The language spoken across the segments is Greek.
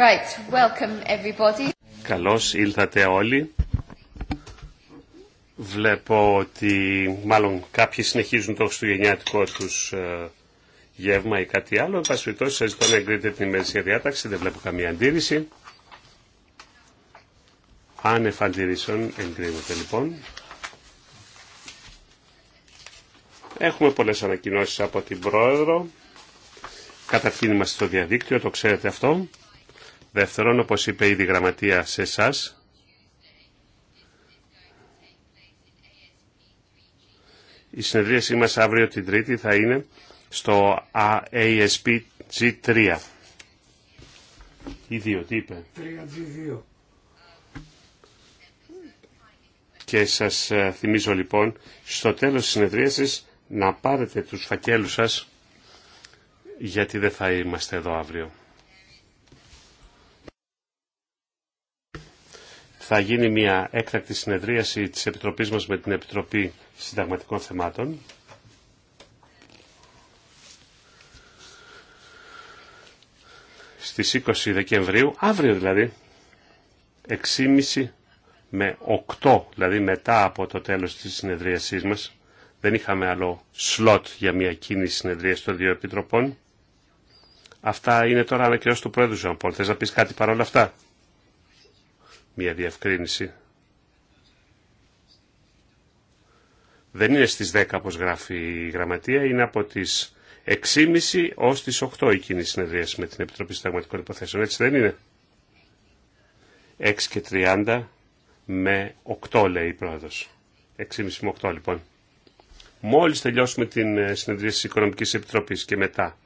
Right, welcome everybody. Καλώς ήλθατε όλοι. Βλέπω ότι μάλλον κάποιοι συνεχίζουν το χριστουγεννιάτικο τους ε, γεύμα ή κάτι άλλο. Εν πάση περιπτώσει, σας ζητώ να εγκρίνετε την ημερησία διάταξη, δεν βλέπω καμία αντίρρηση. Αν εφαντήρησαν εγκρίνεται λοιπόν. Έχουμε πολλές ανακοινώσεις από την Πρόεδρο. Καταρχήν είμαστε στο διαδίκτυο, το ξέρετε αυτό. Δεύτερον, όπως είπε ήδη η γραμματεία σε εσά. η συνεδρίασή μας αύριο την Τρίτη θα είναι στο aasp 3 Ή δύο τι ειπε Και σας ε, θυμίζω λοιπόν, στο τέλος της συνεδρίασης να πάρετε τους φακέλους σας, γιατί δεν θα είμαστε εδώ αύριο. θα γίνει μια έκτακτη συνεδρίαση της Επιτροπής μας με την Επιτροπή Συνταγματικών Θεμάτων. Στις 20 Δεκεμβρίου, αύριο δηλαδή, 6.30 με 8, δηλαδή μετά από το τέλος της συνεδρίασής μας, δεν είχαμε άλλο σλότ για μια κίνηση συνεδρία των δύο επιτροπών. Αυτά είναι τώρα ανακοινώσει του Πρόεδρου Ζωαμπόλ. να πεις κάτι παρόλα αυτά μια διευκρίνηση. Δεν είναι στις 10 όπως γράφει η γραμματεία, είναι από τις 6.30 ως τις 8 η κοινή συνεδρίαση με την Επιτροπή Συνταγματικών Υποθέσεων, έτσι δεν είναι. 6 και 30 με 8 λέει η πρόεδρος. 6.30 με 8 λοιπόν. Μόλις τελειώσουμε την ε, συνεδρίαση της Οικονομικής Επιτροπής και μετά,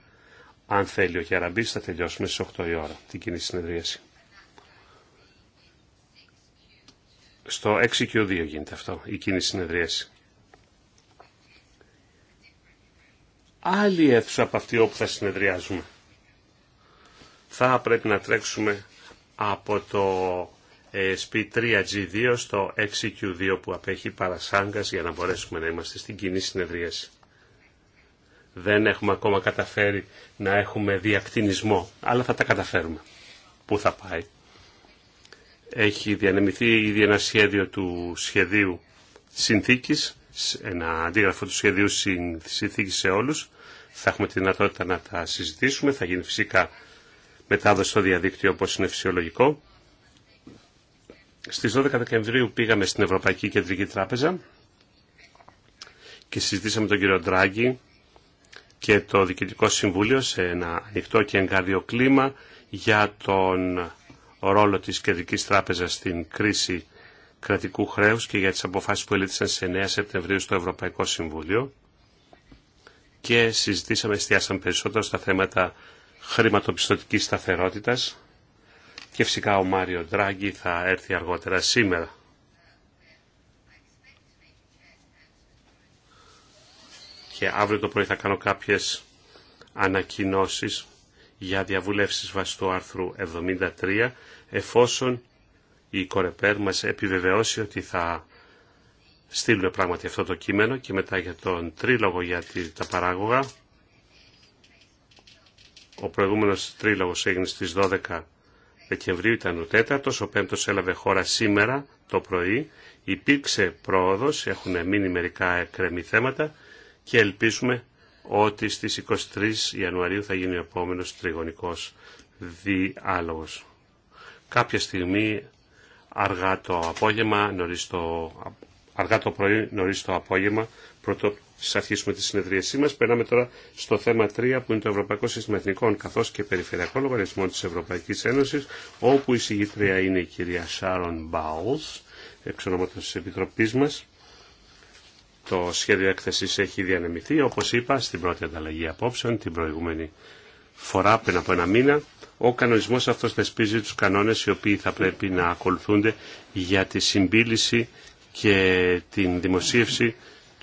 αν θέλει ο Χιαραμπής, θα τελειώσουμε στις 8 η ώρα την κοινή συνεδρίαση. Στο 6Q2 γίνεται αυτό, η κοινή συνεδρίαση. Άλλη αίθουσα από αυτή όπου θα συνεδριάζουμε. Θα πρέπει να τρέξουμε από το SP3G2 ε, στο 6Q2 που απέχει παρασάγκας για να μπορέσουμε να είμαστε στην κοινή συνεδρίαση. Δεν έχουμε ακόμα καταφέρει να έχουμε διακτηνισμό, αλλά θα τα καταφέρουμε. Πού θα πάει έχει διανεμηθεί ήδη ένα σχέδιο του σχεδίου συνθήκης, ένα αντίγραφο του σχεδίου συνθήκης σε όλους. Θα έχουμε τη δυνατότητα να τα συζητήσουμε, θα γίνει φυσικά μετάδοση στο διαδίκτυο όπως είναι φυσιολογικό. Στις 12 Δεκεμβρίου πήγαμε στην Ευρωπαϊκή Κεντρική Τράπεζα και συζητήσαμε τον κύριο Ντράγκη και το Διοικητικό Συμβούλιο σε ένα ανοιχτό και εγκάρδιο κλίμα για τον ο ρόλο της Κεντρικής Τράπεζας στην κρίση κρατικού χρέους και για τις αποφάσεις που ελήφθησαν σε 9 Σεπτεμβρίου στο Ευρωπαϊκό Συμβούλιο και συζητήσαμε, εστιάσαμε περισσότερο στα θέματα χρηματοπιστωτικής σταθερότητας και φυσικά ο Μάριο Ντράγκη θα έρθει αργότερα σήμερα. Και αύριο το πρωί θα κάνω κάποιες ανακοινώσεις για διαβουλεύσεις βάσει του άρθρου 73 εφόσον η Κορεπέρ μας επιβεβαιώσει ότι θα στείλουμε πράγματι αυτό το κείμενο και μετά για τον τρίλογο για τα παράγωγα. Ο προηγούμενος τρίλογος έγινε στις 12 Δεκεμβρίου ήταν ο τέταρτος, ο πέμπτος έλαβε χώρα σήμερα το πρωί. Υπήρξε πρόοδος, έχουν μείνει μερικά εκκρεμή θέματα και ελπίζουμε ότι στις 23 Ιανουαρίου θα γίνει ο επόμενος τριγωνικός διάλογος. Κάποια στιγμή αργά το απόγευμα, νωρίς το, αργά το πρωί, νωρίς το απόγευμα, πρώτο σας αρχίσουμε τη συνεδρίασή μας. Περνάμε τώρα στο θέμα 3 που είναι το Ευρωπαϊκό Σύστημα Εθνικών καθώς και Περιφερειακών Λογαριασμών της Ευρωπαϊκής Ένωσης όπου η συγγήτρια είναι η κυρία Σάρον Μπάουλς, εξ της Επιτροπής μας. Το σχέδιο έκθεσης έχει διανεμηθεί, όπως είπα, στην πρώτη ανταλλαγή απόψεων, την προηγούμενη φορά πριν από ένα μήνα. Ο κανονισμός αυτός θεσπίζει τους κανόνες οι οποίοι θα πρέπει να ακολουθούνται για τη συμπίληση και την δημοσίευση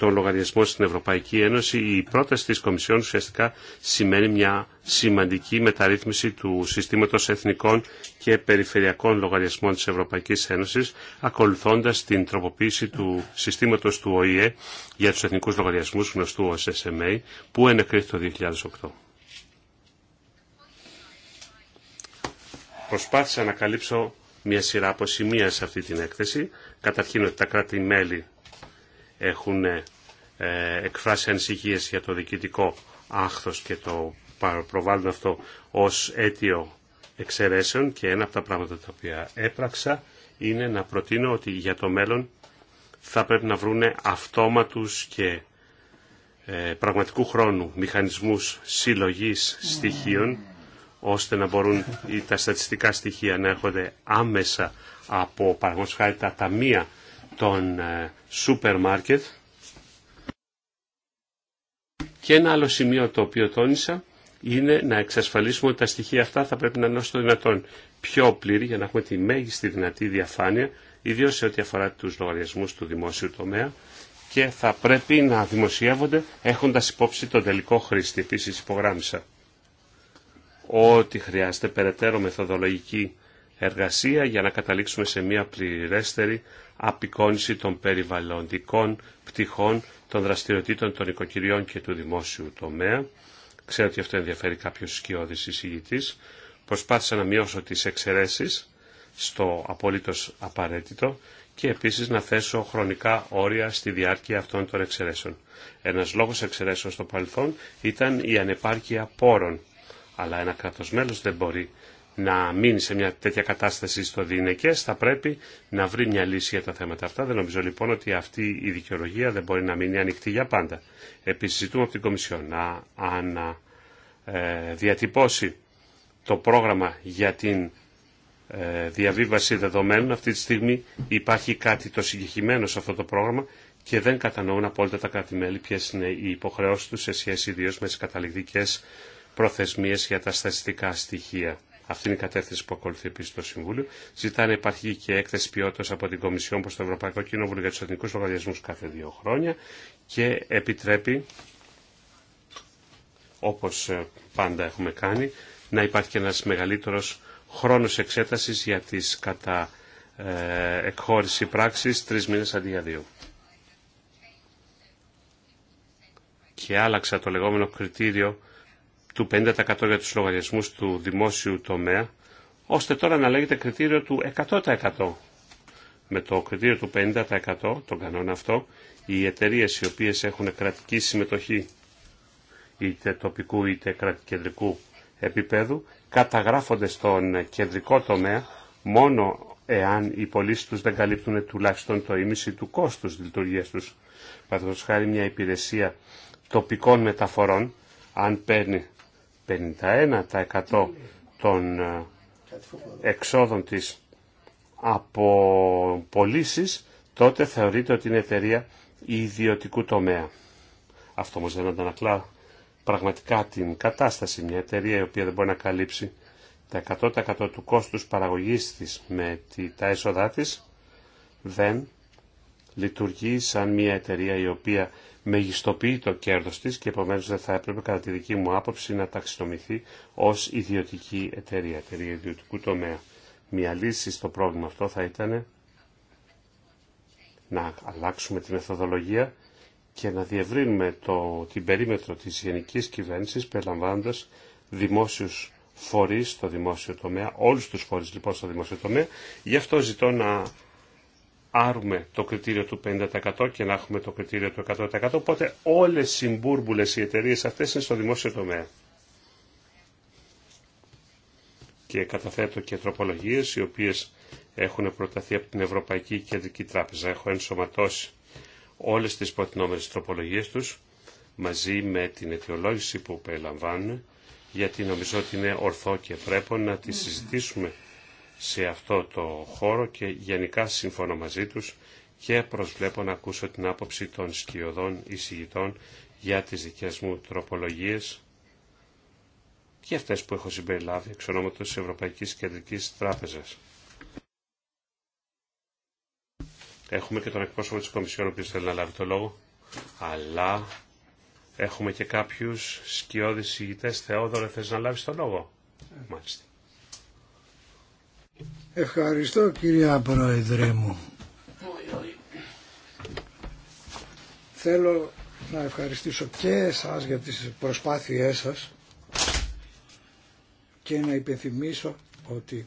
το λογαριασμό στην Ευρωπαϊκή Ένωση, η πρόταση της Κομισιόν ουσιαστικά σημαίνει μια σημαντική μεταρρύθμιση του συστήματος εθνικών και περιφερειακών λογαριασμών της Ευρωπαϊκής Ένωσης, ακολουθώντας την τροποποίηση του συστήματος του ΟΗΕ για τους εθνικούς λογαριασμούς γνωστού ως SMA, που ενεκρίθη το 2008. Προσπάθησα να καλύψω μια σειρά από σημεία σε αυτή την έκθεση. Καταρχήν ότι τα κράτη-μέλη έχουν ε, εκφράσει ανησυχίε για το διοικητικό άχθος και το προβάλλουν αυτό ως αίτιο εξαιρέσεων και ένα από τα πράγματα τα οποία έπραξα είναι να προτείνω ότι για το μέλλον θα πρέπει να βρούνε αυτόματους και ε, πραγματικού χρόνου μηχανισμούς συλλογής στοιχείων ώστε να μπορούν τα στατιστικά στοιχεία να έρχονται άμεσα από παραγωγικά τα ταμεία των ε, σούπερ μάρκετ. Και ένα άλλο σημείο το οποίο τόνισα είναι να εξασφαλίσουμε ότι τα στοιχεία αυτά θα πρέπει να είναι όσο δυνατόν πιο πλήρη για να έχουμε τη μέγιστη δυνατή διαφάνεια, Ιδίω σε ό,τι αφορά τους λογαριασμούς του δημόσιου τομέα και θα πρέπει να δημοσιεύονται έχοντας υπόψη τον τελικό χρήστη. Επίσης υπογράμμισα ότι χρειάζεται περαιτέρω μεθοδολογική εργασία για να καταλήξουμε σε μια πληρέστερη απεικόνιση των περιβαλλοντικών πτυχών των δραστηριοτήτων των οικοκυριών και του δημόσιου τομέα. Ξέρω ότι αυτό ενδιαφέρει κάποιο σκιώδη εισηγητή. Προσπάθησα να μειώσω τι εξαιρέσει στο απολύτω απαραίτητο και επίση να θέσω χρονικά όρια στη διάρκεια αυτών των εξαιρέσεων. Ένα λόγο εξαιρέσεων στο παρελθόν ήταν η ανεπάρκεια πόρων, αλλά ένα κράτος μέλος δεν μπορεί να μείνει σε μια τέτοια κατάσταση στο δίνεκες, θα πρέπει να βρει μια λύση για τα θέματα αυτά. Δεν νομίζω λοιπόν ότι αυτή η δικαιολογία δεν μπορεί να μείνει ανοιχτή για πάντα. Επίσης ζητούμε από την Κομισιόν να ε, διατυπώσει το πρόγραμμα για την ε, διαβίβαση δεδομένων. Αυτή τη στιγμή υπάρχει κάτι το συγκεκριμένο σε αυτό το πρόγραμμα και δεν κατανοούν απόλυτα τα κράτη-μέλη ποιε είναι οι υποχρεώσει του σε σχέση ιδίω με τι καταληκτικέ προθεσμίε για τα στατιστικά στοιχεία. Αυτή είναι η κατεύθυνση που ακολουθεί επίση το Συμβούλιο. να υπάρχει και έκθεση ποιότητα από την Κομισιόν προ το Ευρωπαϊκό Κοινοβούλιο για του Εθνικού Λογαριασμού κάθε δύο χρόνια και επιτρέπει, όπω ε, πάντα έχουμε κάνει, να υπάρχει και ένα μεγαλύτερο χρόνο εξέταση για τι κατά ε, εκχώρηση πράξη τρει μήνε αντί για δύο. Και άλλαξα το λεγόμενο κριτήριο του 50% για τους λογαριασμούς του δημόσιου τομέα, ώστε τώρα να λέγεται κριτήριο του 100%. Με το κριτήριο του 50%, τον κανόνα αυτό, οι εταιρείε οι οποίες έχουν κρατική συμμετοχή είτε τοπικού είτε κεντρικού επίπεδου, καταγράφονται στον κεντρικό τομέα μόνο εάν οι πωλήσει τους δεν καλύπτουν τουλάχιστον το ίμιση του κόστους της λειτουργίας τους. Παραδείγματος χάρη μια υπηρεσία τοπικών μεταφορών, αν παίρνει 51% των ε, εξόδων της από πωλήσει, τότε θεωρείται ότι είναι εταιρεία ιδιωτικού τομέα. Αυτό όμως δεν αντανακλά πραγματικά την κατάσταση. Μια εταιρεία η οποία δεν μπορεί να καλύψει τα 100% του κόστους παραγωγής της με τα έσοδά της δεν λειτουργεί σαν μια εταιρεία η οποία μεγιστοποιεί το κέρδος της και επομένως δεν θα έπρεπε κατά τη δική μου άποψη να ταξινομηθεί ως ιδιωτική εταιρεία, εταιρεία ιδιωτικού τομέα. Μια λύση στο πρόβλημα αυτό θα ήταν να αλλάξουμε τη μεθοδολογία και να διευρύνουμε το, την περίμετρο της γενικής κυβέρνησης περιλαμβάνοντας δημόσιους φορείς στο δημόσιο τομέα, όλους τους φορείς λοιπόν στο δημόσιο τομέα. Γι' αυτό ζητώ να άρουμε το κριτήριο του 50% και να έχουμε το κριτήριο του 100%. Οπότε όλες συμπούρμπουλες οι εταιρείε αυτές είναι στο δημόσιο τομέα. Και καταθέτω και τροπολογίες οι οποίες έχουν προταθεί από την Ευρωπαϊκή Κεντρική Τράπεζα. Έχω ενσωματώσει όλες τις προτινόμενες τροπολογίες τους μαζί με την αιτιολόγηση που περιλαμβάνουν γιατί νομίζω ότι είναι ορθό και πρέπει να τη συζητήσουμε σε αυτό το χώρο και γενικά συμφωνώ μαζί τους και προσβλέπω να ακούσω την άποψη των σκιωδών εισηγητών για τις δικές μου τροπολογίες και αυτές που έχω συμπεριλάβει εξ ονόματος της Ευρωπαϊκής Κεντρικής Τράπεζας. Έχουμε και τον εκπρόσωπο της Κομισιόν, ο θέλει να λάβει το λόγο, αλλά έχουμε και κάποιους σκιώδεις ηγητές. Θεόδωρο, θες να λάβεις το λόγο. Ευχαριστώ κυρία Πρόεδρε μου. Θέλω να ευχαριστήσω και εσάς για τις προσπάθειές σας και να υπενθυμίσω ότι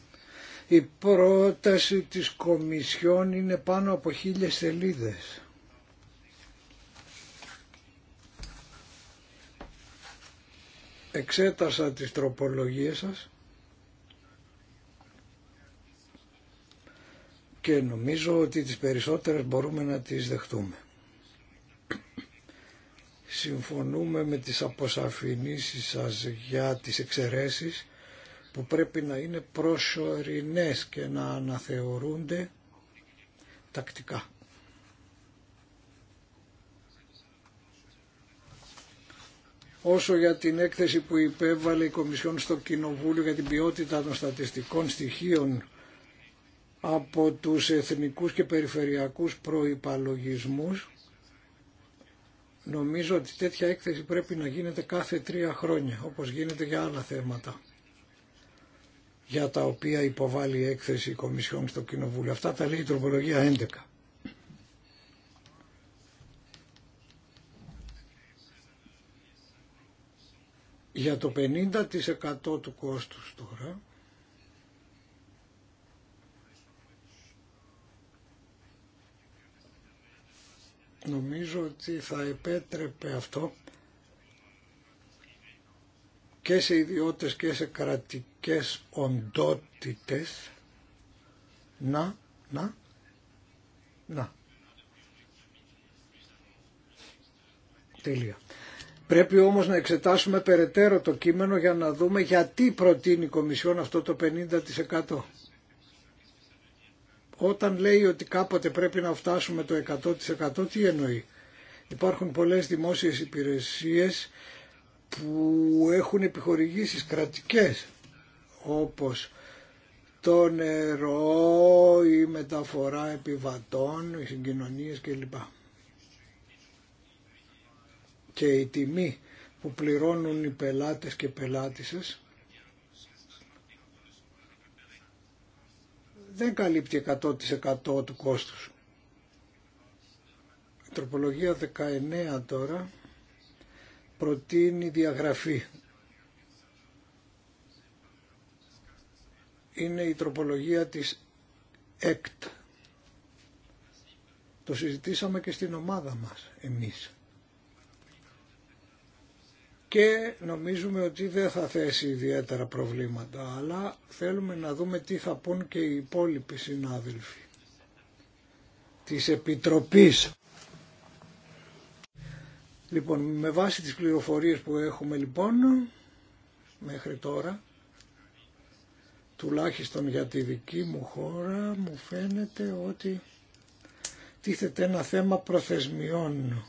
η πρόταση της Κομισιόν είναι πάνω από χίλιες σελίδες. Εξέτασα τις τροπολογίες σας και νομίζω ότι τις περισσότερες μπορούμε να τις δεχτούμε. Συμφωνούμε με τις αποσαφηνήσεις σας για τις εξαιρεσει που πρέπει να είναι προσωρινές και να αναθεωρούνται τακτικά. όσο για την έκθεση που υπέβαλε η Κομισιόν στο Κοινοβούλιο για την ποιότητα των στατιστικών στοιχείων από τους εθνικούς και περιφερειακούς προϋπαλογισμούς. Νομίζω ότι τέτοια έκθεση πρέπει να γίνεται κάθε τρία χρόνια, όπως γίνεται για άλλα θέματα, για τα οποία υποβάλλει η έκθεση Κομισιόν στο Κοινοβούλιο. Αυτά τα λέει η τροπολογία 11. Για το 50% του κόστους τώρα, νομίζω ότι θα επέτρεπε αυτό και σε ιδιώτες και σε κρατικές οντότητες να, να, να. Τέλεια. Πρέπει όμως να εξετάσουμε περαιτέρω το κείμενο για να δούμε γιατί προτείνει η Κομισιόν αυτό το 50%. Όταν λέει ότι κάποτε πρέπει να φτάσουμε το 100% τι εννοεί. Υπάρχουν πολλές δημόσιες υπηρεσίες που έχουν επιχορηγήσεις κρατικές όπως το νερό, η μεταφορά επιβατών, οι συγκοινωνίες κλπ. Και η τιμή που πληρώνουν οι πελάτες και πελάτησες δεν καλύπτει 100% του κόστους. Τροπολογία 19 τώρα προτείνει διαγραφή. Είναι η τροπολογία της ΕΚΤ. Το συζητήσαμε και στην ομάδα μας εμείς και νομίζουμε ότι δεν θα θέσει ιδιαίτερα προβλήματα, αλλά θέλουμε να δούμε τι θα πούν και οι υπόλοιποι συνάδελφοι της Επιτροπής. Λοιπόν, με βάση τις πληροφορίες που έχουμε λοιπόν, μέχρι τώρα, τουλάχιστον για τη δική μου χώρα, μου φαίνεται ότι τίθεται ένα θέμα προθεσμιών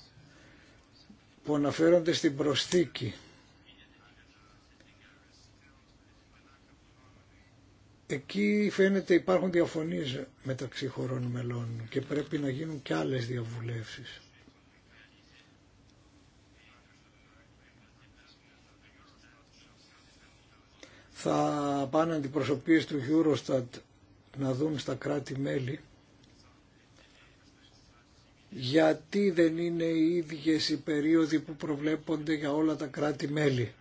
που αναφέρονται στην προσθήκη. Εκεί φαίνεται υπάρχουν διαφωνίες μεταξύ χωρών μελών και πρέπει να γίνουν και άλλες διαβουλεύσεις. Θα πάνε αντιπροσωπείες του Eurostat να δουν στα κράτη-μέλη γιατί δεν είναι οι ίδιες οι περίοδοι που προβλέπονται για όλα τα κράτη-μέλη.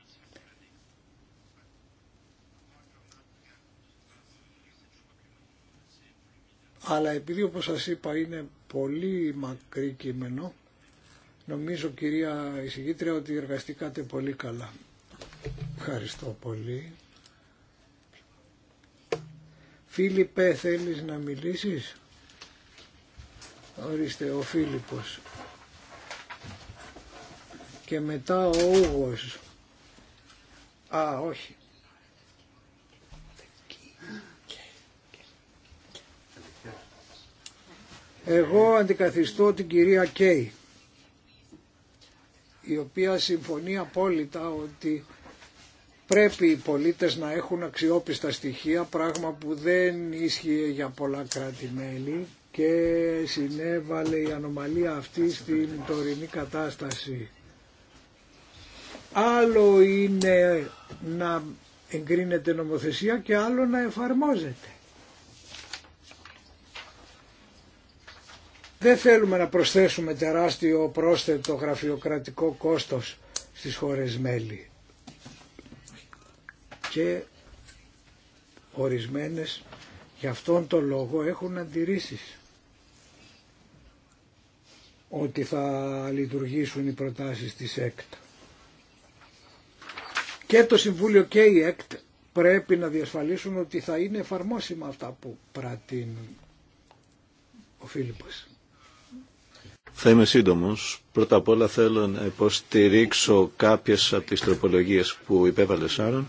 Αλλά επειδή όπως σας είπα είναι πολύ μακρύ κείμενο, νομίζω κυρία εισηγήτρια ότι εργαστήκατε πολύ καλά. Ευχαριστώ πολύ. Φίλιππε θέλεις να μιλήσεις. Ορίστε, ο Φίλιππος. Και μετά ο Ούγος. Α, όχι. Εγώ αντικαθιστώ την κυρία Κέι, η οποία συμφωνεί απόλυτα ότι πρέπει οι πολίτες να έχουν αξιόπιστα στοιχεία, πράγμα που δεν ίσχυε για πολλά κράτη-μέλη και συνέβαλε η ανομαλία αυτή στην τωρινή κατάσταση. Άλλο είναι να εγκρίνεται νομοθεσία και άλλο να εφαρμόζεται. Δεν θέλουμε να προσθέσουμε τεράστιο πρόσθετο γραφειοκρατικό κόστος στις χώρες μέλη. Και ορισμένες γι' αυτόν τον λόγο έχουν αντιρρήσεις ότι θα λειτουργήσουν οι προτάσεις της ΕΚΤ. Και το Συμβούλιο και η ΕΚΤ πρέπει να διασφαλίσουν ότι θα είναι εφαρμόσιμα αυτά που πρατείνουν ο Φίλιππος. Θα είμαι σύντομος. Πρώτα απ' όλα θέλω να υποστηρίξω κάποιες από τις τροπολογίες που υπέβαλε Σάρων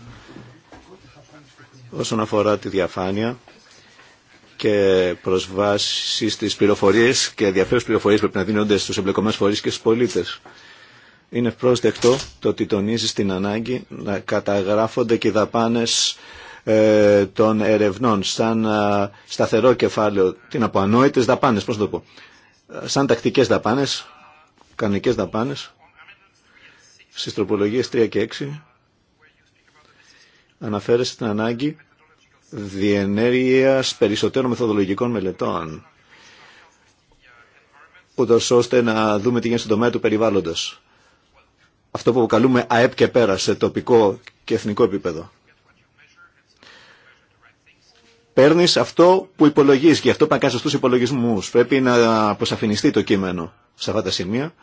όσον αφορά τη διαφάνεια και προσβάσει στις πληροφορίε και ενδιαφέρουσε πληροφορίε που πρέπει να δίνονται στου εμπλεκομένου φορεί και στου πολίτε. Είναι πρόσδεκτο το ότι τονίζει την ανάγκη να καταγράφονται και οι δαπάνε ε, των ερευνών σαν ε, σταθερό κεφάλαιο, τι να πω, ανόητε δαπάνε, πώ να το πω, σαν τακτικέ δαπάνε, κανονικέ δαπάνε, στι τροπολογίε 3 και 6 αναφέρεσαι την ανάγκη διενέργειας περισσότερων μεθοδολογικών μελετών ούτως ώστε να δούμε τι γίνεται στον τομέα του περιβάλλοντος. Αυτό που αποκαλούμε ΑΕΠ και πέρα σε τοπικό και εθνικό επίπεδο. Παίρνεις αυτό που υπολογίζεις και αυτό που στους υπολογισμούς. Πρέπει να αποσαφινιστεί το κείμενο σε αυτά τα σημεία.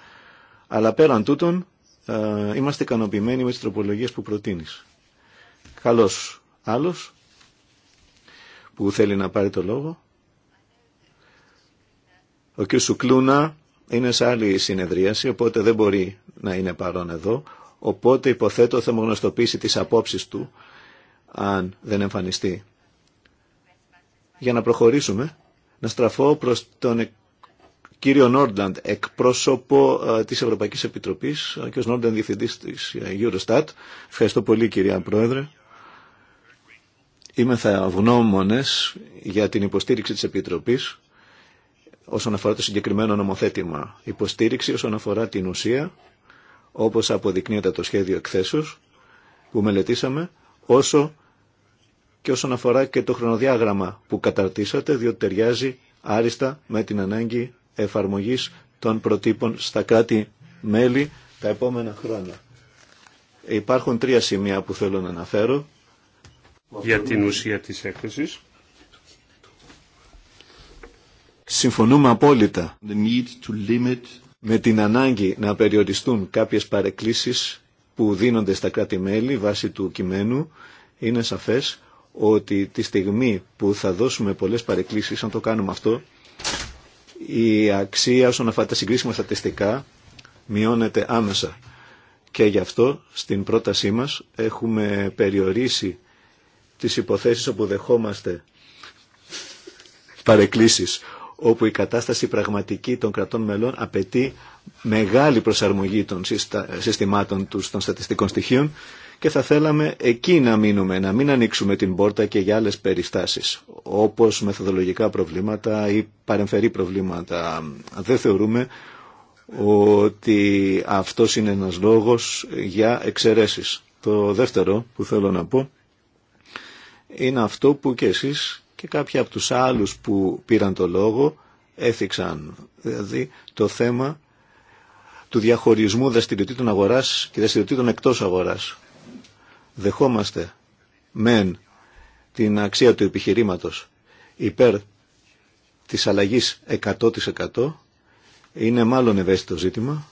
Αλλά πέραν τούτων ε, είμαστε ικανοποιημένοι με τις τροπολογίες που προτείνεις. Καλώς. Άλλος που θέλει να πάρει το λόγο. Ο κ. Σουκλούνα είναι σε άλλη συνεδρίαση, οπότε δεν μπορεί να είναι παρόν εδώ. Οπότε υποθέτω θα μου γνωστοποιήσει τις απόψεις του, αν δεν εμφανιστεί. Για να προχωρήσουμε, να στραφώ προς τον κύριο Νόρντλαντ, εκπρόσωπο ε, της Ευρωπαϊκής Επιτροπής, ο κ. Νόρντλαντ, διευθυντής της ε, Eurostat. Ευχαριστώ πολύ κυρία Πρόεδρε. Είμαι θα για την υποστήριξη της Επιτροπής όσον αφορά το συγκεκριμένο νομοθέτημα. Υποστήριξη όσον αφορά την ουσία, όπως αποδεικνύεται το σχέδιο εκθέσεως που μελετήσαμε, όσο και όσον αφορά και το χρονοδιάγραμμα που καταρτήσατε, διότι ταιριάζει άριστα με την ανάγκη εφαρμογής των προτύπων στα κράτη-μέλη τα επόμενα χρόνια. Υπάρχουν τρία σημεία που θέλω να αναφέρω για την ουσία της έκθεσης. Συμφωνούμε απόλυτα με την ανάγκη να περιοριστούν κάποιες παρεκκλήσεις που δίνονται στα κράτη-μέλη βάσει του κειμένου. Είναι σαφές ότι τη στιγμή που θα δώσουμε πολλές παρεκκλήσεις, αν το κάνουμε αυτό, η αξία όσον αφορά τα συγκρίσιμα στατιστικά μειώνεται άμεσα. Και γι' αυτό στην πρότασή μας έχουμε περιορίσει τις υποθέσεις όπου δεχόμαστε παρεκκλήσεις, όπου η κατάσταση πραγματική των κρατών μελών απαιτεί μεγάλη προσαρμογή των συστημάτων τους, των στατιστικών στοιχείων και θα θέλαμε εκεί να μείνουμε, να μην ανοίξουμε την πόρτα και για άλλες περιστάσεις, όπως μεθοδολογικά προβλήματα ή παρεμφερή προβλήματα. Δεν θεωρούμε ότι αυτός είναι ένας λόγος για εξαιρέσεις. Το δεύτερο που θέλω να πω είναι αυτό που και εσείς και κάποιοι από τους άλλους που πήραν το λόγο έθιξαν. Δηλαδή το θέμα του διαχωρισμού δραστηριοτήτων αγοράς και δραστηριοτήτων εκτός αγοράς. Δεχόμαστε μεν την αξία του επιχειρήματος υπέρ της αλλαγής 100% είναι μάλλον ευαίσθητο ζήτημα.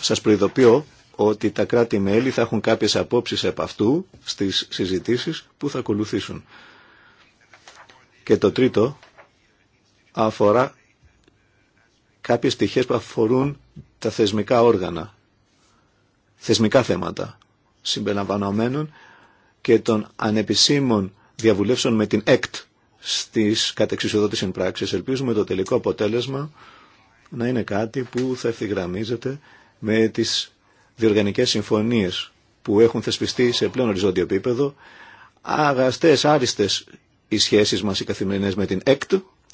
Σας προειδοποιώ ότι τα κράτη-μέλη θα έχουν κάποιες απόψεις από αυτού στις συζητήσεις που θα ακολουθήσουν. Και το τρίτο αφορά κάποιες στοιχείες που αφορούν τα θεσμικά όργανα, θεσμικά θέματα συμπεριλαμβανομένων και των ανεπισήμων διαβουλεύσεων με την ΕΚΤ στις κατεξισοδότησης πράξεις. Ελπίζουμε το τελικό αποτέλεσμα να είναι κάτι που θα ευθυγραμμίζεται με τις διοργανικές συμφωνίες που έχουν θεσπιστεί σε πλέον οριζόντιο επίπεδο, αγαστές, άριστες οι σχέσεις μας οι καθημερινές με την ΕΚΤ,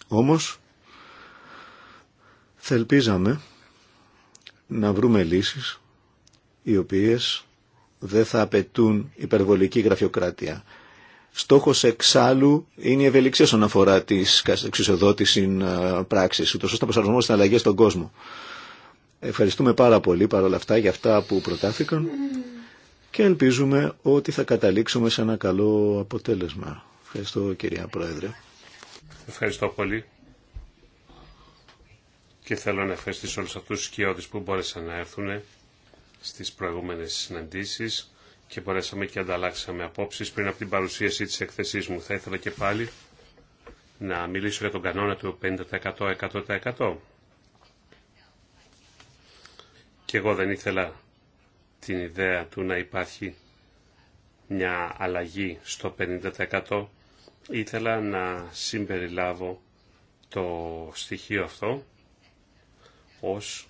όμως θα ελπίζαμε να βρούμε λύσεις οι οποίες δεν θα απαιτούν υπερβολική γραφειοκρατία. Στόχος εξάλλου είναι η ευελιξία όσον αφορά τις εξουσιοδότησης ε, πράξης, ούτως ώστε να προσαρμόσουν αλλαγές στον κόσμο. Ευχαριστούμε πάρα πολύ παρόλα αυτά για αυτά που προτάθηκαν και ελπίζουμε ότι θα καταλήξουμε σε ένα καλό αποτέλεσμα. Ευχαριστώ κυρία Πρόεδρε. Ευχαριστώ πολύ και θέλω να ευχαριστήσω όλους αυτούς τους σκιώδεις που μπόρεσαν να έρθουν στις προηγούμενες συναντήσεις και μπορέσαμε και ανταλλάξαμε απόψεις πριν από την παρουσίαση της εκθεσής μου. Θα ήθελα και πάλι να μιλήσω για τον κανόνα του 50%-100%. Και εγώ δεν ήθελα την ιδέα του να υπάρχει μια αλλαγή στο 50%. Ήθελα να συμπεριλάβω το στοιχείο αυτό ως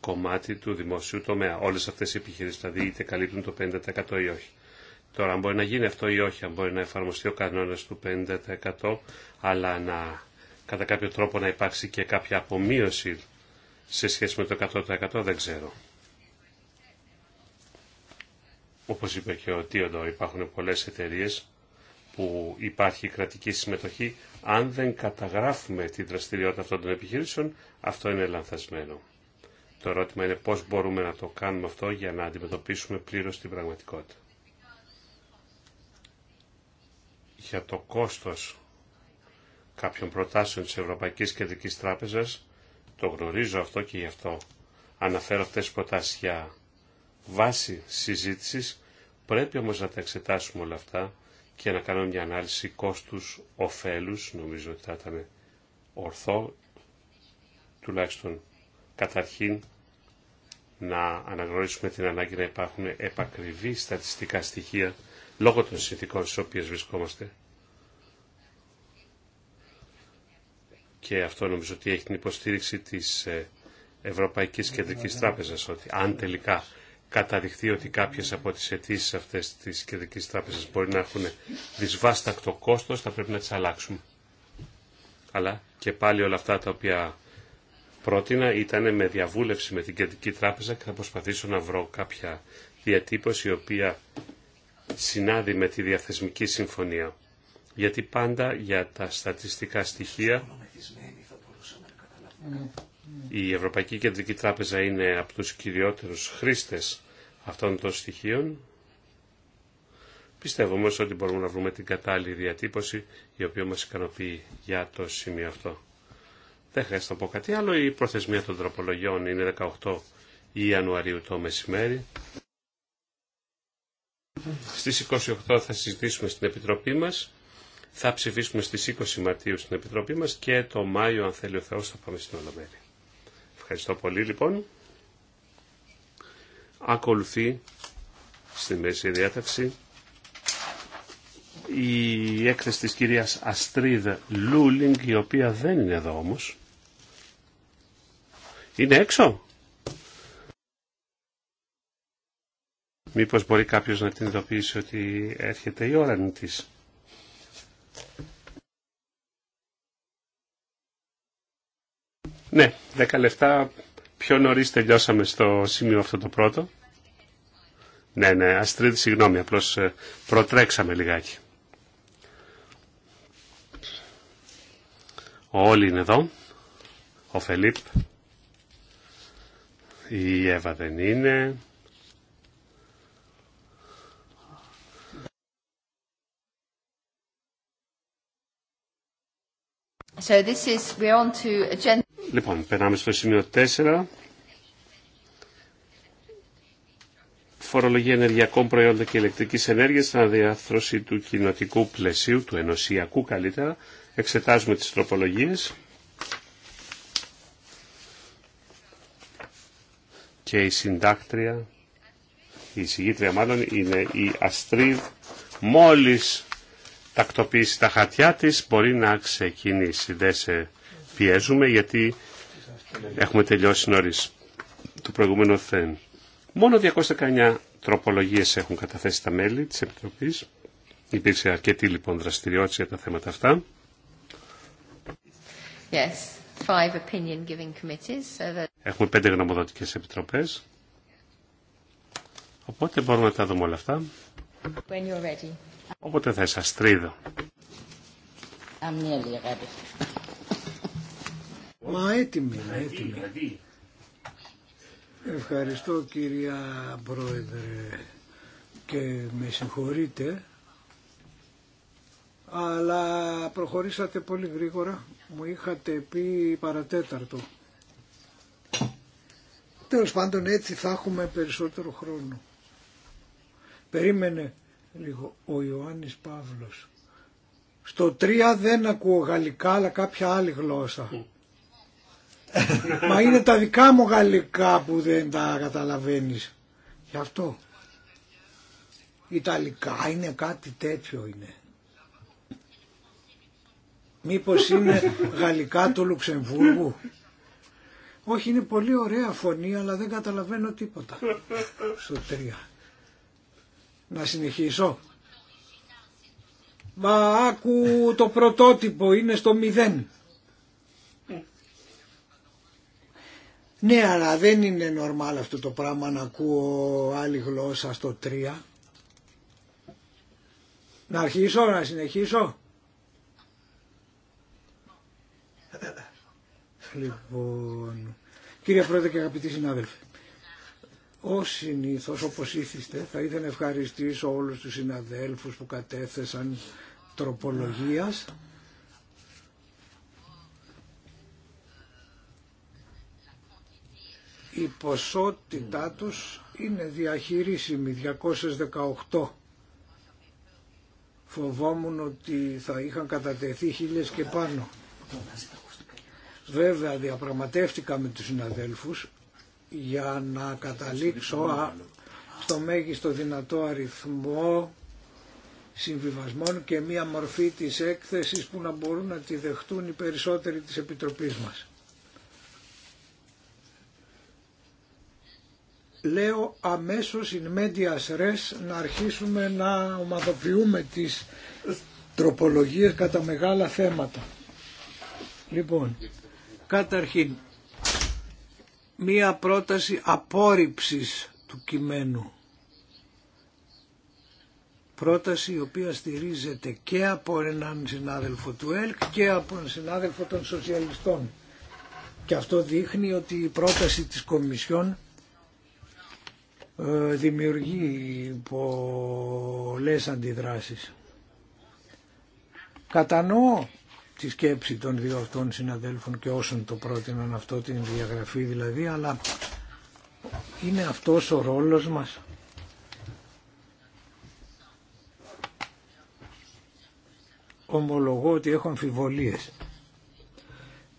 κομμάτι του δημοσίου τομέα. Όλες αυτές οι επιχειρήσεις δηλαδή είτε καλύπτουν το 50% ή όχι. Τώρα αν μπορεί να γίνει αυτό ή όχι, αν μπορεί να εφαρμοστεί ο κανόνας του 50% αλλά να κατά κάποιο τρόπο να υπάρξει και κάποια απομείωση σε σχέση με το 100% δεν ξέρω. Όπως είπε και ο Τίοντο, υπάρχουν πολλές εταιρείες που υπάρχει κρατική συμμετοχή. Αν δεν καταγράφουμε την δραστηριότητα αυτών των επιχειρήσεων, αυτό είναι λανθασμένο. Το ερώτημα είναι πώς μπορούμε να το κάνουμε αυτό για να αντιμετωπίσουμε πλήρως την πραγματικότητα. Για το κόστος κάποιων προτάσεων της Ευρωπαϊκής Κεντρικής Τράπεζας, το γνωρίζω αυτό και γι' αυτό αναφέρω αυτές τις προτάσεις για βάση συζήτησης. Πρέπει όμως να τα εξετάσουμε όλα αυτά και να κάνουμε μια ανάλυση κόστους οφέλους. Νομίζω ότι θα ήταν ορθό, τουλάχιστον καταρχήν, να αναγνωρίσουμε την ανάγκη να υπάρχουν επακριβή στατιστικά στοιχεία λόγω των συνθήκων στις οποίες βρισκόμαστε και αυτό νομίζω ότι έχει την υποστήριξη της ε, Ευρωπαϊκής Κεντρικής Τράπεζας, ότι αν τελικά καταδειχθεί ότι κάποιες από τις αιτήσει αυτές της Κεντρικής Τράπεζας μπορεί να έχουν δυσβάστακτο κόστος, θα πρέπει να τις αλλάξουμε. Αλλά και πάλι όλα αυτά τα οποία πρότεινα ήταν με διαβούλευση με την Κεντρική Τράπεζα και θα προσπαθήσω να βρω κάποια διατύπωση η οποία συνάδει με τη διαθεσμική συμφωνία γιατί πάντα για τα στατιστικά στοιχεία η Ευρωπαϊκή Κεντρική Τράπεζα είναι από τους κυριότερους χρήστες αυτών των στοιχείων. Πιστεύω όμως ότι μπορούμε να βρούμε την κατάλληλη διατύπωση η οποία μας ικανοποιεί για το σημείο αυτό. Δεν χρειάζεται να πω κάτι άλλο. Η προθεσμία των τροπολογιών είναι 18 Ιανουαρίου το μεσημέρι. Στις 28 θα συζητήσουμε στην Επιτροπή μας θα ψηφίσουμε στις 20 Μαρτίου στην Επιτροπή μας και το Μάιο, αν θέλει ο Θεός, θα πάμε στην Ολομέλη. Ευχαριστώ πολύ λοιπόν. Ακολουθεί στη μέση διάταξη η έκθεση της κυρίας Αστρίδ Λούλινγκ, η οποία δεν είναι εδώ όμως. Είναι έξω. Μήπως μπορεί κάποιος να την ειδοποιήσει ότι έρχεται η ώρα της. Ναι, 10 λεπτά πιο νωρί τελειώσαμε στο σημείο αυτό το πρώτο. Ναι, ναι, Αστρίδη, συγγνώμη, απλώς ε, προτρέξαμε λιγάκι. Όλοι είναι εδώ. Ο Φελίπ. Η Εύα δεν είναι. Λοιπόν, περνάμε στο σημείο 4. Φορολογία ενεργειακών προϊόντων και ηλεκτρικής ενέργειας, αναδιάθρωση του κοινοτικού πλαισίου, του ενωσιακού καλύτερα. Εξετάζουμε τις τροπολογίες. Και η συντάκτρια, η συγγήτρια μάλλον, είναι η Αστρίδ. Μόλις τακτοποιήσει τα χαρτιά της μπορεί να ξεκινήσει. Δεν σε πιέζουμε γιατί έχουμε τελειώσει νωρίς το προηγούμενο θέμα. Μόνο 219 τροπολογίες έχουν καταθέσει τα μέλη της Επιτροπής. Υπήρξε αρκετή λοιπόν δραστηριότητα για τα θέματα αυτά. Yes, five opinion giving committees, so that... Έχουμε πέντε γνωμοδοτικές επιτροπές. Οπότε μπορούμε να τα δούμε όλα αυτά. ready. Οπότε θα σας τρίδω. Μα έτοιμη, έτοιμη. Ευχαριστώ κυρία Πρόεδρε και με συγχωρείτε αλλά προχωρήσατε πολύ γρήγορα μου είχατε πει παρατέταρτο τέλος πάντων έτσι θα έχουμε περισσότερο χρόνο περίμενε λίγο ο Ιωάννης Παύλος. Στο τρία δεν ακούω γαλλικά αλλά κάποια άλλη γλώσσα. Μα είναι τα δικά μου γαλλικά που δεν τα καταλαβαίνεις. Γι' αυτό. Ιταλικά είναι κάτι τέτοιο είναι. Μήπως είναι γαλλικά του Λουξεμβούργου. Όχι είναι πολύ ωραία φωνή αλλά δεν καταλαβαίνω τίποτα. Στο τρία να συνεχίσω. Μα άκου το πρωτότυπο είναι στο μηδέν. Ναι, αλλά δεν είναι normal αυτό το πράγμα να ακούω άλλη γλώσσα στο 3. Να αρχίσω, να συνεχίσω. Λοιπόν, κύριε Πρόεδρε και αγαπητοί συνάδελφοι. Ως συνήθω, όπως ήθιστε, θα ήθελα να ευχαριστήσω όλου τους συναδέλφους που κατέθεσαν τροπολογίας. Η ποσότητά τους είναι διαχειρίσιμη, 218. Φοβόμουν ότι θα είχαν κατατεθεί χίλιες και πάνω. Βέβαια διαπραγματεύτηκα με τους συναδέλφους για να καταλήξω στο μέγιστο δυνατό αριθμό συμβιβασμών και μία μορφή της έκθεσης που να μπορούν να τη δεχτούν οι περισσότεροι της Επιτροπής μας. Λέω αμέσως in medias res να αρχίσουμε να ομαδοποιούμε τις τροπολογίες κατά μεγάλα θέματα. Λοιπόν, καταρχήν μία πρόταση απόρριψης του κειμένου. Πρόταση η οποία στηρίζεται και από έναν συνάδελφο του ΕΛΚ και από έναν συνάδελφο των Σοσιαλιστών. Και αυτό δείχνει ότι η πρόταση της Κομισιόν ε, δημιουργεί πολλές αντιδράσεις. Κατανοώ τη σκέψη των δύο αυτών συναδέλφων και όσων το πρότειναν αυτό την διαγραφή δηλαδή, αλλά είναι αυτός ο ρόλος μας. Ομολογώ ότι έχω αμφιβολίες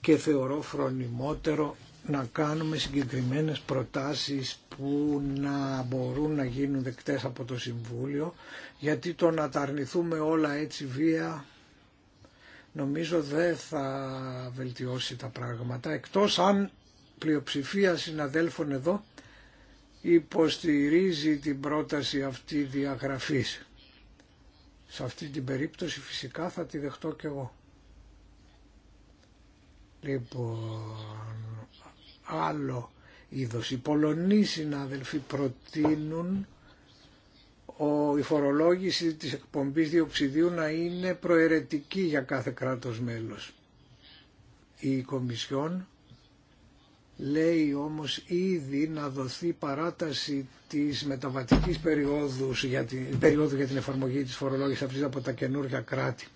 και θεωρώ φρονιμότερο να κάνουμε συγκεκριμένες προτάσεις που να μπορούν να γίνουν δεκτές από το Συμβούλιο γιατί το να τα όλα έτσι βία νομίζω δεν θα βελτιώσει τα πράγματα εκτός αν πλειοψηφία συναδέλφων εδώ υποστηρίζει την πρόταση αυτή διαγραφής. Σε αυτή την περίπτωση φυσικά θα τη δεχτώ κι εγώ. Λοιπόν, άλλο είδος. Οι Πολωνοί συνάδελφοι προτείνουν ο, η φορολόγηση της εκπομπής διοξιδίου να είναι προαιρετική για κάθε κράτος μέλος. Η Κομισιόν λέει όμως ήδη να δοθεί παράταση της μεταβατικής περίοδου για, την, περίοδου για την εφαρμογή της φορολόγησης αυτής από τα καινούργια κράτη.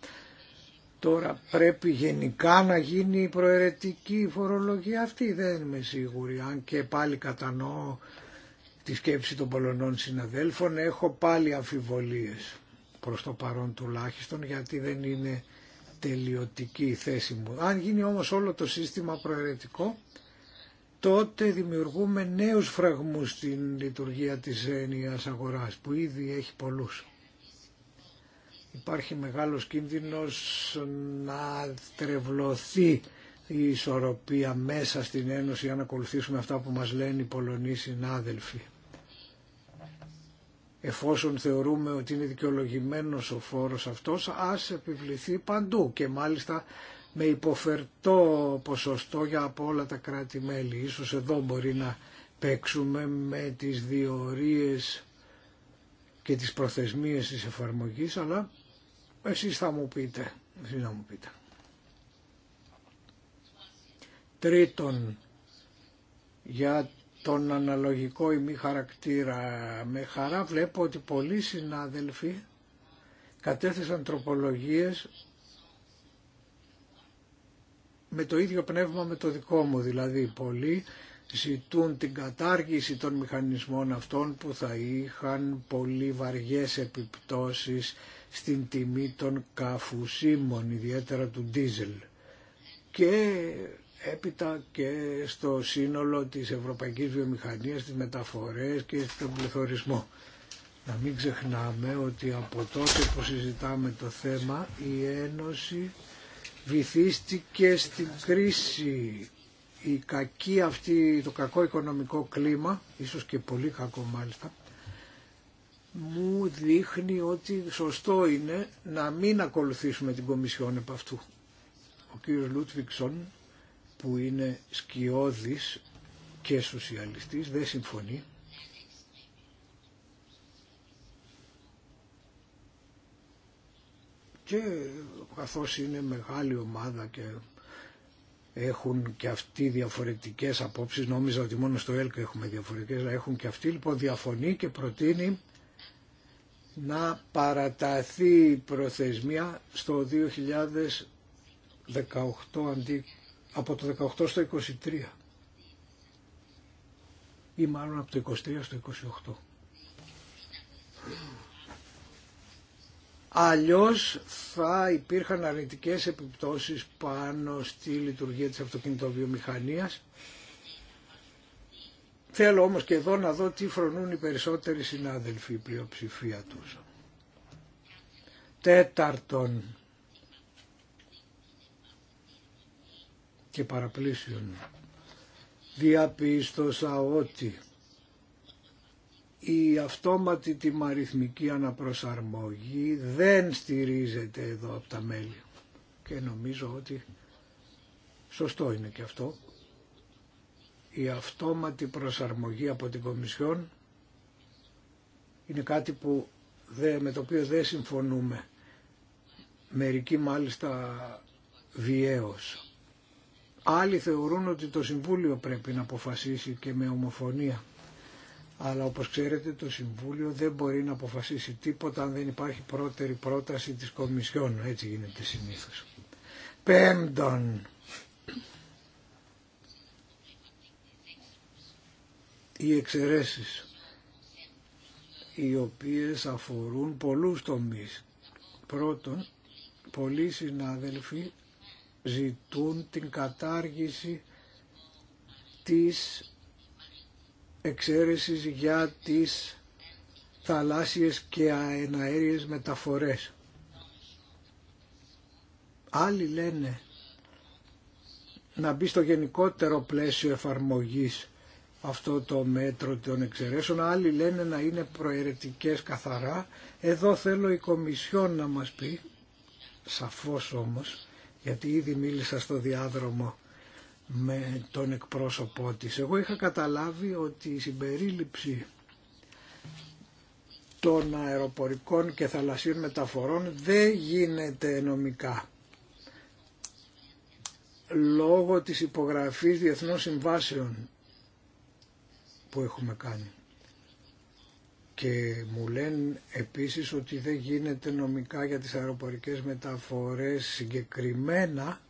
Τώρα πρέπει γενικά να γίνει η προαιρετική φορολογία αυτή, δεν είμαι σίγουρη, αν και πάλι κατανοώ τη σκέψη των Πολωνών συναδέλφων. Έχω πάλι αμφιβολίες προς το παρόν τουλάχιστον γιατί δεν είναι τελειωτική η θέση μου. Αν γίνει όμως όλο το σύστημα προαιρετικό τότε δημιουργούμε νέους φραγμούς στην λειτουργία της έννοιας αγοράς που ήδη έχει πολλούς. Υπάρχει μεγάλος κίνδυνος να τρευλωθεί η ισορροπία μέσα στην Ένωση αν ακολουθήσουμε αυτά που μας λένε οι Πολωνοί συνάδελφοι εφόσον θεωρούμε ότι είναι δικαιολογημένος ο φόρος αυτός, ας επιβληθεί παντού και μάλιστα με υποφερτό ποσοστό για από όλα τα κράτη-μέλη. Ίσως εδώ μπορεί να παίξουμε με τις διορίες και τις προθεσμίες της εφαρμογής, αλλά εσείς θα μου πείτε. μου πείτε. Τρίτον, για τον αναλογικό ή χαρακτήρα. Με χαρά βλέπω ότι πολλοί συνάδελφοι κατέθεσαν τροπολογίες με το ίδιο πνεύμα με το δικό μου, δηλαδή πολλοί ζητούν την κατάργηση των μηχανισμών αυτών που θα είχαν πολύ βαριές επιπτώσεις στην τιμή των καφουσίμων, ιδιαίτερα του ντίζελ. Και έπειτα και στο σύνολο της ευρωπαϊκής βιομηχανίας, τις μεταφορές και στον πληθωρισμό. Να μην ξεχνάμε ότι από τότε που συζητάμε το θέμα η Ένωση βυθίστηκε στην κρίση. Η κακή αυτή, το κακό οικονομικό κλίμα, ίσως και πολύ κακό μάλιστα, μου δείχνει ότι σωστό είναι να μην ακολουθήσουμε την Κομισιόν επ' αυτού. Ο κύριος Λούτβικσον που είναι σκιώδης και σοσιαλιστής δεν συμφωνεί. Και καθώς είναι μεγάλη ομάδα και έχουν και αυτοί διαφορετικές απόψεις, νόμιζα ότι μόνο στο ΕΛΚ έχουμε διαφορετικές, αλλά έχουν και αυτοί, λοιπόν διαφωνεί και προτείνει να παραταθεί η προθεσμία στο 2018 αντί από το 18 στο 23 ή μάλλον από το 23 στο 28. Αλλιώς θα υπήρχαν αρνητικές επιπτώσεις πάνω στη λειτουργία της αυτοκινητοβιομηχανίας. Θέλω όμως και εδώ να δω τι φρονούν οι περισσότεροι συνάδελφοι, η πλειοψηφία τους. Τέταρτον, και παραπλήσιον Διαπίστωσα ότι η αυτόματη τιμαριθμική αναπροσαρμογή δεν στηρίζεται εδώ από τα μέλη. Και νομίζω ότι σωστό είναι και αυτό. Η αυτόματη προσαρμογή από την Κομισιόν είναι κάτι που δε, με το οποίο δεν συμφωνούμε. Μερικοί μάλιστα βιαίως. Άλλοι θεωρούν ότι το Συμβούλιο πρέπει να αποφασίσει και με ομοφωνία. Αλλά όπως ξέρετε το Συμβούλιο δεν μπορεί να αποφασίσει τίποτα αν δεν υπάρχει πρώτερη πρόταση της Κομισιόν. Έτσι γίνεται συνήθως. Πέμπτον. Οι εξαιρέσεις οι οποίες αφορούν πολλούς τομείς. Πρώτον, πολλοί συνάδελφοι ζητούν την κατάργηση της εξαίρεσης για τις θαλάσσιες και αεναέριες μεταφορές. Άλλοι λένε να μπει στο γενικότερο πλαίσιο εφαρμογής αυτό το μέτρο των εξαιρέσεων, άλλοι λένε να είναι προαιρετικές καθαρά. Εδώ θέλω η Κομισιόν να μας πει, σαφώς όμως, γιατί ήδη μίλησα στο διάδρομο με τον εκπρόσωπό της. Εγώ είχα καταλάβει ότι η συμπερίληψη των αεροπορικών και θαλασσίων μεταφορών δεν γίνεται νομικά λόγω της υπογραφής διεθνών συμβάσεων που έχουμε κάνει. Και μου λένε επίσης ότι δεν γίνεται νομικά για τις αεροπορικές μεταφορές συγκεκριμένα,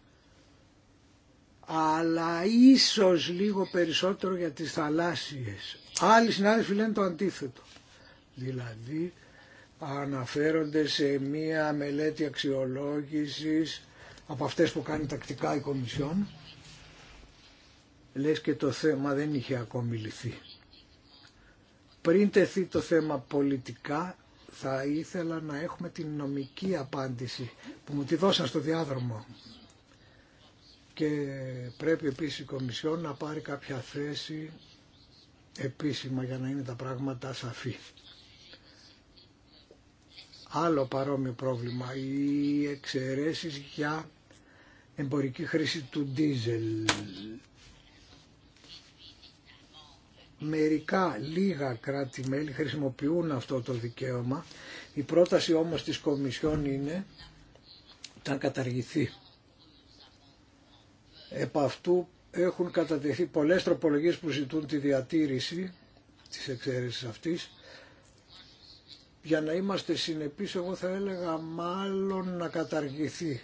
αλλά ίσως λίγο περισσότερο για τις θαλάσσιες. Άλλοι συνάδελφοι λένε το αντίθετο. Δηλαδή αναφέρονται σε μία μελέτη αξιολόγησης από αυτές που κάνει τακτικά η Κομισιόν. Λες και το θέμα δεν είχε ακόμη λυθεί. Πριν τεθεί το θέμα πολιτικά, θα ήθελα να έχουμε την νομική απάντηση που μου τη δώσαν στο διάδρομο. Και πρέπει επίσης η Κομισιόν να πάρει κάποια θέση επίσημα για να είναι τα πράγματα σαφή. Άλλο παρόμοιο πρόβλημα, οι εξαιρέσει για εμπορική χρήση του ντίζελ μερικά λίγα κράτη-μέλη χρησιμοποιούν αυτό το δικαίωμα. Η πρόταση όμως της Κομισιόν είναι να καταργηθεί. Επ' αυτού έχουν κατατεθεί πολλές τροπολογίες που ζητούν τη διατήρηση της εξαίρεσης αυτής. Για να είμαστε συνεπείς εγώ θα έλεγα μάλλον να καταργηθεί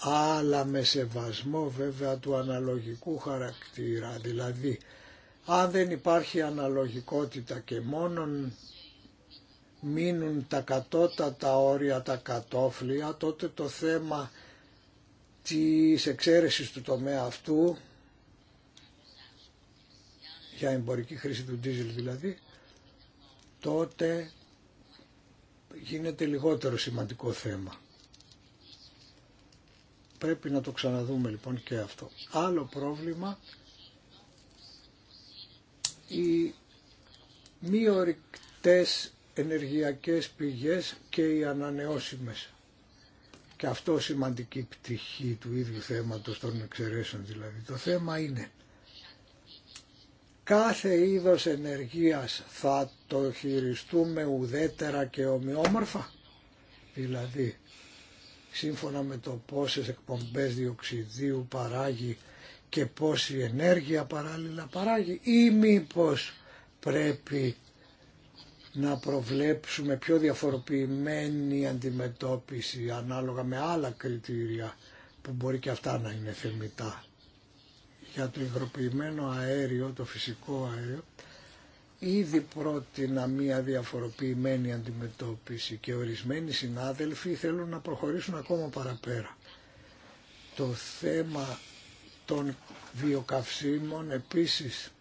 αλλά με σεβασμό βέβαια του αναλογικού χαρακτήρα. Δηλαδή, αν δεν υπάρχει αναλογικότητα και μόνον μείνουν τα κατώτατα όρια, τα κατόφλια, τότε το θέμα της εξαίρεσης του τομέα αυτού, για εμπορική χρήση του ντίζελ δηλαδή, τότε γίνεται λιγότερο σημαντικό θέμα. Πρέπει να το ξαναδούμε λοιπόν και αυτό. Άλλο πρόβλημα, οι μη ορυκτές ενεργειακές πηγές και οι ανανεώσιμες. Και αυτό σημαντική πτυχή του ίδιου θέματος των εξαιρέσεων δηλαδή. Το θέμα είναι κάθε είδος ενεργείας θα το χειριστούμε ουδέτερα και ομοιόμορφα. Δηλαδή σύμφωνα με το πόσες εκπομπές διοξιδίου παράγει και πόση ενέργεια παράλληλα παράγει ή μήπως πρέπει να προβλέψουμε πιο διαφοροποιημένη αντιμετώπιση ανάλογα με άλλα κριτήρια που μπορεί και αυτά να είναι θεμητά. Για το υγροποιημένο αέριο, το φυσικό αέριο, ήδη πρότεινα μία διαφοροποιημένη αντιμετώπιση και ορισμένοι συνάδελφοι θέλουν να προχωρήσουν ακόμα παραπέρα. Το θέμα των βιοκαυσίμων επίσης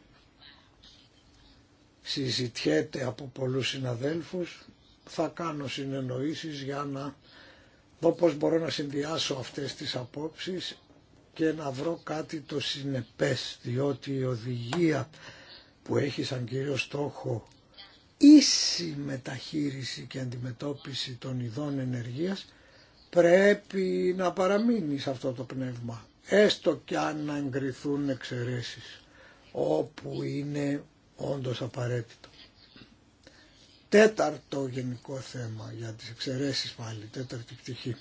συζητιέται από πολλούς συναδέλφους. Θα κάνω συνεννοήσεις για να δω πώς μπορώ να συνδυάσω αυτές τις απόψεις και να βρω κάτι το συνεπές, διότι η οδηγία που έχει σαν κύριο στόχο ίση μεταχείριση και αντιμετώπιση των ειδών ενεργείας πρέπει να παραμείνει σε αυτό το πνεύμα έστω και αν αγκριθούν εξαιρέσεις όπου είναι όντως απαραίτητο. Τέταρτο γενικό θέμα για τις εξαιρέσεις πάλι, τέταρτη πτυχή.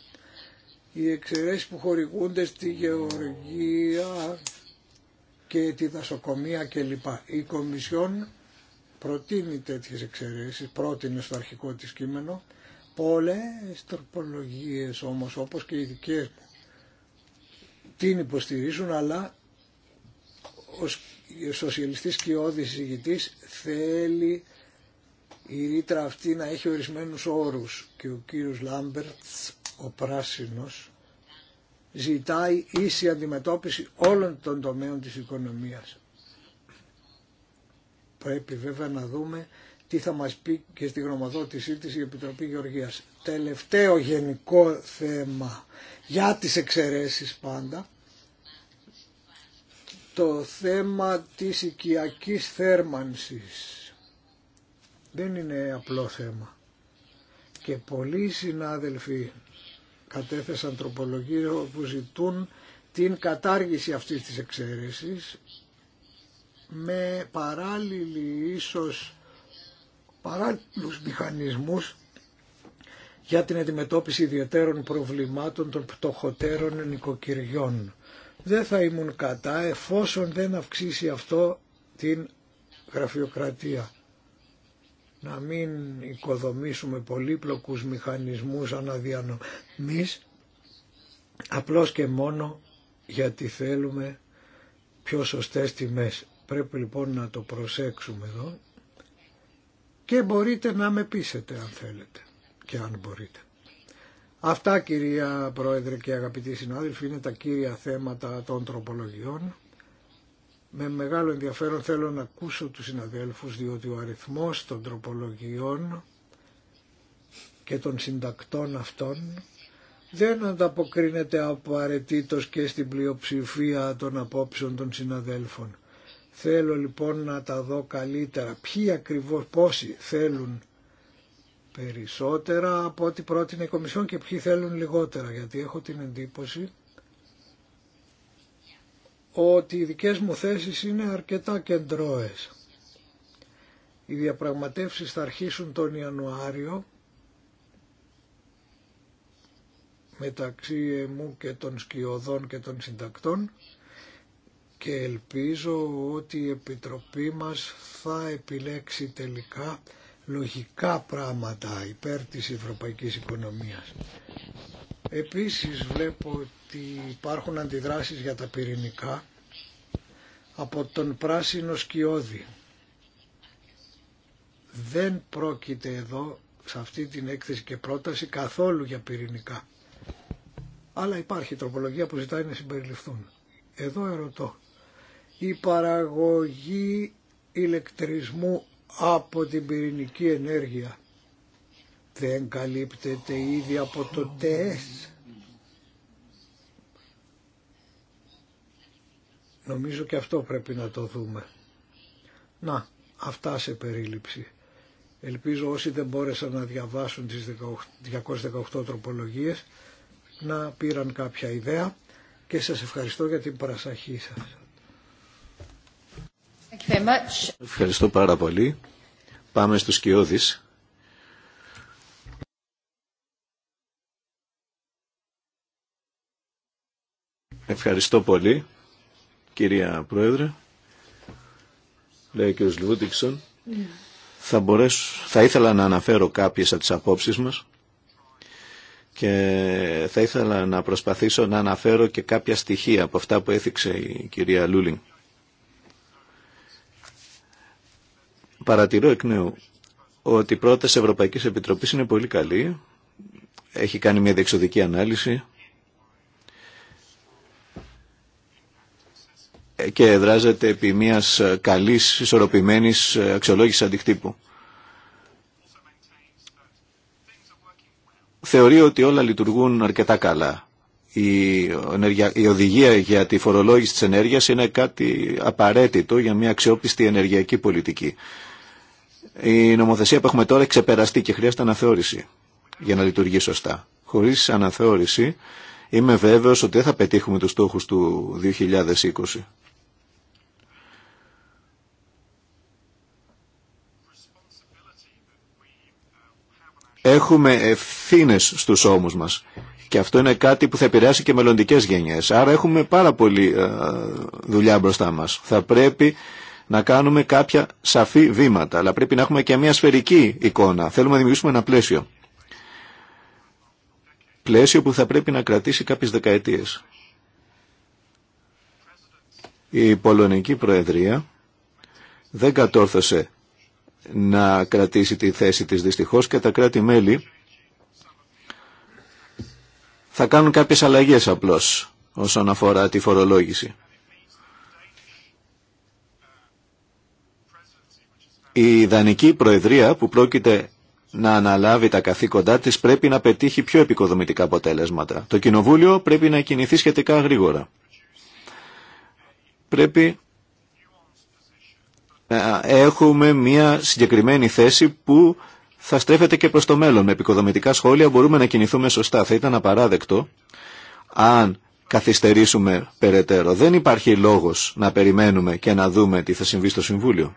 Οι εξαιρέσεις που χορηγούνται στη γεωργία και τη δασοκομεία κλπ. Η Κομισιόν προτείνει τέτοιες εξαιρέσεις, πρότεινε στο αρχικό της κείμενο, πολλές τροπολογίες όμως όπως και οι δικές μου την υποστηρίζουν αλλά ο σοσιαλιστής και ο θέλει η ρήτρα αυτή να έχει ορισμένους όρους και ο κύριος Λάμπερτς ο πράσινος ζητάει ίση αντιμετώπιση όλων των τομέων της οικονομίας. Πρέπει βέβαια να δούμε τι θα μας πει και στη γνωμοδότησή της η Επιτροπή Γεωργίας. Τελευταίο γενικό θέμα για τις εξαιρέσεις πάντα, το θέμα της οικιακής θέρμανσης. Δεν είναι απλό θέμα. Και πολλοί συνάδελφοι κατέθεσαν τροπολογίες που ζητούν την κατάργηση αυτής της εξαίρεσης με παράλληλη ίσως παράλληλους μηχανισμούς για την αντιμετώπιση ιδιαίτερων προβλημάτων των πτωχοτέρων νοικοκυριών. Δεν θα ήμουν κατά εφόσον δεν αυξήσει αυτό την γραφειοκρατία να μην οικοδομήσουμε πολύπλοκους μηχανισμούς αναδιανομής απλώς και μόνο γιατί θέλουμε πιο σωστές τιμές. Πρέπει λοιπόν να το προσέξουμε εδώ και μπορείτε να με πείσετε αν θέλετε και αν μπορείτε. Αυτά κυρία Πρόεδρε και αγαπητοί συνάδελφοι είναι τα κύρια θέματα των τροπολογιών. Με μεγάλο ενδιαφέρον θέλω να ακούσω τους συναδέλφους διότι ο αριθμός των τροπολογιών και των συντακτών αυτών δεν ανταποκρίνεται απαραίτητο και στην πλειοψηφία των απόψεων των συναδέλφων. Θέλω λοιπόν να τα δω καλύτερα. Ποιοι ακριβώς πόσοι θέλουν περισσότερα από ό,τι πρότεινε η Κομισιόν και ποιοι θέλουν λιγότερα. Γιατί έχω την εντύπωση ότι οι δικές μου θέσεις είναι αρκετά κεντρώες. Οι διαπραγματεύσεις θα αρχίσουν τον Ιανουάριο μεταξύ μου και των σκιωδών και των συντακτών και ελπίζω ότι η Επιτροπή μας θα επιλέξει τελικά λογικά πράγματα υπέρ της ευρωπαϊκής οικονομίας. Επίσης βλέπω ότι υπάρχουν αντιδράσεις για τα πυρηνικά από τον πράσινο σκιώδη. Δεν πρόκειται εδώ σε αυτή την έκθεση και πρόταση καθόλου για πυρηνικά. Αλλά υπάρχει τροπολογία που ζητάει να συμπεριληφθούν. Εδώ ερωτώ. Η παραγωγή ηλεκτρισμού από την πυρηνική ενέργεια δεν καλύπτεται ήδη από το τεστ. Νομίζω και αυτό πρέπει να το δούμε. Να, αυτά σε περίληψη. Ελπίζω όσοι δεν μπόρεσαν να διαβάσουν τις 218 τροπολογίες να πήραν κάποια ιδέα και σας ευχαριστώ για την παρασαχή σας. Ευχαριστώ πάρα πολύ. Πάμε στους κοιόδης. Ευχαριστώ πολύ, κυρία Πρόεδρε. Λέει ο κ. Θα, μπορέσω, θα ήθελα να αναφέρω κάποιες από τις απόψεις μας και θα ήθελα να προσπαθήσω να αναφέρω και κάποια στοιχεία από αυτά που έθιξε η κυρία Λούλινγκ. Παρατηρώ εκ νέου ότι η πρόταση Ευρωπαϊκής Επιτροπής είναι πολύ καλή. Έχει κάνει μια διεξοδική ανάλυση και εδράζεται επί μιας καλής, ισορροπημένης αξιολόγησης αντικτύπου. Θεωρεί ότι όλα λειτουργούν αρκετά καλά. Η οδηγία για τη φορολόγηση της ενέργειας είναι κάτι απαραίτητο για μια αξιόπιστη ενεργειακή πολιτική. Η νομοθεσία που έχουμε τώρα ξεπεραστεί και χρειάζεται αναθεώρηση για να λειτουργεί σωστά. Χωρίς αναθεώρηση είμαι βέβαιος ότι δεν θα πετύχουμε τους στόχους του 2020. έχουμε ευθύνε στους ώμου μας. Και αυτό είναι κάτι που θα επηρεάσει και μελλοντικέ γενιές. Άρα έχουμε πάρα πολλή ε, δουλειά μπροστά μας. Θα πρέπει να κάνουμε κάποια σαφή βήματα, αλλά πρέπει να έχουμε και μια σφαιρική εικόνα. Θέλουμε να δημιουργήσουμε ένα πλαίσιο. Πλαίσιο που θα πρέπει να κρατήσει κάποιες δεκαετίες. Η Πολωνική Προεδρία δεν κατόρθωσε να κρατήσει τη θέση της δυστυχώς και τα κράτη-μέλη θα κάνουν κάποιες αλλαγές απλώς όσον αφορά τη φορολόγηση. Η ιδανική προεδρία που πρόκειται να αναλάβει τα καθήκοντά της πρέπει να πετύχει πιο επικοδομητικά αποτέλεσματα. Το Κοινοβούλιο πρέπει να κινηθεί σχετικά γρήγορα. Πρέπει ε, έχουμε μια συγκεκριμένη θέση που θα στρέφεται και προς το μέλλον. Με επικοδομητικά σχόλια μπορούμε να κινηθούμε σωστά. Θα ήταν απαράδεκτο αν καθυστερήσουμε περαιτέρω. Δεν υπάρχει λόγος να περιμένουμε και να δούμε τι θα συμβεί στο Συμβούλιο.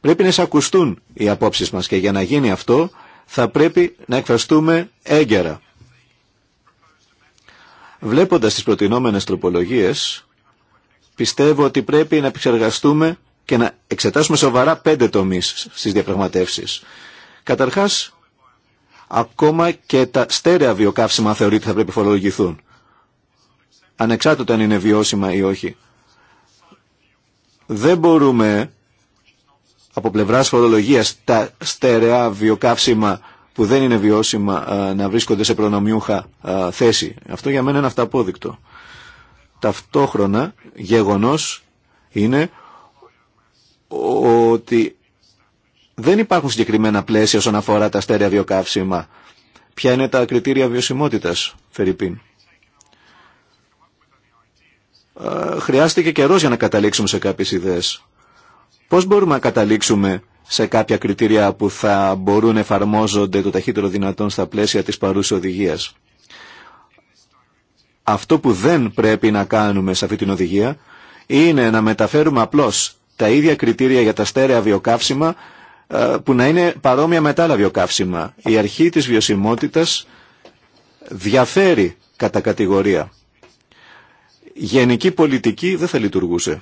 Πρέπει να εισακουστούν οι απόψεις μας και για να γίνει αυτό θα πρέπει να εκφραστούμε έγκαιρα. Βλέποντας τις προτινόμενες τροπολογίες Πιστεύω ότι πρέπει να επεξεργαστούμε και να εξετάσουμε σοβαρά πέντε τομείς στις διαπραγματεύσεις. Καταρχάς, ακόμα και τα στέρεα βιοκαύσιμα θεωρείται θα πρέπει να φορολογηθούν. Ανεξάρτητα αν είναι βιώσιμα ή όχι. Δεν μπορούμε από πλευρά φορολογίας τα στερεά βιοκαύσιμα που δεν είναι βιώσιμα ε, να βρίσκονται σε προνομιούχα ε, θέση. Αυτό για μένα είναι αυταπόδεικτο. Ταυτόχρονα γεγονός είναι ότι δεν υπάρχουν συγκεκριμένα πλαίσια όσον αφορά τα στέρεα βιοκαύσιμα. Ποια είναι τα κριτήρια βιωσιμότητας, Φερρυπίν. Ε, χρειάστηκε καιρός για να καταλήξουμε σε κάποιες ιδέες. Πώς μπορούμε να καταλήξουμε σε κάποια κριτήρια που θα μπορούν να εφαρμόζονται το ταχύτερο δυνατόν στα πλαίσια της παρούσης οδηγίας. Αυτό που δεν πρέπει να κάνουμε σε αυτή την οδηγία είναι να μεταφέρουμε απλώς τα ίδια κριτήρια για τα στέρεα βιοκαύσιμα ε, που να είναι παρόμοια με τα άλλα βιοκαύσιμα. Η αρχή της βιωσιμότητας διαφέρει κατά κατηγορία. Γενική πολιτική δεν θα λειτουργούσε.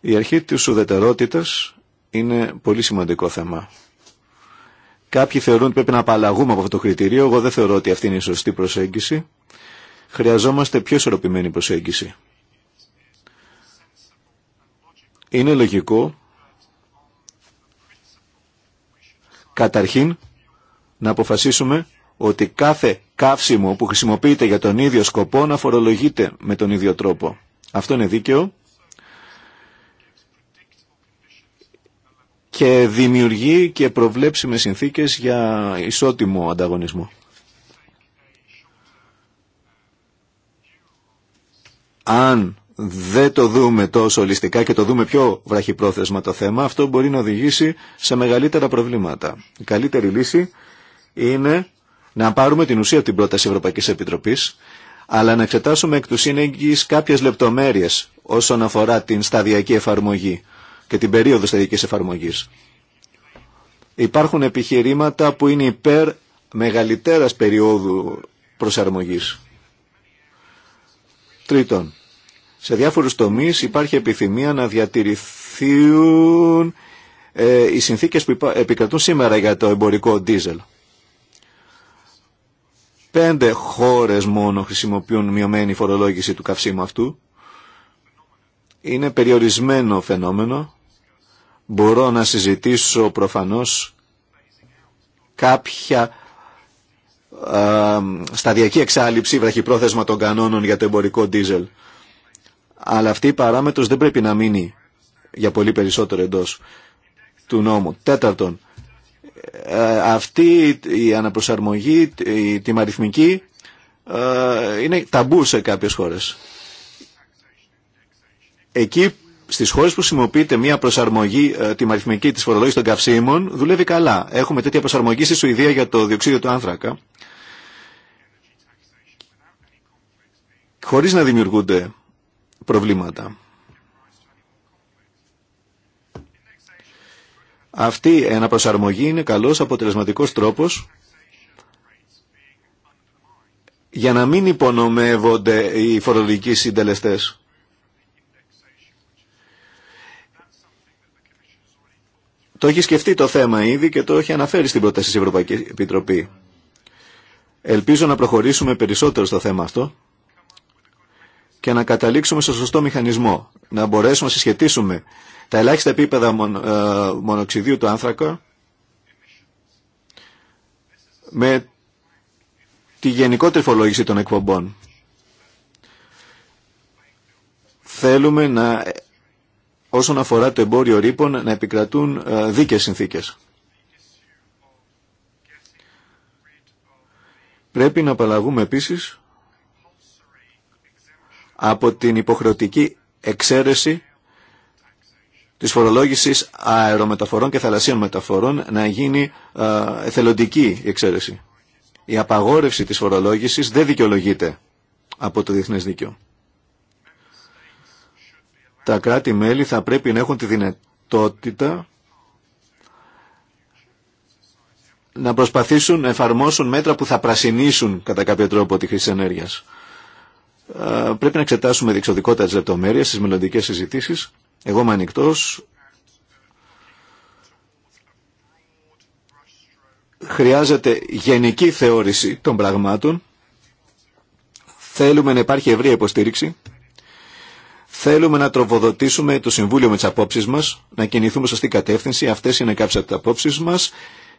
Η αρχή της ουδετερότητας είναι πολύ σημαντικό θέμα. Κάποιοι θεωρούν ότι πρέπει να απαλλαγούμε από αυτό το κριτήριο. Εγώ δεν θεωρώ ότι αυτή είναι η σωστή προσέγγιση. Χρειαζόμαστε πιο ισορροπημένη προσέγγιση. Είναι λογικό καταρχήν να αποφασίσουμε ότι κάθε καύσιμο που χρησιμοποιείται για τον ίδιο σκοπό να φορολογείται με τον ίδιο τρόπο. Αυτό είναι δίκαιο και δημιουργεί και προβλέψιμες συνθήκες για ισότιμο ανταγωνισμό. Αν δεν το δούμε τόσο ολιστικά και το δούμε πιο βραχυπρόθεσμα το θέμα, αυτό μπορεί να οδηγήσει σε μεγαλύτερα προβλήματα. Η καλύτερη λύση είναι να πάρουμε την ουσία από την πρόταση Ευρωπαϊκής Επιτροπής, αλλά να εξετάσουμε εκ του σύνεγγυης κάποιες λεπτομέρειες όσον αφορά την σταδιακή εφαρμογή και την περίοδο σταδικής εφαρμογής. Υπάρχουν επιχειρήματα που είναι υπέρ μεγαλύτερας περίοδου προσαρμογής. Τρίτον, σε διάφορους τομείς υπάρχει επιθυμία να διατηρηθούν ε, οι συνθήκες που επικρατούν σήμερα για το εμπορικό ντίζελ. Πέντε χώρες μόνο χρησιμοποιούν μειωμένη φορολόγηση του καυσίμου αυτού. Είναι περιορισμένο φαινόμενο μπορώ να συζητήσω προφανώς κάποια σταδιακή εξάλληψη βραχυπρόθεσμα των κανόνων για το εμπορικό ντίζελ. Αλλά αυτή η παράμετρος δεν πρέπει να μείνει για πολύ περισσότερο εντός του νόμου. Τέταρτον, ε, αυτή η αναπροσαρμογή, η τιμαριθμική, ε, είναι ταμπού σε κάποιες χώρες. Εκεί στις χώρες που χρησιμοποιείται μια προσαρμογή, ε, τη μαριθμική της φορολόγηση των καυσίμων, δουλεύει καλά. Έχουμε τέτοια προσαρμογή στη Σουηδία για το διοξείδιο του άνθρακα. χωρίς να δημιουργούνται προβλήματα. Αυτή η αναπροσαρμογή είναι καλός αποτελεσματικός τρόπος για να μην υπονομεύονται οι φορολογικοί συντελεστές. Το έχει σκεφτεί το θέμα ήδη και το έχει αναφέρει στην πρόταση τη Ευρωπαϊκή Επιτροπή. Ελπίζω να προχωρήσουμε περισσότερο στο θέμα αυτό και να καταλήξουμε στο σωστό μηχανισμό. Να μπορέσουμε να συσχετίσουμε τα ελάχιστα επίπεδα ε, μονοξιδίου του άνθρακα με τη γενικότερη φορολόγηση των εκπομπών. Θέλουμε να όσον αφορά το εμπόριο ρήπων να επικρατούν ε, δίκαιες συνθήκες. Πρέπει να απαλλαγούμε επίσης από την υποχρεωτική εξαίρεση της φορολόγησης αερομεταφορών και θαλασσίων μεταφορών να γίνει ε, εθελοντική η εξαίρεση. Η απαγόρευση της φορολόγησης δεν δικαιολογείται από το διεθνές δίκαιο τα κράτη-μέλη θα πρέπει να έχουν τη δυνατότητα να προσπαθήσουν να εφαρμόσουν μέτρα που θα πρασινίσουν κατά κάποιο τρόπο τη χρήση ενέργειας. Ε, πρέπει να εξετάσουμε διεξοδικότητα τις λεπτομέρειες στις μελλοντικέ συζητήσει. Εγώ είμαι ανοιχτό. Χρειάζεται γενική θεώρηση των πραγμάτων. Θέλουμε να υπάρχει ευρία υποστήριξη Θέλουμε να τροφοδοτήσουμε το Συμβούλιο με τι απόψει μα, να κινηθούμε σωστή κατεύθυνση. Αυτέ είναι κάποιε από τι απόψει μα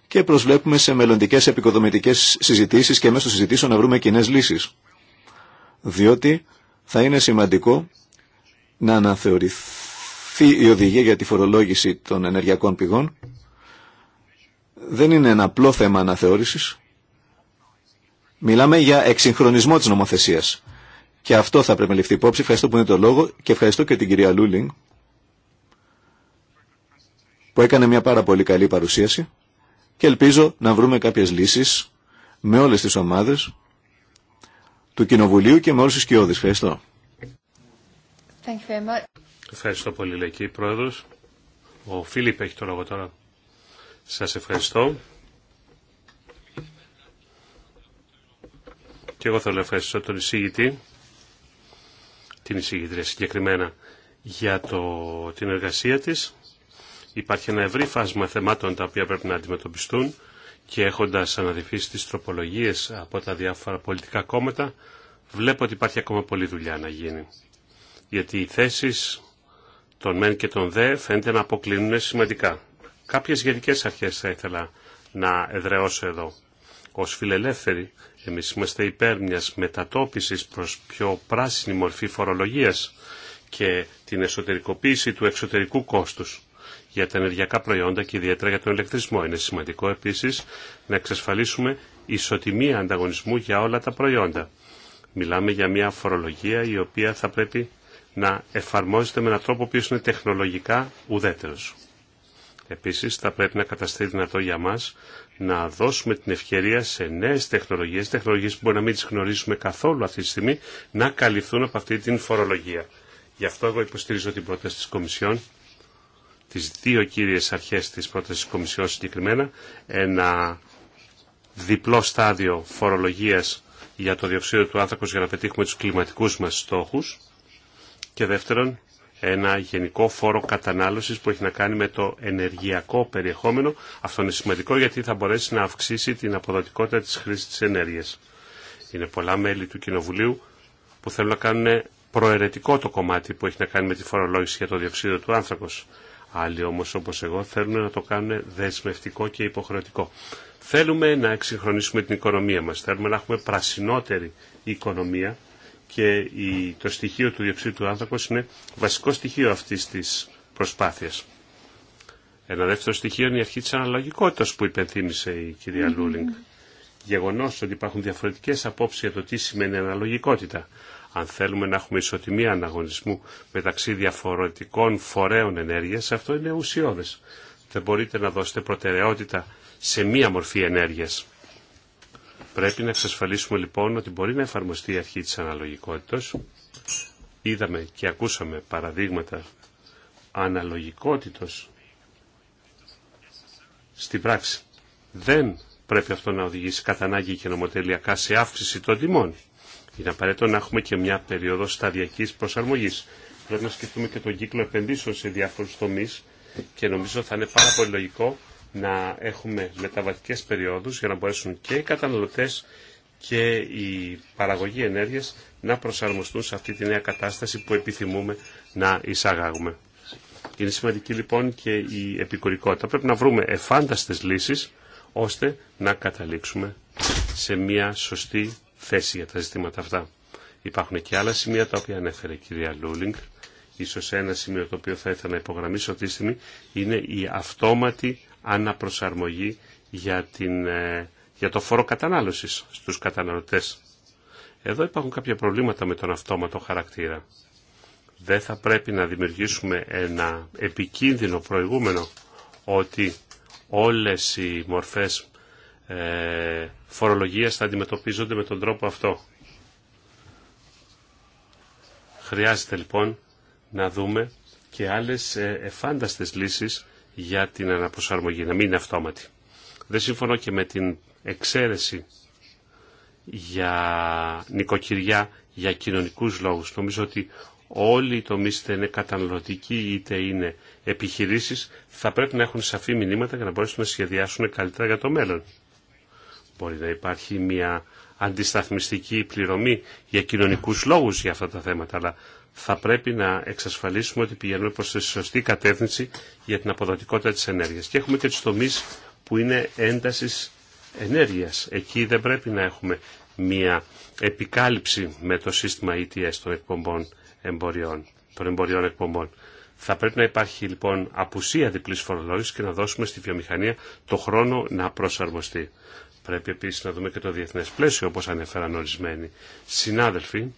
και προσβλέπουμε σε μελλοντικέ επικοδομητικέ συζητήσει και μέσω συζητήσεων να βρούμε κοινέ λύσει. Διότι θα είναι σημαντικό να αναθεωρηθεί η οδηγία για τη φορολόγηση των ενεργειακών πηγών. Δεν είναι ένα απλό θέμα αναθεώρησης. Μιλάμε για εξυγχρονισμό της νομοθεσίας. Και αυτό θα πρέπει να ληφθεί υπόψη. Ευχαριστώ που είναι το λόγο και ευχαριστώ και την κυρία Λούλινγκ που έκανε μια πάρα πολύ καλή παρουσίαση και ελπίζω να βρούμε κάποιες λύσεις με όλες τις ομάδες του Κοινοβουλίου και με όλους τους κοιόδης. Ευχαριστώ. Ευχαριστώ πολύ, λέει και Πρόεδρος. Ο Φίλιπ έχει το λόγο τώρα. Σας ευχαριστώ. Και εγώ θέλω να ευχαριστώ τον εισηγητή την εισηγήτρια συγκεκριμένα για το, την εργασία της. Υπάρχει ένα ευρύ φάσμα θεμάτων τα οποία πρέπει να αντιμετωπιστούν και έχοντας αναδειφίσει τις τροπολογίες από τα διάφορα πολιτικά κόμματα βλέπω ότι υπάρχει ακόμα πολλή δουλειά να γίνει. Γιατί οι θέσεις των μεν και των δε φαίνεται να αποκλίνουν σημαντικά. Κάποιες γενικές αρχές θα ήθελα να εδραιώσω εδώ. Ως φιλελεύθεροι εμείς είμαστε υπέρ μιας μετατόπισης προς πιο πράσινη μορφή φορολογίας και την εσωτερικοποίηση του εξωτερικού κόστους για τα ενεργειακά προϊόντα και ιδιαίτερα για τον ηλεκτρισμό. Είναι σημαντικό επίσης να εξασφαλίσουμε ισοτιμία ανταγωνισμού για όλα τα προϊόντα. Μιλάμε για μια φορολογία η οποία θα πρέπει να εφαρμόζεται με έναν τρόπο που είναι τεχνολογικά ουδέτερος. Επίσης θα πρέπει να καταστεί δυνατό για μας να δώσουμε την ευκαιρία σε νέες τεχνολογίες, τεχνολογίες που μπορεί να μην τις γνωρίζουμε καθόλου αυτή τη στιγμή, να καλυφθούν από αυτή την φορολογία. Γι' αυτό εγώ υποστηρίζω την πρόταση της Κομισιόν, τις δύο κύριες αρχές της πρότασης της Κομισιόν συγκεκριμένα, ένα διπλό στάδιο φορολογίας για το διοξείδιο του άνθρακος για να πετύχουμε τους κλιματικούς μας στόχους και δεύτερον ένα γενικό φόρο κατανάλωσης που έχει να κάνει με το ενεργειακό περιεχόμενο. Αυτό είναι σημαντικό γιατί θα μπορέσει να αυξήσει την αποδοτικότητα της χρήσης της ενέργειας. Είναι πολλά μέλη του Κοινοβουλίου που θέλουν να κάνουν προαιρετικό το κομμάτι που έχει να κάνει με τη φορολόγηση για το διοξείδιο του άνθρακος. Άλλοι όμως όπως εγώ θέλουν να το κάνουν δεσμευτικό και υποχρεωτικό. Θέλουμε να εξυγχρονίσουμε την οικονομία μας, θέλουμε να έχουμε πρασινότερη οικονομία και το στοιχείο του διοξείδου του είναι βασικό στοιχείο αυτής της προσπάθειας. Ένα δεύτερο στοιχείο είναι η αρχή της αναλογικότητας που υπενθύμησε η κυρία Λούλινγκ. Γεγονός ότι υπάρχουν διαφορετικές απόψεις για το τι σημαίνει αναλογικότητα. Αν θέλουμε να έχουμε ισοτιμία αναγωνισμού μεταξύ διαφορετικών φορέων ενέργειας, αυτό είναι ουσιώδες. Δεν μπορείτε να δώσετε προτεραιότητα σε μία μορφή ενέργειας. Πρέπει να εξασφαλίσουμε λοιπόν ότι μπορεί να εφαρμοστεί η αρχή της αναλογικότητας. Είδαμε και ακούσαμε παραδείγματα αναλογικότητος στην πράξη. Δεν πρέπει αυτό να οδηγήσει κατά ανάγκη και νομοτελειακά σε αύξηση των τιμών. Είναι απαραίτητο να έχουμε και μια περίοδο σταδιακής προσαρμογής. Πρέπει να σκεφτούμε και τον κύκλο επενδύσεων σε διάφορους τομείς και νομίζω θα είναι πάρα πολύ λογικό να έχουμε μεταβατικές περιόδους για να μπορέσουν και οι καταναλωτές και η παραγωγή ενέργειας να προσαρμοστούν σε αυτή τη νέα κατάσταση που επιθυμούμε να εισαγάγουμε. Είναι σημαντική λοιπόν και η επικουρικότητα. Πρέπει να βρούμε εφάνταστες λύσεις ώστε να καταλήξουμε σε μια σωστή θέση για τα ζητήματα αυτά. Υπάρχουν και άλλα σημεία τα οποία ανέφερε η κυρία Λούλινγκ. Ίσως ένα σημείο το οποίο θα ήθελα να υπογραμμίσω αυτή τη στιγμή είναι η αυτόματη αναπροσαρμογή για, την, ε, για το φόρο κατανάλωσης στους καταναλωτές. Εδώ υπάρχουν κάποια προβλήματα με τον αυτόματο χαρακτήρα. Δεν θα πρέπει να δημιουργήσουμε ένα επικίνδυνο προηγούμενο ότι όλες οι μορφές ε, φορολογίας θα αντιμετωπίζονται με τον τρόπο αυτό. Χρειάζεται λοιπόν να δούμε και άλλες ε, εφάνταστες λύσεις για την αναπροσαρμογή, να μην είναι αυτόματη. Δεν συμφωνώ και με την εξαίρεση για νοικοκυριά για κοινωνικούς λόγους. Νομίζω ότι όλοι οι τομείς είτε είναι καταναλωτικοί είτε είναι επιχειρήσεις θα πρέπει να έχουν σαφή μηνύματα για να μπορέσουν να σχεδιάσουν καλύτερα για το μέλλον. Μπορεί να υπάρχει μια αντισταθμιστική πληρωμή για κοινωνικούς λόγους για αυτά τα θέματα, αλλά θα πρέπει να εξασφαλίσουμε ότι πηγαίνουμε προς τη σωστή κατεύθυνση για την αποδοτικότητα της ενέργειας. Και έχουμε και τους τομείς που είναι έντασης ενέργειας. Εκεί δεν πρέπει να έχουμε μία επικάλυψη με το σύστημα ETS των εκπομπών εμποριών, των εμποριών εκπομπών. Θα πρέπει να υπάρχει λοιπόν απουσία διπλής φορολόγησης και να δώσουμε στη βιομηχανία το χρόνο να προσαρμοστεί. Πρέπει επίσης να δούμε και το διεθνές πλαίσιο όπως ανέφεραν ορισμένοι συνάδελφοι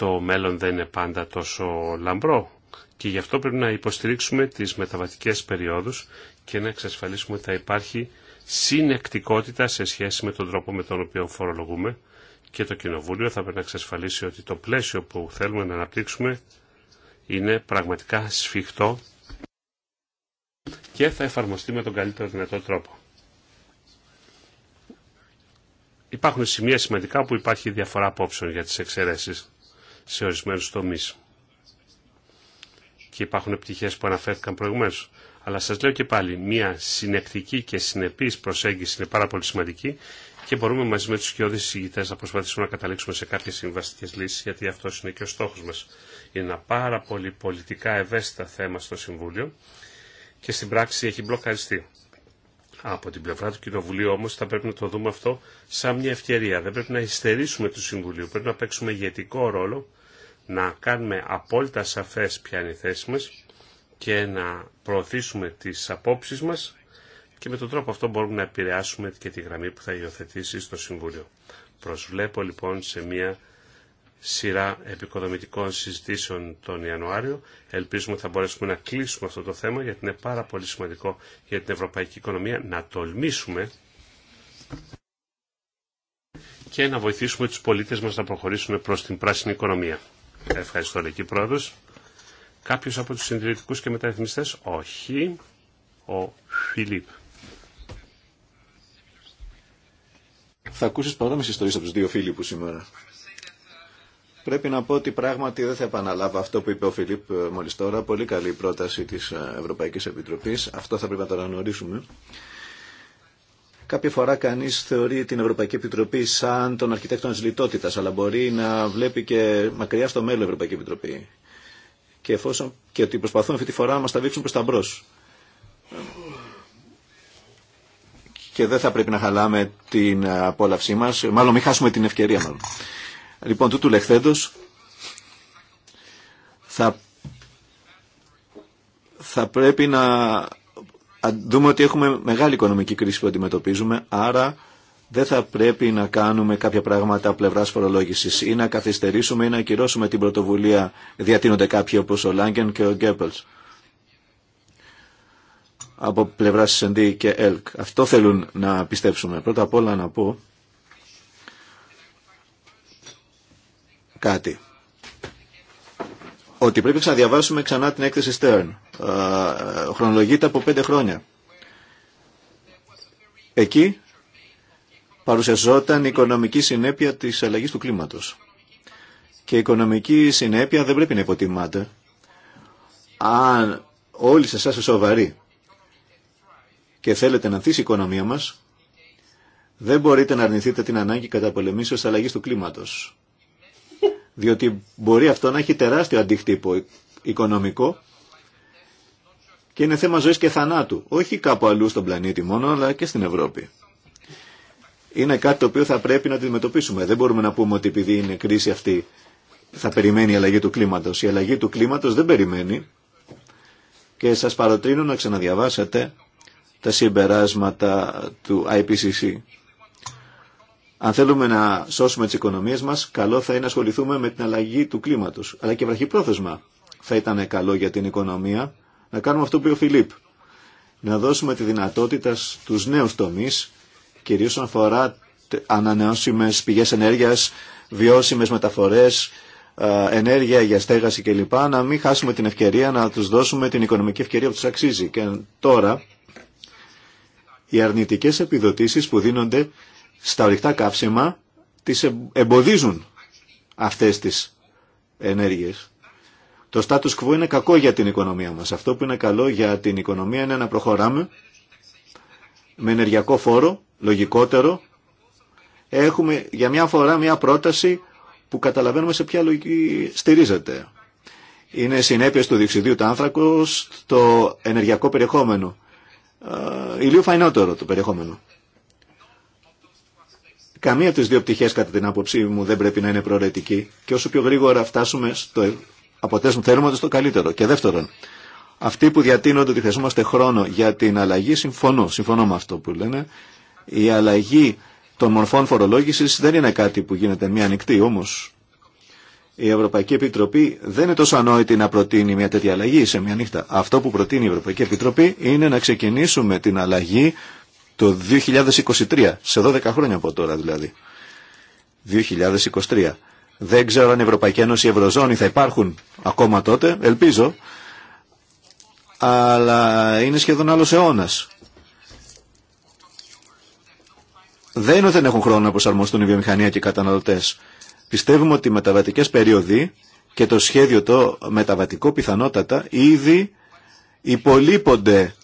το μέλλον δεν είναι πάντα τόσο λαμπρό και γι' αυτό πρέπει να υποστηρίξουμε τις μεταβατικές περιόδους και να εξασφαλίσουμε ότι θα υπάρχει συνεκτικότητα σε σχέση με τον τρόπο με τον οποίο φορολογούμε και το Κοινοβούλιο θα πρέπει να εξασφαλίσει ότι το πλαίσιο που θέλουμε να αναπτύξουμε είναι πραγματικά σφιχτό και θα εφαρμοστεί με τον καλύτερο δυνατό τρόπο. Υπάρχουν σημεία σημαντικά που υπάρχει διαφορά απόψεων για τις εξαιρέσεις σε ορισμένου τομεί. Και υπάρχουν πτυχέ που αναφέρθηκαν προηγουμένω. Αλλά σα λέω και πάλι, μια συνεκτική και συνεπής προσέγγιση είναι πάρα πολύ σημαντική και μπορούμε μαζί με του κοιόδης συζητητές να προσπαθήσουμε να καταλήξουμε σε κάποιε συμβαστικέ λύσει, γιατί αυτό είναι και ο στόχο μα. Είναι ένα πάρα πολύ πολιτικά ευαίσθητα θέμα στο Συμβούλιο και στην πράξη έχει μπλοκαριστεί. Από την πλευρά του Κοινοβουλίου όμω θα πρέπει να το δούμε αυτό σαν μια ευκαιρία. Δεν πρέπει να υστερήσουμε του Συμβουλίου, πρέπει να παίξουμε ηγετικό ρόλο να κάνουμε απόλυτα σαφές ποια είναι η θέση μας και να προωθήσουμε τις απόψεις μας και με τον τρόπο αυτό μπορούμε να επηρεάσουμε και τη γραμμή που θα υιοθετήσει στο Συμβούλιο. Προσβλέπω λοιπόν σε μια σειρά επικοδομητικών συζητήσεων τον Ιανουάριο. Ελπίζουμε ότι θα μπορέσουμε να κλείσουμε αυτό το θέμα γιατί είναι πάρα πολύ σημαντικό για την ευρωπαϊκή οικονομία να τολμήσουμε και να βοηθήσουμε τους πολίτες μας να προχωρήσουμε προς την πράσινη οικονομία. Ευχαριστώ, Λεκή Πρόεδρο. Κάποιος από τους συντηρητικού και μεταρρυθμιστές. Όχι. Ο Φιλίπ. Θα ακούσεις πάνω ιστορία από τους δύο φίλοι που σήμερα. Πρέπει να πω ότι πράγματι δεν θα επαναλάβω αυτό που είπε ο Φιλίπ ε, μόλις τώρα. Πολύ καλή πρόταση της ε, Ευρωπαϊκής Επιτροπής. Αυτό θα πρέπει να το αναγνωρίσουμε. Κάποια φορά κανείς θεωρεί την Ευρωπαϊκή Επιτροπή σαν τον αρχιτέκτονα της λιτότητας, αλλά μπορεί να βλέπει και μακριά στο μέλλον η Ευρωπαϊκή Επιτροπή. Και, εφόσον, και ότι προσπαθούν αυτή τη φορά να μας βήξουν προς τα μπρος. Και δεν θα πρέπει να χαλάμε την απόλαυσή μας, μάλλον μην χάσουμε την ευκαιρία μάλλον. Λοιπόν, τούτου λεχθέντος θα, θα πρέπει να δούμε ότι έχουμε μεγάλη οικονομική κρίση που αντιμετωπίζουμε, άρα δεν θα πρέπει να κάνουμε κάποια πράγματα πλευρά φορολόγηση ή να καθυστερήσουμε ή να ακυρώσουμε την πρωτοβουλία διατείνονται κάποιοι όπω ο Λάγκεν και ο Γκέπελ από πλευρά S&D και ΕΛΚ. Αυτό θέλουν να πιστέψουμε. Πρώτα απ' όλα να πω κάτι. Ότι πρέπει να διαβάσουμε ξανά την έκθεση Stern ε, χρονολογείται από πέντε χρόνια. Εκεί παρουσιαζόταν η οικονομική συνέπεια της αλλαγής του κλίματος. Και η οικονομική συνέπεια δεν πρέπει να υποτιμάται. Αν όλοι σε εσάς σοβαροί και θέλετε να ανθίσει η οικονομία μας, δεν μπορείτε να αρνηθείτε την ανάγκη καταπολεμήσεως αλλαγής του κλίματος. Διότι μπορεί αυτό να έχει τεράστιο αντίκτυπο οικονομικό και είναι θέμα ζωής και θανάτου, όχι κάπου αλλού στον πλανήτη μόνο, αλλά και στην Ευρώπη. Είναι κάτι το οποίο θα πρέπει να αντιμετωπίσουμε. Δεν μπορούμε να πούμε ότι επειδή είναι κρίση αυτή θα περιμένει η αλλαγή του κλίματος. Η αλλαγή του κλίματος δεν περιμένει και σας παροτρύνω να ξαναδιαβάσετε τα συμπεράσματα του IPCC. Αν θέλουμε να σώσουμε τις οικονομίες μας, καλό θα είναι να ασχοληθούμε με την αλλαγή του κλίματος. Αλλά και βραχυπρόθεσμα θα ήταν καλό για την οικονομία να κάνουμε αυτό που είπε ο Φιλίπ. Να δώσουμε τη δυνατότητα στους νέους τομείς, κυρίως όσον αφορά ανανεώσιμες πηγές ενέργειας, βιώσιμες μεταφορές, ενέργεια για στέγαση κλπ. Να μην χάσουμε την ευκαιρία να τους δώσουμε την οικονομική ευκαιρία που τους αξίζει. Και τώρα οι αρνητικές επιδοτήσεις που δίνονται στα ορυκτά καύσιμα τις εμποδίζουν αυτές τις ενέργειες. Το status quo είναι κακό για την οικονομία μας. Αυτό που είναι καλό για την οικονομία είναι να προχωράμε με ενεργειακό φόρο, λογικότερο. Έχουμε για μια φορά μια πρόταση που καταλαβαίνουμε σε ποια λογική στηρίζεται. Είναι συνέπειες του διεξιδίου του άνθρακου στο ενεργειακό περιεχόμενο. Ε, ηλίου φαϊνότερο το περιεχόμενο. Καμία από τις δύο πτυχές κατά την άποψή μου δεν πρέπει να είναι προαιρετική και όσο πιο γρήγορα φτάσουμε στο αποτέλεσμα θέλουμε το καλύτερο. Και δεύτερον, αυτοί που διατείνονται ότι χρειαζόμαστε χρόνο για την αλλαγή, συμφωνώ, συμφωνώ με αυτό που λένε. Η αλλαγή των μορφών φορολόγηση δεν είναι κάτι που γίνεται μία ανοιχτή. Όμω η Ευρωπαϊκή Επιτροπή δεν είναι τόσο ανόητη να προτείνει μια τέτοια αλλαγή σε μία νύχτα. Αυτό που προτείνει η Ευρωπαϊκή Επιτροπή είναι να ξεκινήσουμε την αλλαγή το 2023, σε 12 χρόνια από τώρα δηλαδή. 2023. Δεν ξέρω αν η Ευρωπαϊκή Ένωση, η Ευρωζώνη θα υπάρχουν ακόμα τότε, ελπίζω, αλλά είναι σχεδόν άλλο αιώνα. Δεν είναι ότι δεν έχουν χρόνο να προσαρμοστούν οι βιομηχανία και οι καταναλωτές. Πιστεύουμε ότι οι μεταβατικές περίοδοι και το σχέδιο το μεταβατικό πιθανότατα ήδη υπολείπονται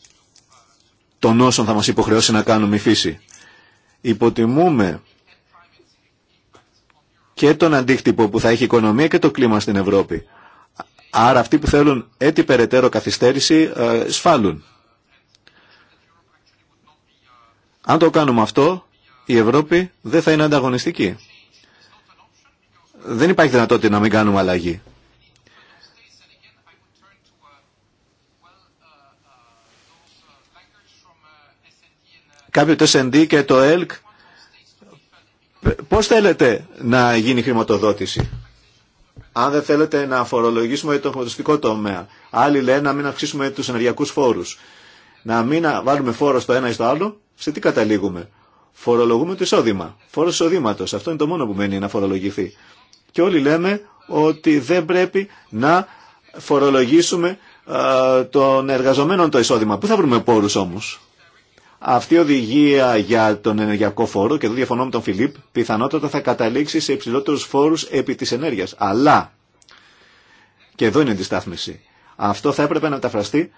των όσων θα μας υποχρεώσει να κάνουμε η φύση. Υποτιμούμε και τον αντίκτυπο που θα έχει η οικονομία και το κλίμα στην Ευρώπη. Άρα αυτοί που θέλουν έτσι περαιτέρω καθυστέρηση ε, σφάλουν. Αν το κάνουμε αυτό, η Ευρώπη δεν θα είναι ανταγωνιστική. Δεν υπάρχει δυνατότητα να μην κάνουμε αλλαγή. Κάποιοι το S&D και το ΕΛΚ Πώς θέλετε να γίνει η χρηματοδότηση, αν δεν θέλετε να φορολογήσουμε το χρηματοδοτικό τομέα. Άλλοι λένε να μην αυξήσουμε τους ενεργειακούς φόρους. Να μην βάλουμε φόρο στο ένα ή στο άλλο, σε τι καταλήγουμε. Φορολογούμε το εισόδημα. Φόρο εισοδήματο. Αυτό είναι το μόνο που μένει να φορολογηθεί. Και όλοι λέμε ότι δεν πρέπει να φορολογήσουμε των εργαζομένων το εισόδημα. Πού θα βρούμε πόρους όμως. Αυτή η οδηγία για τον ενεργειακό φόρο, και εδώ διαφωνώ με τον Φιλίπ, πιθανότατα θα καταλήξει σε υψηλότερου φόρου επί τη ενέργεια. Αλλά, και εδώ είναι η αντιστάθμιση, αυτό θα έπρεπε να μεταφραστεί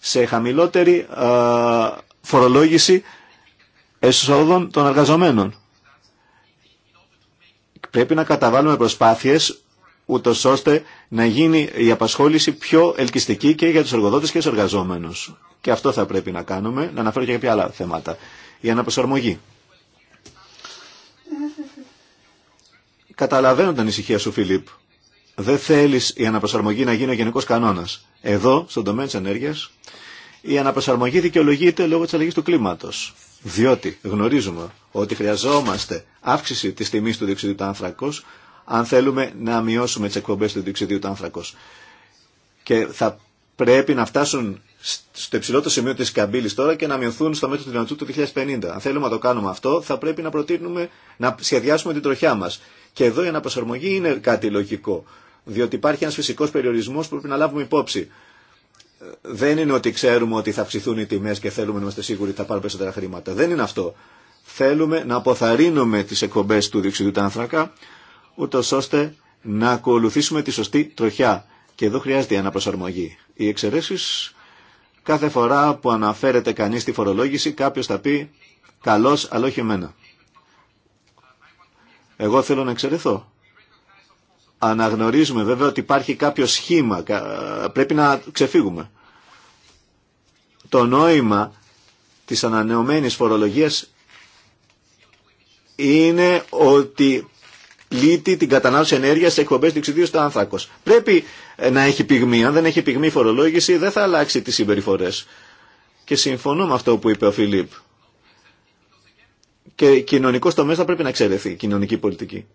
σε χαμηλότερη ε, φορολόγηση εσόδων των εργαζομένων. Πρέπει να καταβάλουμε προσπάθειες ούτω ώστε να γίνει η απασχόληση πιο ελκυστική και για του εργοδότε και τους εργαζόμενους. Και αυτό θα πρέπει να κάνουμε, να αναφέρω και κάποια άλλα θέματα. Η αναπροσαρμογή. Καταλαβαίνω την ησυχία σου, Φιλίπ. Δεν θέλει η αναπροσαρμογή να γίνει ο γενικό κανόνα. Εδώ, στον τομέα τη ενέργεια, η αναπροσαρμογή δικαιολογείται λόγω τη αλλαγή του κλίματο. Διότι γνωρίζουμε ότι χρειαζόμαστε αύξηση τη τιμή του διοξιδίου του άνθρακο, αν θέλουμε να μειώσουμε τις εκπομπές του διοξιδίου του άνθρακος. Και θα πρέπει να φτάσουν στο υψηλότερο σημείο της καμπύλης τώρα και να μειωθούν στο μέτρο του δυνατού του 2050. Αν θέλουμε να το κάνουμε αυτό, θα πρέπει να προτείνουμε να σχεδιάσουμε την τροχιά μας. Και εδώ η αναπροσαρμογή είναι κάτι λογικό, διότι υπάρχει ένας φυσικός περιορισμός που πρέπει να λάβουμε υπόψη. Δεν είναι ότι ξέρουμε ότι θα ψηθούν οι τιμές και θέλουμε να είμαστε σίγουροι ότι θα πάρουμε περισσότερα χρήματα. Δεν είναι αυτό. Θέλουμε να αποθαρρύνουμε τις εκπομπές του διοξιδίου του άνθρακα, ούτως ώστε να ακολουθήσουμε τη σωστή τροχιά. Και εδώ χρειάζεται η αναπροσαρμογή. Οι εξαιρέσει κάθε φορά που αναφέρεται κανείς στη φορολόγηση κάποιος θα πει καλός αλλά όχι εμένα. Εγώ θέλω να εξαιρεθώ. Αναγνωρίζουμε βέβαια ότι υπάρχει κάποιο σχήμα, πρέπει να ξεφύγουμε. Το νόημα της ανανεωμένης φορολογίας είναι ότι πλήττει την κατανάλωση ενέργεια σε εκπομπέ διοξιδίου στο άνθρακο. Πρέπει ε, να έχει πυγμή. Αν δεν έχει πυγμή η φορολόγηση, δεν θα αλλάξει τι συμπεριφορέ. Και συμφωνώ με αυτό που είπε ο Φιλίπ. Και κοινωνικό τομέα θα πρέπει να εξαιρεθεί, κοινωνική πολιτική.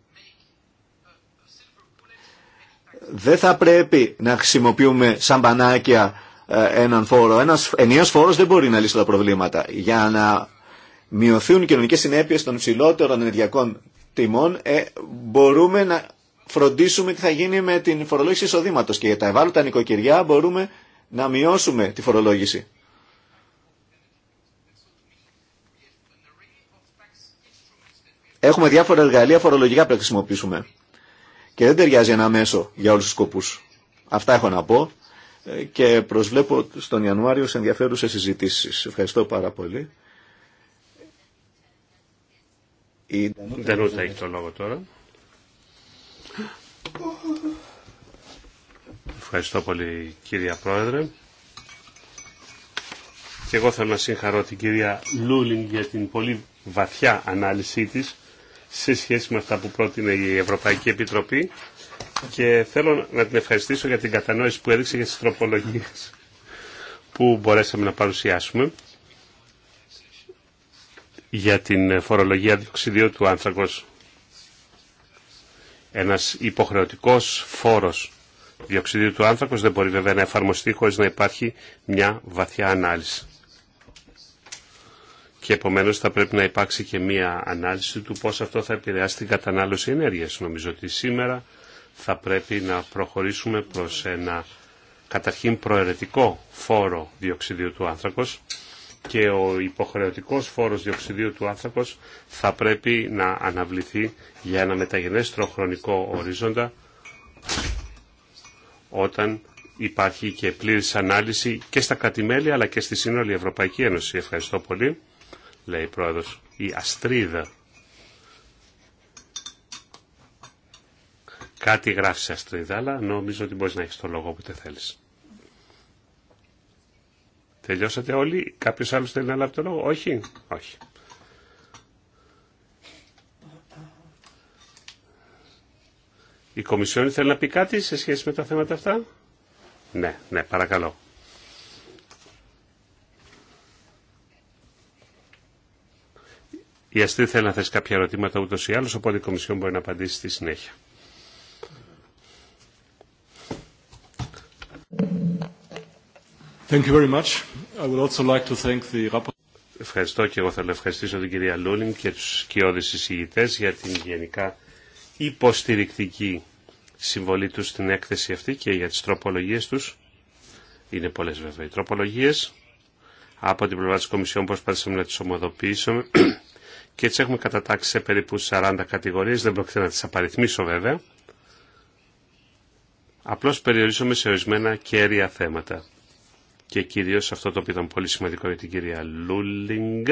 Δεν θα πρέπει να χρησιμοποιούμε σαν πανάκια ε, έναν φόρο. Ένας ενιαίος φόρος δεν μπορεί να λύσει τα προβλήματα. Για να μειωθούν οι κοινωνικές συνέπειες των υψηλότερων ενεργειακών τιμών ε, μπορούμε να φροντίσουμε τι θα γίνει με την φορολόγηση εισοδήματο. Και για τα ευάλωτα νοικοκυριά μπορούμε να μειώσουμε τη φορολόγηση. Έχουμε διάφορα εργαλεία φορολογικά που χρησιμοποιήσουμε. Και δεν ταιριάζει ένα μέσο για όλους τους σκοπούς. Αυτά έχω να πω ε, και προσβλέπω στον Ιανουάριο σε ενδιαφέρουσες συζητήσεις. Ευχαριστώ πάρα πολύ. Η Ντανούτα Ευχαριστώ πολύ κυρία Πρόεδρε. Και εγώ θέλω να συγχαρώ την κυρία Λούλιν για την πολύ βαθιά ανάλυση της σε σχέση με αυτά που πρότεινε η Ευρωπαϊκή Επιτροπή και θέλω να την ευχαριστήσω για την κατανόηση που έδειξε για τις τροπολογίες που μπορέσαμε να παρουσιάσουμε για την φορολογία διοξιδίου του άνθρακος. Ένας υποχρεωτικός φόρος διοξιδίου του άνθρακος δεν μπορεί βέβαια να εφαρμοστεί χωρίς να υπάρχει μια βαθιά ανάλυση. Και επομένως θα πρέπει να υπάρξει και μια ανάλυση του πώς αυτό θα επηρεάσει την κατανάλωση ενέργειας. Νομίζω ότι σήμερα θα πρέπει να προχωρήσουμε προς ένα καταρχήν προαιρετικό φόρο διοξιδίου του άνθρακος και ο υποχρεωτικός φόρος διοξιδίου του άνθρακος θα πρέπει να αναβληθεί για ένα μεταγενέστερο χρονικό ορίζοντα όταν υπάρχει και πλήρης ανάλυση και στα κρατημέλη αλλά και στη σύνολη Ευρωπαϊκή Ένωση. Ευχαριστώ πολύ, λέει η πρόεδρος. Η Αστρίδα. Κάτι γράφει σε Αστρίδα, αλλά νομίζω ότι μπορείς να έχεις το λόγο που θέλεις. Τελειώσατε όλοι. Κάποιος άλλος θέλει να λάβει το λόγο. Όχι. Όχι. Η Κομισιόν θέλει να πει κάτι σε σχέση με τα θέματα αυτά. Ναι, ναι, παρακαλώ. Η Αστή θέλει να θέσει κάποια ερωτήματα ούτως ή άλλως, οπότε η Κομισιόν μπορεί να απαντήσει στη συνέχεια. Ευχαριστώ και εγώ θέλω να ευχαριστήσω την κυρία Λούλιν και τους σκιώδεις εισηγητές για την γενικά υποστηρικτική συμβολή τους στην έκθεση αυτή και για τις τροπολογίες τους. Είναι πολλές βέβαια οι τροπολογίες. Από την πλευρά της Κομισιόν προσπαθήσαμε να τις ομοδοποιήσουμε και έτσι έχουμε κατατάξει σε περίπου 40 κατηγορίες. Δεν πρόκειται να τις απαριθμίσω βέβαια. Απλώς περιορίζομαι σε ορισμένα κέρια θέματα και κυρίως αυτό το οποίο ήταν πολύ σημαντικό για την κυρία Λούλινγκ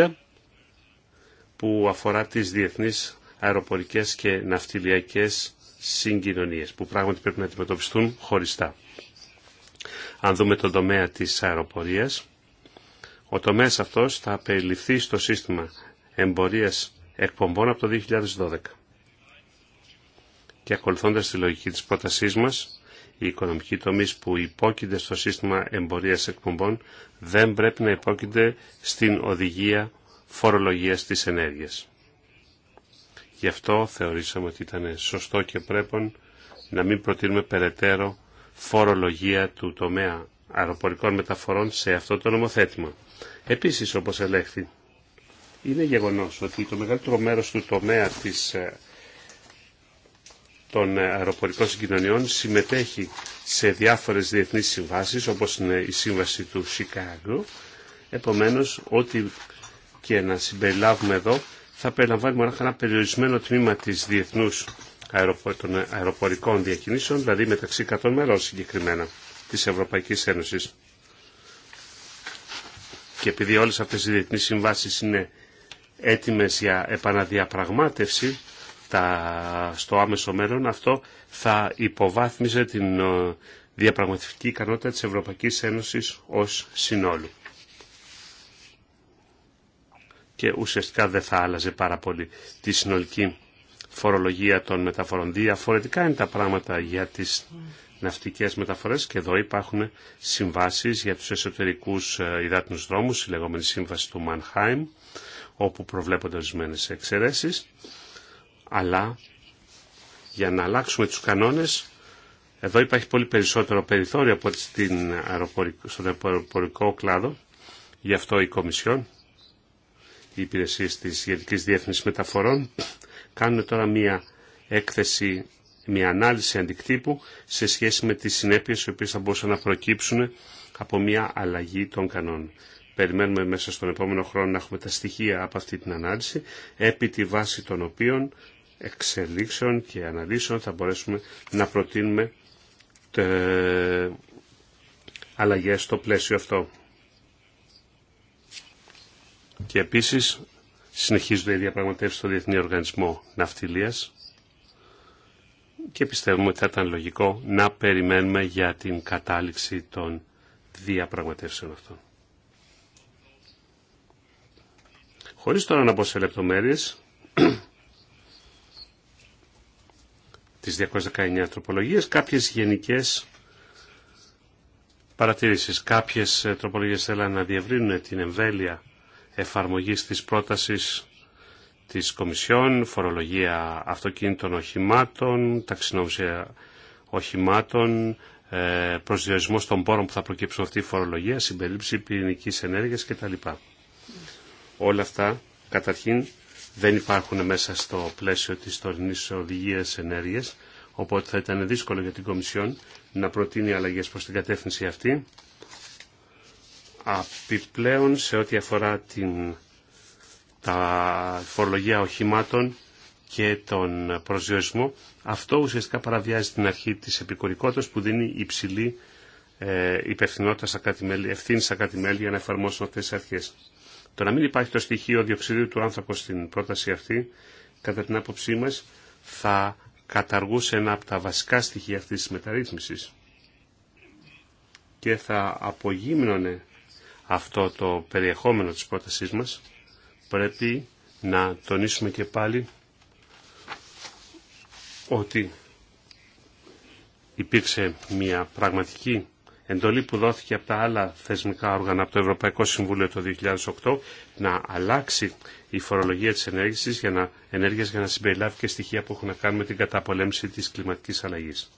που αφορά τις διεθνείς αεροπορικές και ναυτιλιακές συγκοινωνίες που πράγματι πρέπει να αντιμετωπιστούν χωριστά. Αν δούμε τον τομέα της αεροπορίας, ο τομέας αυτός θα περιληφθεί στο σύστημα εμπορίας εκπομπών από το 2012. Και ακολουθώντας τη λογική της πρότασής μας, οι οικονομικοί τομείς που υπόκεινται στο σύστημα εμπορία εκπομπών δεν πρέπει να υπόκεινται στην οδηγία φορολογίας τη ενέργεια. Γι' αυτό θεωρήσαμε ότι ήταν σωστό και πρέπει να μην προτείνουμε περαιτέρω φορολογία του τομέα αεροπορικών μεταφορών σε αυτό το νομοθέτημα. Επίσης, όπως ελέγχθη, είναι γεγονός ότι το μεγαλύτερο μέρος του τομέα της ε, των αεροπορικών συγκοινωνιών συμμετέχει σε διάφορες διεθνείς συμβάσεις όπως είναι η σύμβαση του Σικάγου. Επομένως, ό,τι και να συμπεριλάβουμε εδώ θα περιλαμβάνει μόνο ένα περιορισμένο τμήμα της διεθνούς των αεροπορικών διακινήσεων, δηλαδή μεταξύ 100 μερών συγκεκριμένα της Ευρωπαϊκής Ένωσης. Και επειδή όλες αυτές οι διεθνείς συμβάσεις είναι έτοιμες για επαναδιαπραγμάτευση, στο άμεσο μέλλον, αυτό θα υποβάθμιζε την ε, διαπραγματευτική ικανότητα της Ευρωπαϊκής Ένωσης ως συνόλου. Και ουσιαστικά δεν θα άλλαζε πάρα πολύ τη συνολική φορολογία των μεταφορών. Διαφορετικά είναι τα πράγματα για τις ναυτικές μεταφορές και εδώ υπάρχουν συμβάσεις για τους εσωτερικούς ε, υδάτινους δρόμους, η λεγόμενη σύμβαση του Μανχάιμ, όπου προβλέπονται ορισμένε εξαιρέσεις αλλά για να αλλάξουμε τους κανόνες εδώ υπάρχει πολύ περισσότερο περιθώριο από στην αεροπορικό, στον αεροπορικό κλάδο. Γι' αυτό η Κομισιόν, οι υπηρεσίε τη Γενική Διεύθυνση Μεταφορών, κάνουν τώρα μία έκθεση, μία ανάλυση αντικτύπου σε σχέση με τις συνέπειες οι οποίε θα μπορούσαν να προκύψουν από μία αλλαγή των κανόνων. Περιμένουμε μέσα στον επόμενο χρόνο να έχουμε τα στοιχεία από αυτή την ανάλυση, επί τη βάση των οποίων εξελίξεων και αναλύσεων θα μπορέσουμε να προτείνουμε τε... αλλαγές στο πλαίσιο αυτό. Και επίσης συνεχίζονται οι διαπραγματεύσεις στο Διεθνή Οργανισμό Ναυτιλίας και πιστεύουμε ότι θα ήταν λογικό να περιμένουμε για την κατάληξη των διαπραγματεύσεων αυτών. Χωρίς τώρα να μπω σε λεπτομέρειες, τις 219 τροπολογίες, κάποιες γενικές παρατηρήσεις. Κάποιες ε, τροπολογίες θέλαν να διευρύνουν την εμβέλεια εφαρμογής της πρότασης της Κομισιόν, φορολογία αυτοκίνητων οχημάτων, ταξινόμουσια οχημάτων, ε, προσδιορισμό των πόρων που θα προκύψουν αυτή η φορολογία, συμπερίληψη πυρηνική ενέργεια κτλ. Όλα αυτά καταρχήν δεν υπάρχουν μέσα στο πλαίσιο της τωρινής οδηγίας ενέργειας, οπότε θα ήταν δύσκολο για την Κομισιόν να προτείνει αλλαγές προς την κατεύθυνση αυτή. Απιπλέον σε ό,τι αφορά την, τα φορολογία οχημάτων και τον προσδιορισμό, αυτό ουσιαστικά παραβιάζει την αρχή της επικορικότητας που δίνει υψηλή ε, υπευθυνότητα στα ευθύνη στα μελη για να εφαρμόσουν αυτές τις αρχές. Το να μην υπάρχει το στοιχείο διοξιδίου του άνθρωπου στην πρόταση αυτή, κατά την άποψή μας, θα καταργούσε ένα από τα βασικά στοιχεία αυτής της μεταρρύθμισης και θα απογύμνωνε αυτό το περιεχόμενο της πρότασής μας. Πρέπει να τονίσουμε και πάλι ότι υπήρξε μια πραγματική εντολή που δόθηκε από τα άλλα θεσμικά όργανα από το Ευρωπαϊκό Συμβούλιο το 2008 να αλλάξει η φορολογία της ενέργειας για να, ενέργειας για να συμπεριλάβει και στοιχεία που έχουν να κάνουν με την καταπολέμηση της κλιματικής αλλαγής.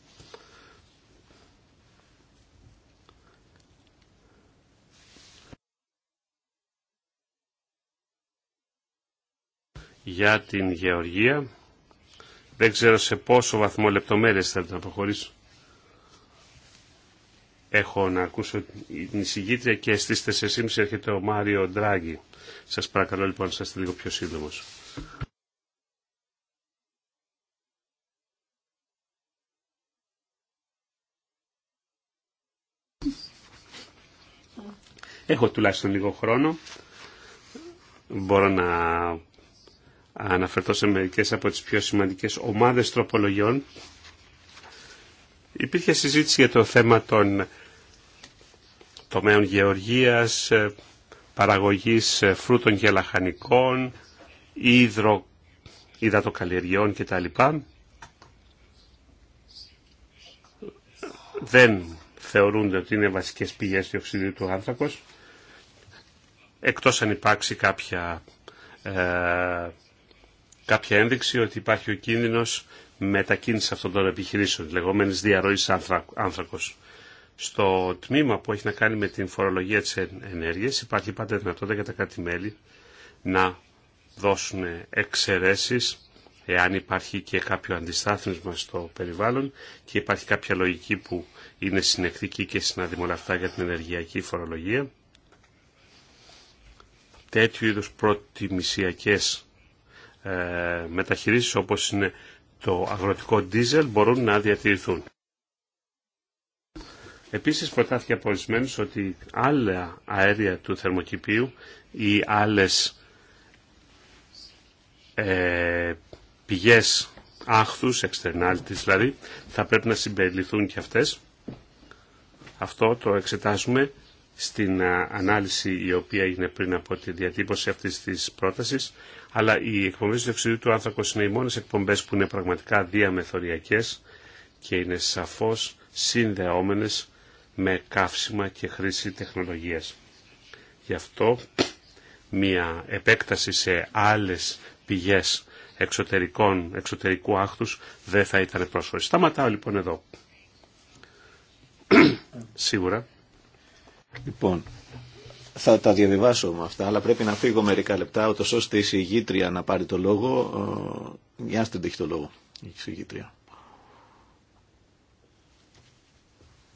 Για την γεωργία, δεν ξέρω σε πόσο βαθμό λεπτομέρειες θέλετε να προχωρήσω έχω να ακούσω την εισηγήτρια και στις 4.30 έρχεται ο Μάριο Ντράγκη. Σας παρακαλώ λοιπόν να είστε λίγο πιο σύντομος. Έχω τουλάχιστον λίγο χρόνο. Μπορώ να αναφερθώ σε μερικές από τις πιο σημαντικές ομάδες τροπολογιών. Υπήρχε συζήτηση για το θέμα των τομέων γεωργίας, ε, παραγωγής ε, φρούτων και λαχανικών, υδρο, υδατοκαλλιεργειών κτλ. Δεν θεωρούνται ότι είναι βασικές πηγές διοξιδίου του άνθρακος, εκτός αν υπάρξει κάποια, ε, κάποια ένδειξη ότι υπάρχει ο κίνδυνος μετακίνηση αυτών των επιχειρήσεων, λεγόμενης διαρροής άνθρακος στο τμήμα που έχει να κάνει με την φορολογία της ενέργειας υπάρχει πάντα δυνατότητα για τα κράτη-μέλη να δώσουν εξαιρέσει εάν υπάρχει και κάποιο αντιστάθμισμα στο περιβάλλον και υπάρχει κάποια λογική που είναι συνεκτική και συνάδει για την ενεργειακή φορολογία. Τέτοιου είδους προτιμησιακές ε, μεταχειρήσεις όπως είναι το αγροτικό ντίζελ μπορούν να διατηρηθούν. Επίσης προτάθηκε από ορισμένου ότι άλλα αέρια του θερμοκηπίου ή άλλες ε, πηγές άχθους, εξτernalities δηλαδή, θα πρέπει να συμπεριληφθούν και αυτές. Αυτό το εξετάζουμε στην ε, ανάλυση η οποία έγινε πριν από τη διατύπωση αυτής της πρότασης, externalities του διοξιδίου του άνθρακος είναι οι μόνες εκπομπές που είναι πραγματικά διαμεθοριακές και είναι σαφώς συνδεόμενες με καύσιμα και χρήση τεχνολογίας. Γι' αυτό μια επέκταση σε άλλες πηγές εξωτερικών, εξωτερικού άχθους δεν θα ήταν πρόσφορη. Σταματάω λοιπόν εδώ. Σίγουρα. Λοιπόν, θα τα διαβιβάσω με αυτά, αλλά πρέπει να φύγω μερικά λεπτά, ούτως ώστε η συγγήτρια να πάρει το λόγο. Ε, για έχει το λόγο, η συγγήτρια.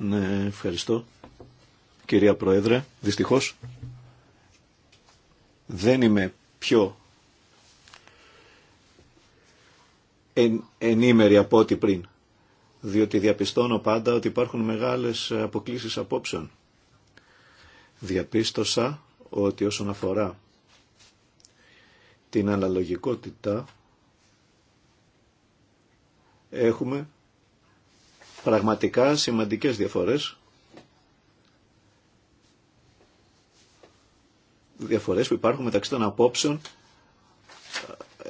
Ναι, ευχαριστώ. Κυρία Πρόεδρε, δυστυχώς δεν είμαι πιο εν, ενήμερη από ό,τι πριν, διότι διαπιστώνω πάντα ότι υπάρχουν μεγάλες αποκλήσεις απόψεων. Διαπίστωσα ότι όσον αφορά την αναλογικότητα έχουμε πραγματικά σημαντικές διαφορές. Διαφορές που υπάρχουν μεταξύ των απόψεων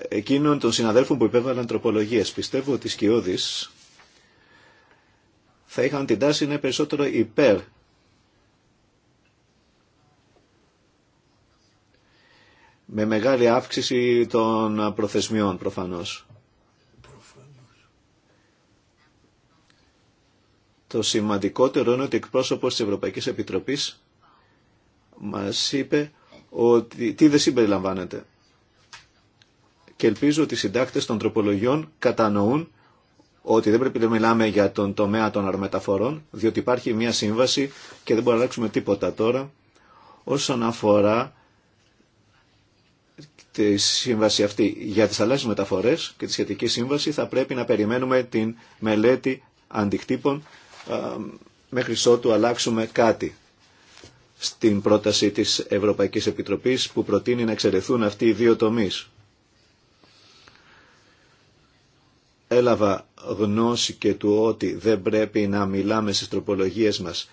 εκείνων των συναδέλφων που υπέβαλαν τροπολογίες. Πιστεύω ότι οι σκιώδεις θα είχαν την τάση να είναι περισσότερο υπέρ με μεγάλη αύξηση των προθεσμιών προφανώς. Το σημαντικότερο είναι ότι εκπρόσωπο της Ευρωπαϊκής Επιτροπής μας είπε ότι τι δεν συμπεριλαμβάνεται. Και ελπίζω ότι οι συντάκτε των τροπολογιών κατανοούν ότι δεν πρέπει να μιλάμε για τον τομέα των αρμεταφορών διότι υπάρχει μια σύμβαση και δεν μπορούμε να αλλάξουμε τίποτα τώρα όσον αφορά τη σύμβαση αυτή για τις αλλαγές μεταφορές και τη σχετική σύμβαση θα πρέπει να περιμένουμε την μελέτη αντικτύπων μέχρι ότου αλλάξουμε κάτι στην πρόταση της Ευρωπαϊκής Επιτροπής που προτείνει να εξαιρεθούν αυτοί οι δύο τομείς. Έλαβα γνώση και του ότι δεν πρέπει να μιλάμε στις τροπολογίες μας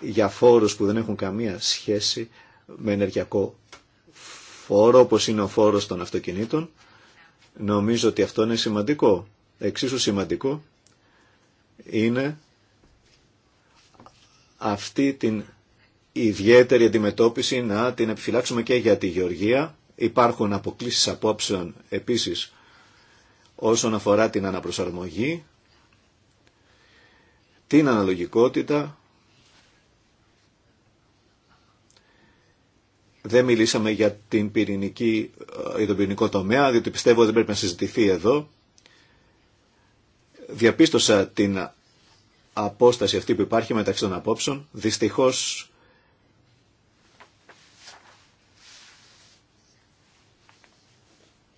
για φόρους που δεν έχουν καμία σχέση με ενεργειακό φόρο όπως είναι ο φόρος των αυτοκινήτων. Νομίζω ότι αυτό είναι σημαντικό. Εξίσου σημαντικό είναι αυτή την ιδιαίτερη αντιμετώπιση να την επιφυλάξουμε και για τη Γεωργία. Υπάρχουν αποκλήσεις απόψεων επίσης όσον αφορά την αναπροσαρμογή, την αναλογικότητα. Δεν μιλήσαμε για, την πυρηνική, ε, για τον πυρηνικό τομέα, διότι πιστεύω δεν πρέπει να συζητηθεί εδώ. Διαπίστωσα την απόσταση αυτή που υπάρχει μεταξύ των απόψεων. Δυστυχώς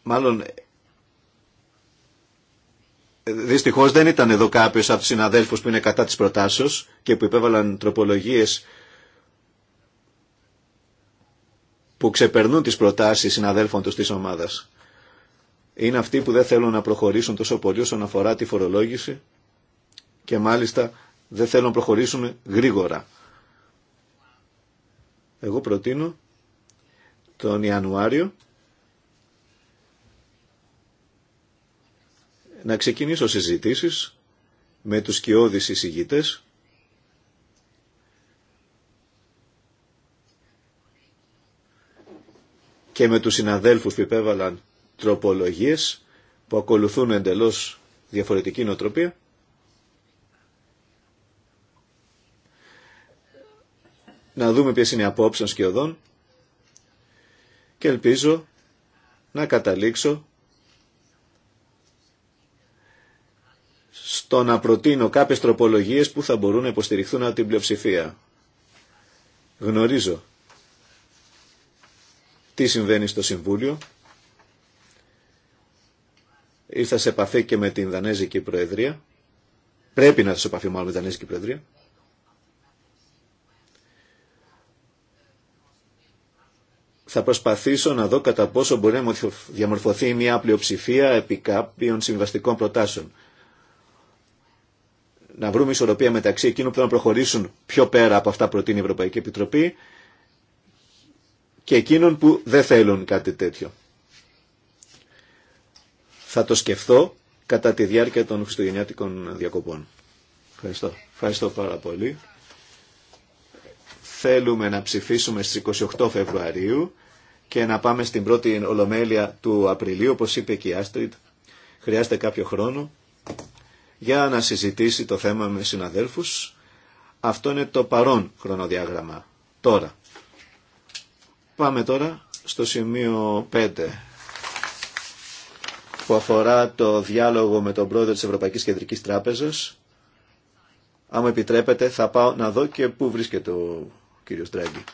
μάλλον δυστυχώς δεν ήταν εδώ κάποιος από τους συναδέλφους που είναι κατά της προτάσεως και που υπέβαλαν τροπολογίες που ξεπερνούν τις προτάσεις συναδέλφων τους της ομάδας. Είναι αυτοί που δεν θέλουν να προχωρήσουν τόσο πολύ όσον αφορά τη φορολόγηση και μάλιστα δεν θέλουν να προχωρήσουμε γρήγορα. Εγώ προτείνω τον Ιανουάριο να ξεκινήσω συζητήσεις με τους σκιώδεις εισηγητές και με τους συναδέλφους που υπέβαλαν τροπολογίες που ακολουθούν εντελώς διαφορετική νοοτροπία να δούμε ποιες είναι οι απόψεις των σκιωδών και ελπίζω να καταλήξω στο να προτείνω κάποιες τροπολογίες που θα μπορούν να υποστηριχθούν από την πλειοψηφία. Γνωρίζω τι συμβαίνει στο Συμβούλιο. Ήρθα σε επαφή και με την Δανέζικη Προεδρία. Πρέπει να σε επαφή μάλλον με την Δανέζικη Προεδρία. θα προσπαθήσω να δω κατά πόσο μπορεί να διαμορφωθεί μια πλειοψηφία επί κάποιων συμβαστικών προτάσεων. Να βρούμε ισορροπία μεταξύ εκείνων που θέλουν να προχωρήσουν πιο πέρα από αυτά που προτείνει η Ευρωπαϊκή Επιτροπή και εκείνων που δεν θέλουν κάτι τέτοιο. Θα το σκεφτώ κατά τη διάρκεια των χριστουγεννιάτικων διακοπών. Ευχαριστώ. Ευχαριστώ πάρα πολύ. Θέλουμε να ψηφίσουμε στις 28 Φεβρουαρίου και να πάμε στην πρώτη ολομέλεια του Απριλίου, όπως είπε και η Άστριτ, Χρειάζεται κάποιο χρόνο για να συζητήσει το θέμα με συναδέλφους. Αυτό είναι το παρόν χρονοδιάγραμμα. Τώρα. Πάμε τώρα στο σημείο 5 που αφορά το διάλογο με τον πρόεδρο της Ευρωπαϊκής Κεντρικής Τράπεζας. Αν μου επιτρέπετε θα πάω να δω και πού βρίσκεται ο κύριος Τρέγκη.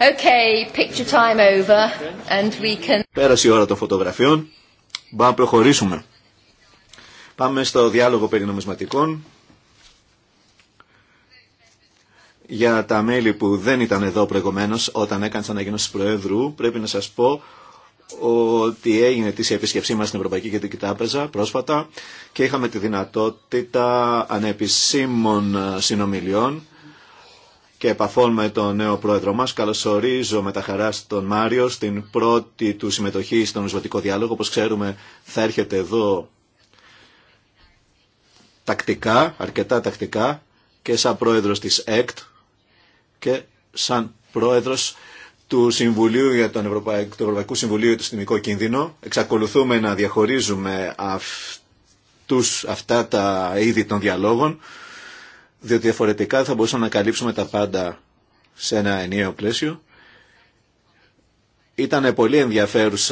Okay, time over Πέρασε η ώρα των φωτογραφιών. Πάμε να προχωρήσουμε. Πάμε στο διάλογο περί νομισματικών. Για τα μέλη που δεν ήταν εδώ προηγουμένως όταν έκανε τι ανακοινώσει Προέδρου, πρέπει να σας πω ότι έγινε τη επίσκεψή μας στην Ευρωπαϊκή Κεντρική Τράπεζα πρόσφατα και είχαμε τη δυνατότητα ανεπισήμων συνομιλιών και επαφών με τον νέο πρόεδρο μας. Καλωσορίζω με τα χαρά τον Μάριο στην πρώτη του συμμετοχή στον Ουσβατικό Διάλογο. Όπως ξέρουμε θα έρχεται εδώ τακτικά, αρκετά τακτικά και σαν πρόεδρος της ΕΚΤ και σαν πρόεδρος του, Συμβουλίου για τον του Ευρωπαϊκού Συμβουλίου για το Συστημικό Κίνδυνο. Εξακολουθούμε να διαχωρίζουμε αυτά τα είδη των διαλόγων διότι διαφορετικά θα μπορούσαμε να καλύψουμε τα πάντα σε ένα ενιαίο πλαίσιο. Ήταν πολύ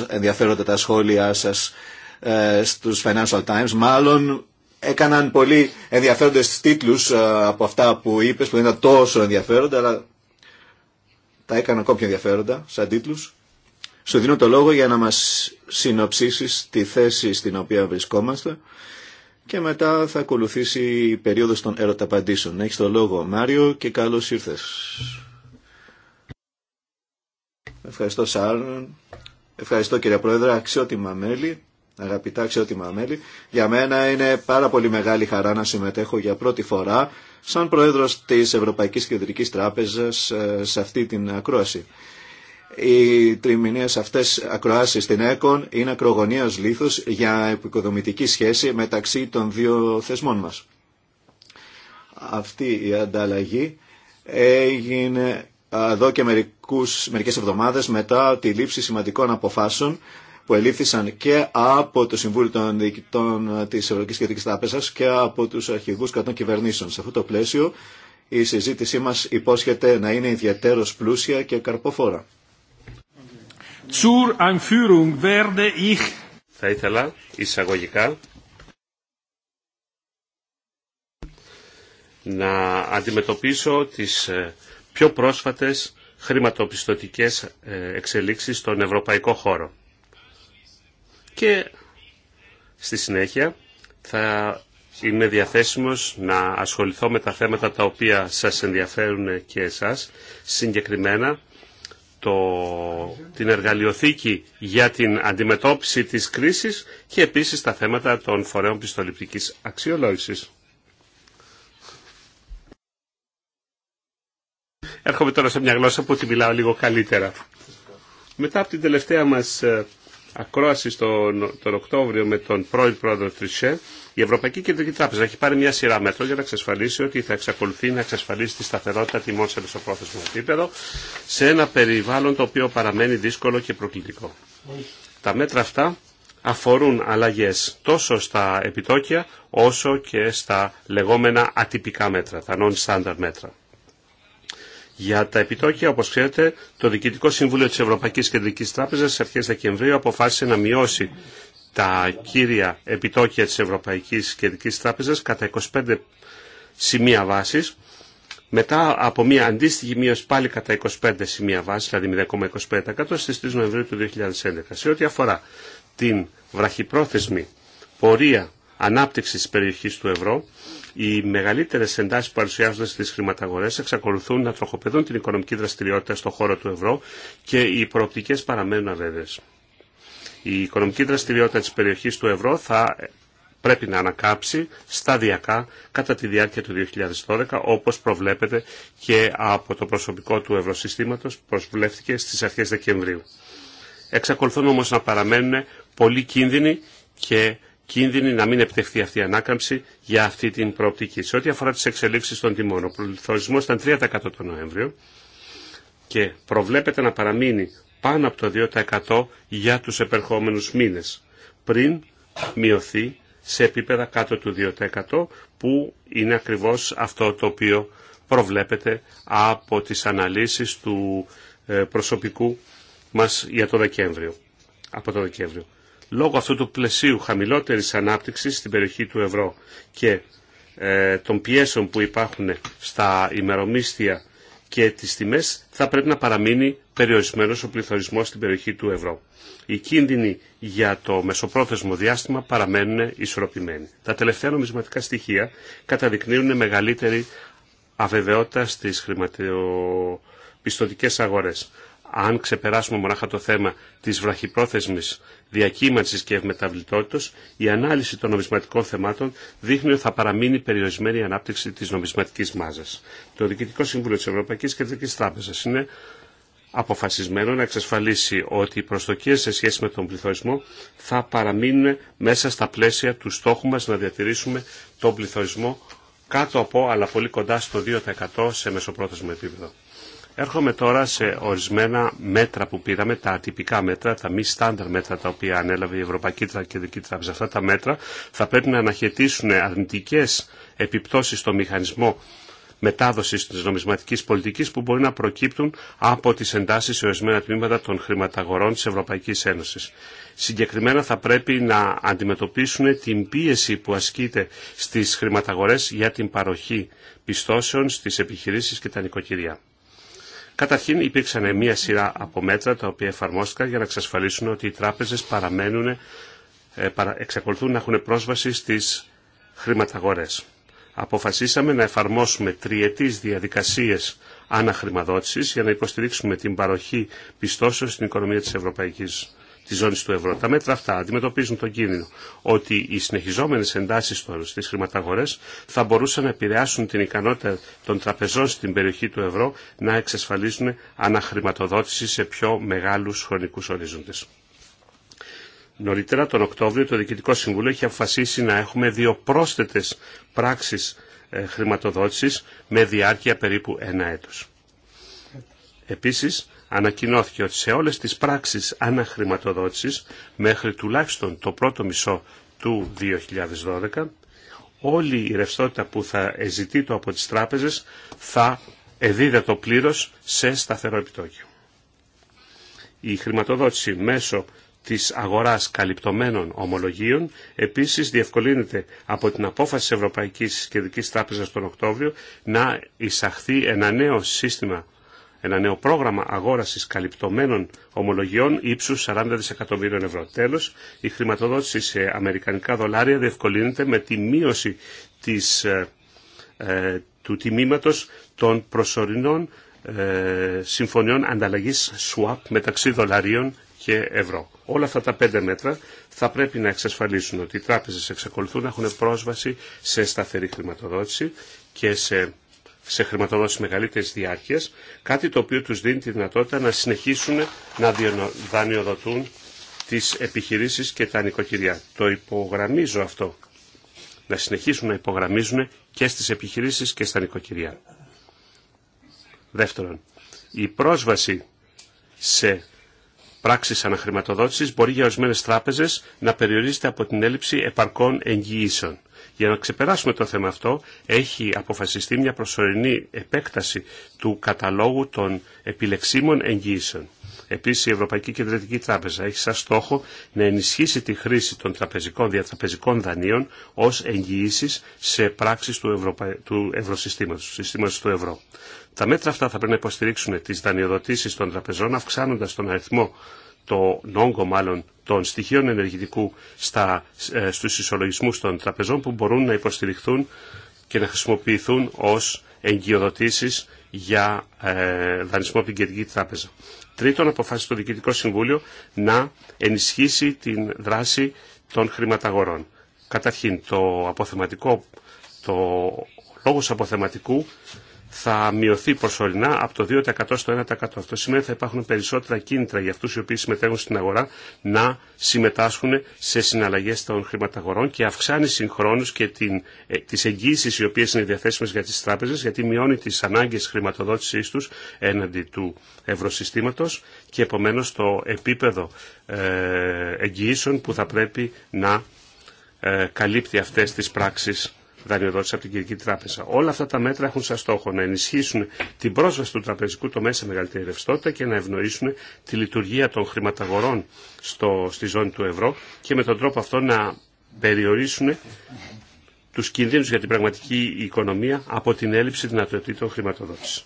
ενδιαφέροντα τα σχόλιά σας ε, στους Financial Times. Μάλλον έκαναν πολύ ενδιαφέροντες τίτλους ε, από αυτά που είπες που δεν ήταν τόσο ενδιαφέροντα αλλά τα έκαναν ακόμη πιο ενδιαφέροντα σαν τίτλους. Σου δίνω το λόγο για να μας συνοψίσεις τη θέση στην οποία βρισκόμαστε και μετά θα ακολουθήσει η περίοδος των ερωταπαντήσεων. Έχεις το λόγο Μάριο και καλώς ήρθες. Ευχαριστώ Σάρν. Ευχαριστώ κύριε Πρόεδρε, αξιότιμα μέλη, αγαπητά αξιότιμα μέλη. Για μένα είναι πάρα πολύ μεγάλη χαρά να συμμετέχω για πρώτη φορά σαν Πρόεδρος της Ευρωπαϊκής Κεντρικής Τράπεζας ε, σε αυτή την ακρόαση. Οι τριμηνίες αυτές ακροάσεις στην ΕΚΟΝ είναι ακρογωνίας λήθους για επικοδομητική σχέση μεταξύ των δύο θεσμών μας. Αυτή η ανταλλαγή έγινε εδώ και μερικούς, μερικές εβδομάδες μετά τη λήψη σημαντικών αποφάσεων που ελήφθησαν και από το Συμβούλιο των Διοικητών της Ευρωπαϊκής Κεντρικής Τράπεζας και από τους αρχηγούς κρατών κυβερνήσεων. Σε αυτό το πλαίσιο η συζήτησή μας υπόσχεται να είναι ιδιαίτερος πλούσια και καρποφόρα. Zur Einführung Θα ήθελα εισαγωγικά να αντιμετωπίσω τις ε, πιο πρόσφατες χρηματοπιστωτικές ε, εξελίξεις στον ευρωπαϊκό χώρο. Και στη συνέχεια θα είμαι διαθέσιμος να ασχοληθώ με τα θέματα τα οποία σας ενδιαφέρουν και εσάς συγκεκριμένα το, την εργαλειοθήκη για την αντιμετώπιση της κρίσης και επίσης τα θέματα των φορέων πιστοληπτικής αξιολόγησης. Έρχομαι τώρα σε μια γλώσσα που τη μιλάω λίγο καλύτερα. Μετά από την τελευταία μας ε, ακρόαση τον, Οκτώβριο με τον πρώην πρόεδρο Τρισέ, η Ευρωπαϊκή Κεντρική Τράπεζα έχει πάρει μια σειρά μέτρων για να εξασφαλίσει ότι θα εξακολουθεί να εξασφαλίσει τη σταθερότητα τιμών σε μεσοπρόθεσμο επίπεδο σε ένα περιβάλλον το οποίο παραμένει δύσκολο και προκλητικό. Τα μέτρα αυτά αφορούν αλλαγές τόσο στα επιτόκια όσο και στα λεγόμενα ατυπικά μέτρα, τα non-standard μέτρα για τα επιτόκια. Όπως ξέρετε, το Διοικητικό Συμβούλιο της Ευρωπαϊκής Κεντρικής Τράπεζας στις αρχές Δεκεμβρίου αποφάσισε να μειώσει τα κύρια επιτόκια της Ευρωπαϊκής Κεντρικής Τράπεζας κατά 25 σημεία βάσης. Μετά από μια αντίστοιχη μείωση πάλι κατά 25 σημεία βάση, δηλαδή 0,25% στις 3 Νοεμβρίου του 2011. Σε ό,τι αφορά την βραχυπρόθεσμη πορεία ανάπτυξης της περιοχής του ευρώ, οι μεγαλύτερε εντάσει που παρουσιάζονται στι χρηματαγορέ εξακολουθούν να τροχοπεδούν την οικονομική δραστηριότητα στον χώρο του ευρώ και οι προοπτικέ παραμένουν αβέβαιε. Η οικονομική δραστηριότητα τη περιοχή του ευρώ θα πρέπει να ανακάψει σταδιακά κατά τη διάρκεια του 2012, όπως προβλέπεται και από το προσωπικό του ευρωσυστήματος, προσβλέφθηκε στις αρχές Δεκεμβρίου. Εξακολουθούν όμως να παραμένουν πολλοί κίνδυνοι και κίνδυνοι να μην επιτευχθεί αυτή η ανάκαμψη για αυτή την προοπτική. Σε ό,τι αφορά τι εξελίξει των τιμών, ο πληθωρισμό ήταν 3% τον Νοέμβριο και προβλέπεται να παραμείνει πάνω από το 2% για τους επερχόμενου μήνες, πριν μειωθεί σε επίπεδα κάτω του 2% που είναι ακριβώς αυτό το οποίο προβλέπεται από τις αναλύσεις του ε, προσωπικού μας για το Δεκέμβριο, από το Δεκέμβριο λόγω αυτού του πλαισίου χαμηλότερης ανάπτυξης στην περιοχή του ευρώ και ε, των πιέσεων που υπάρχουν στα ημερομίσθια και τις τιμές θα πρέπει να παραμείνει περιορισμένος ο πληθωρισμός στην περιοχή του ευρώ. Οι κίνδυνοι για το μεσοπρόθεσμο διάστημα παραμένουν ισορροπημένοι. Τα τελευταία νομισματικά στοιχεία καταδεικνύουν μεγαλύτερη αβεβαιότητα στις χρηματοπιστωτικές αγορές αν ξεπεράσουμε μονάχα το θέμα της βραχυπρόθεσμης διακύμανσης και ευμεταβλητότητος, η ανάλυση των νομισματικών θεμάτων δείχνει ότι θα παραμείνει περιορισμένη η ανάπτυξη της νομισματικής μάζας. Το Διοικητικό Συμβούλιο της Ευρωπαϊκής Κεντρικής Τράπεζας είναι αποφασισμένο να εξασφαλίσει ότι οι προσδοκίες σε σχέση με τον πληθωρισμό θα παραμείνουν μέσα στα πλαίσια του στόχου μας να διατηρήσουμε τον πληθωρισμό κάτω από αλλά πολύ κοντά στο 2% σε μεσοπρόθεσμο επίπεδο. Έρχομαι τώρα σε ορισμένα μέτρα που πήραμε, τα ατυπικά μέτρα, τα μη στάνταρ μέτρα τα οποία ανέλαβε η Ευρωπαϊκή Κεντρική Τράπεζα. Αυτά τα μέτρα θα πρέπει να αναχαιτήσουν αρνητικές επιπτώσεις στο μηχανισμό μετάδοση τη νομισματική πολιτική που μπορεί να προκύπτουν από τι εντάσει σε ορισμένα τμήματα των χρηματαγορών τη Ευρωπαϊκή Ένωση. Συγκεκριμένα θα πρέπει να αντιμετωπίσουν την πίεση που ασκείται στι χρηματαγορέ για την παροχή πιστώσεων στι επιχειρήσει και τα νοικοκυριά. Καταρχήν υπήρξαν μία σειρά από μέτρα τα οποία εφαρμόστηκαν για να εξασφαλίσουν ότι οι τράπεζες παραμένουν, ε, εξακολουθούν να έχουν πρόσβαση στις χρηματαγορές. Αποφασίσαμε να εφαρμόσουμε τριετής διαδικασίες αναχρηματοδότησης για να υποστηρίξουμε την παροχή πιστώσεων στην οικονομία της Ευρωπαϊκής της ζώνης του ευρώ. Τα μέτρα αυτά αντιμετωπίζουν τον κίνδυνο ότι οι συνεχιζόμενες εντάσεις στις χρηματαγορές θα μπορούσαν να επηρεάσουν την ικανότητα των τραπεζών στην περιοχή του ευρώ να εξασφαλίσουν αναχρηματοδότηση σε πιο μεγάλους χρονικούς ορίζοντες. Νωρίτερα τον Οκτώβριο το Διοικητικό Συμβούλιο έχει αποφασίσει να έχουμε δύο πρόσθετες πράξεις ε, χρηματοδότησης με διάρκεια περίπου ένα έτος. Επίσης, ανακοινώθηκε ότι σε όλες τις πράξεις αναχρηματοδότησης μέχρι τουλάχιστον το πρώτο μισό του 2012 όλη η ρευστότητα που θα το από τις τράπεζες θα εδίδεται πλήρως σε σταθερό επιτόκιο. Η χρηματοδότηση μέσω της αγοράς καλυπτωμένων ομολογίων επίσης διευκολύνεται από την απόφαση της Ευρωπαϊκής Κεντρικής Τράπεζας τον Οκτώβριο να εισαχθεί ένα νέο σύστημα ένα νέο πρόγραμμα αγόραση καλυπτωμένων ομολογιών ύψου 40 δισεκατομμύριων ευρώ. Τέλος, η χρηματοδότηση σε αμερικανικά δολάρια διευκολύνεται με τη μείωση της, ε, ε, του τιμήματο των προσωρινών ε, συμφωνιών ανταλλαγής swap μεταξύ δολαρίων και ευρώ. Όλα αυτά τα πέντε μέτρα θα πρέπει να εξασφαλίσουν ότι οι τράπεζες εξακολουθούν να έχουν πρόσβαση σε σταθερή χρηματοδότηση και σε σε χρηματοδότηση μεγαλύτερης διάρκεια κάτι το οποίο τους δίνει τη δυνατότητα να συνεχίσουν να δανειοδοτούν τις επιχειρήσεις και τα νοικοκυριά. Το υπογραμμίζω αυτό. Να συνεχίσουν να υπογραμμίζουν και στις επιχειρήσεις και στα νοικοκυριά. Δεύτερον, η πρόσβαση σε πράξεις αναχρηματοδότησης μπορεί για ορισμένε τράπεζες να περιορίζεται από την έλλειψη επαρκών εγγυήσεων. Για να ξεπεράσουμε το θέμα αυτό, έχει αποφασιστεί μια προσωρινή επέκταση του καταλόγου των επιλεξίμων εγγύησεων. Επίσης, η Ευρωπαϊκή Κεντρική Τράπεζα έχει σαν στόχο να ενισχύσει τη χρήση των τραπεζικών διατραπεζικών δανείων ως εγγυήσει σε πράξεις του, Ευρωπα... του ευρωσυστήματος, του συστήματος του ευρώ. Τα μέτρα αυτά θα πρέπει να υποστηρίξουν τι δανειοδοτήσεις των τραπεζών, αυξάνοντα τον αριθμό το νόγκο μάλλον των στοιχείων ενεργητικού στα, ε, στους ισολογισμούς των τραπεζών που μπορούν να υποστηριχθούν και να χρησιμοποιηθούν ως εγκυοδοτήσεις για ε, δανεισμό από την Κεντρική Τράπεζα. Τρίτον, αποφάσισε το Διοικητικό Συμβούλιο να ενισχύσει την δράση των χρηματαγορών. Καταρχήν, το αποθεματικό, το λόγος αποθεματικού θα μειωθεί προσωρινά από το 2% στο 1%. Αυτό σημαίνει ότι θα υπάρχουν περισσότερα κίνητρα για αυτούς οι οποίοι συμμετέχουν στην αγορά να συμμετάσχουν σε συναλλαγές των χρηματαγορών και αυξάνει συγχρόνως και την, ε, τις οι οποίες είναι διαθέσιμες για τις τράπεζες γιατί μειώνει τις ανάγκες χρηματοδότησής τους έναντι του ευρωσυστήματος και επομένως το επίπεδο ε, εγγυήσεων που θα πρέπει να ε, καλύπτει αυτές τις πράξεις δανειοδότηση από την Κυρική Τράπεζα. Όλα αυτά τα μέτρα έχουν σαν στόχο να ενισχύσουν την πρόσβαση του τραπεζικού τομέα σε μεγαλύτερη ρευστότητα και να ευνοήσουν τη λειτουργία των χρηματαγορών στο, στη ζώνη του ευρώ και με τον τρόπο αυτό να περιορίσουν τους κινδύνους για την πραγματική οικονομία από την έλλειψη δυνατοτήτων χρηματοδότηση.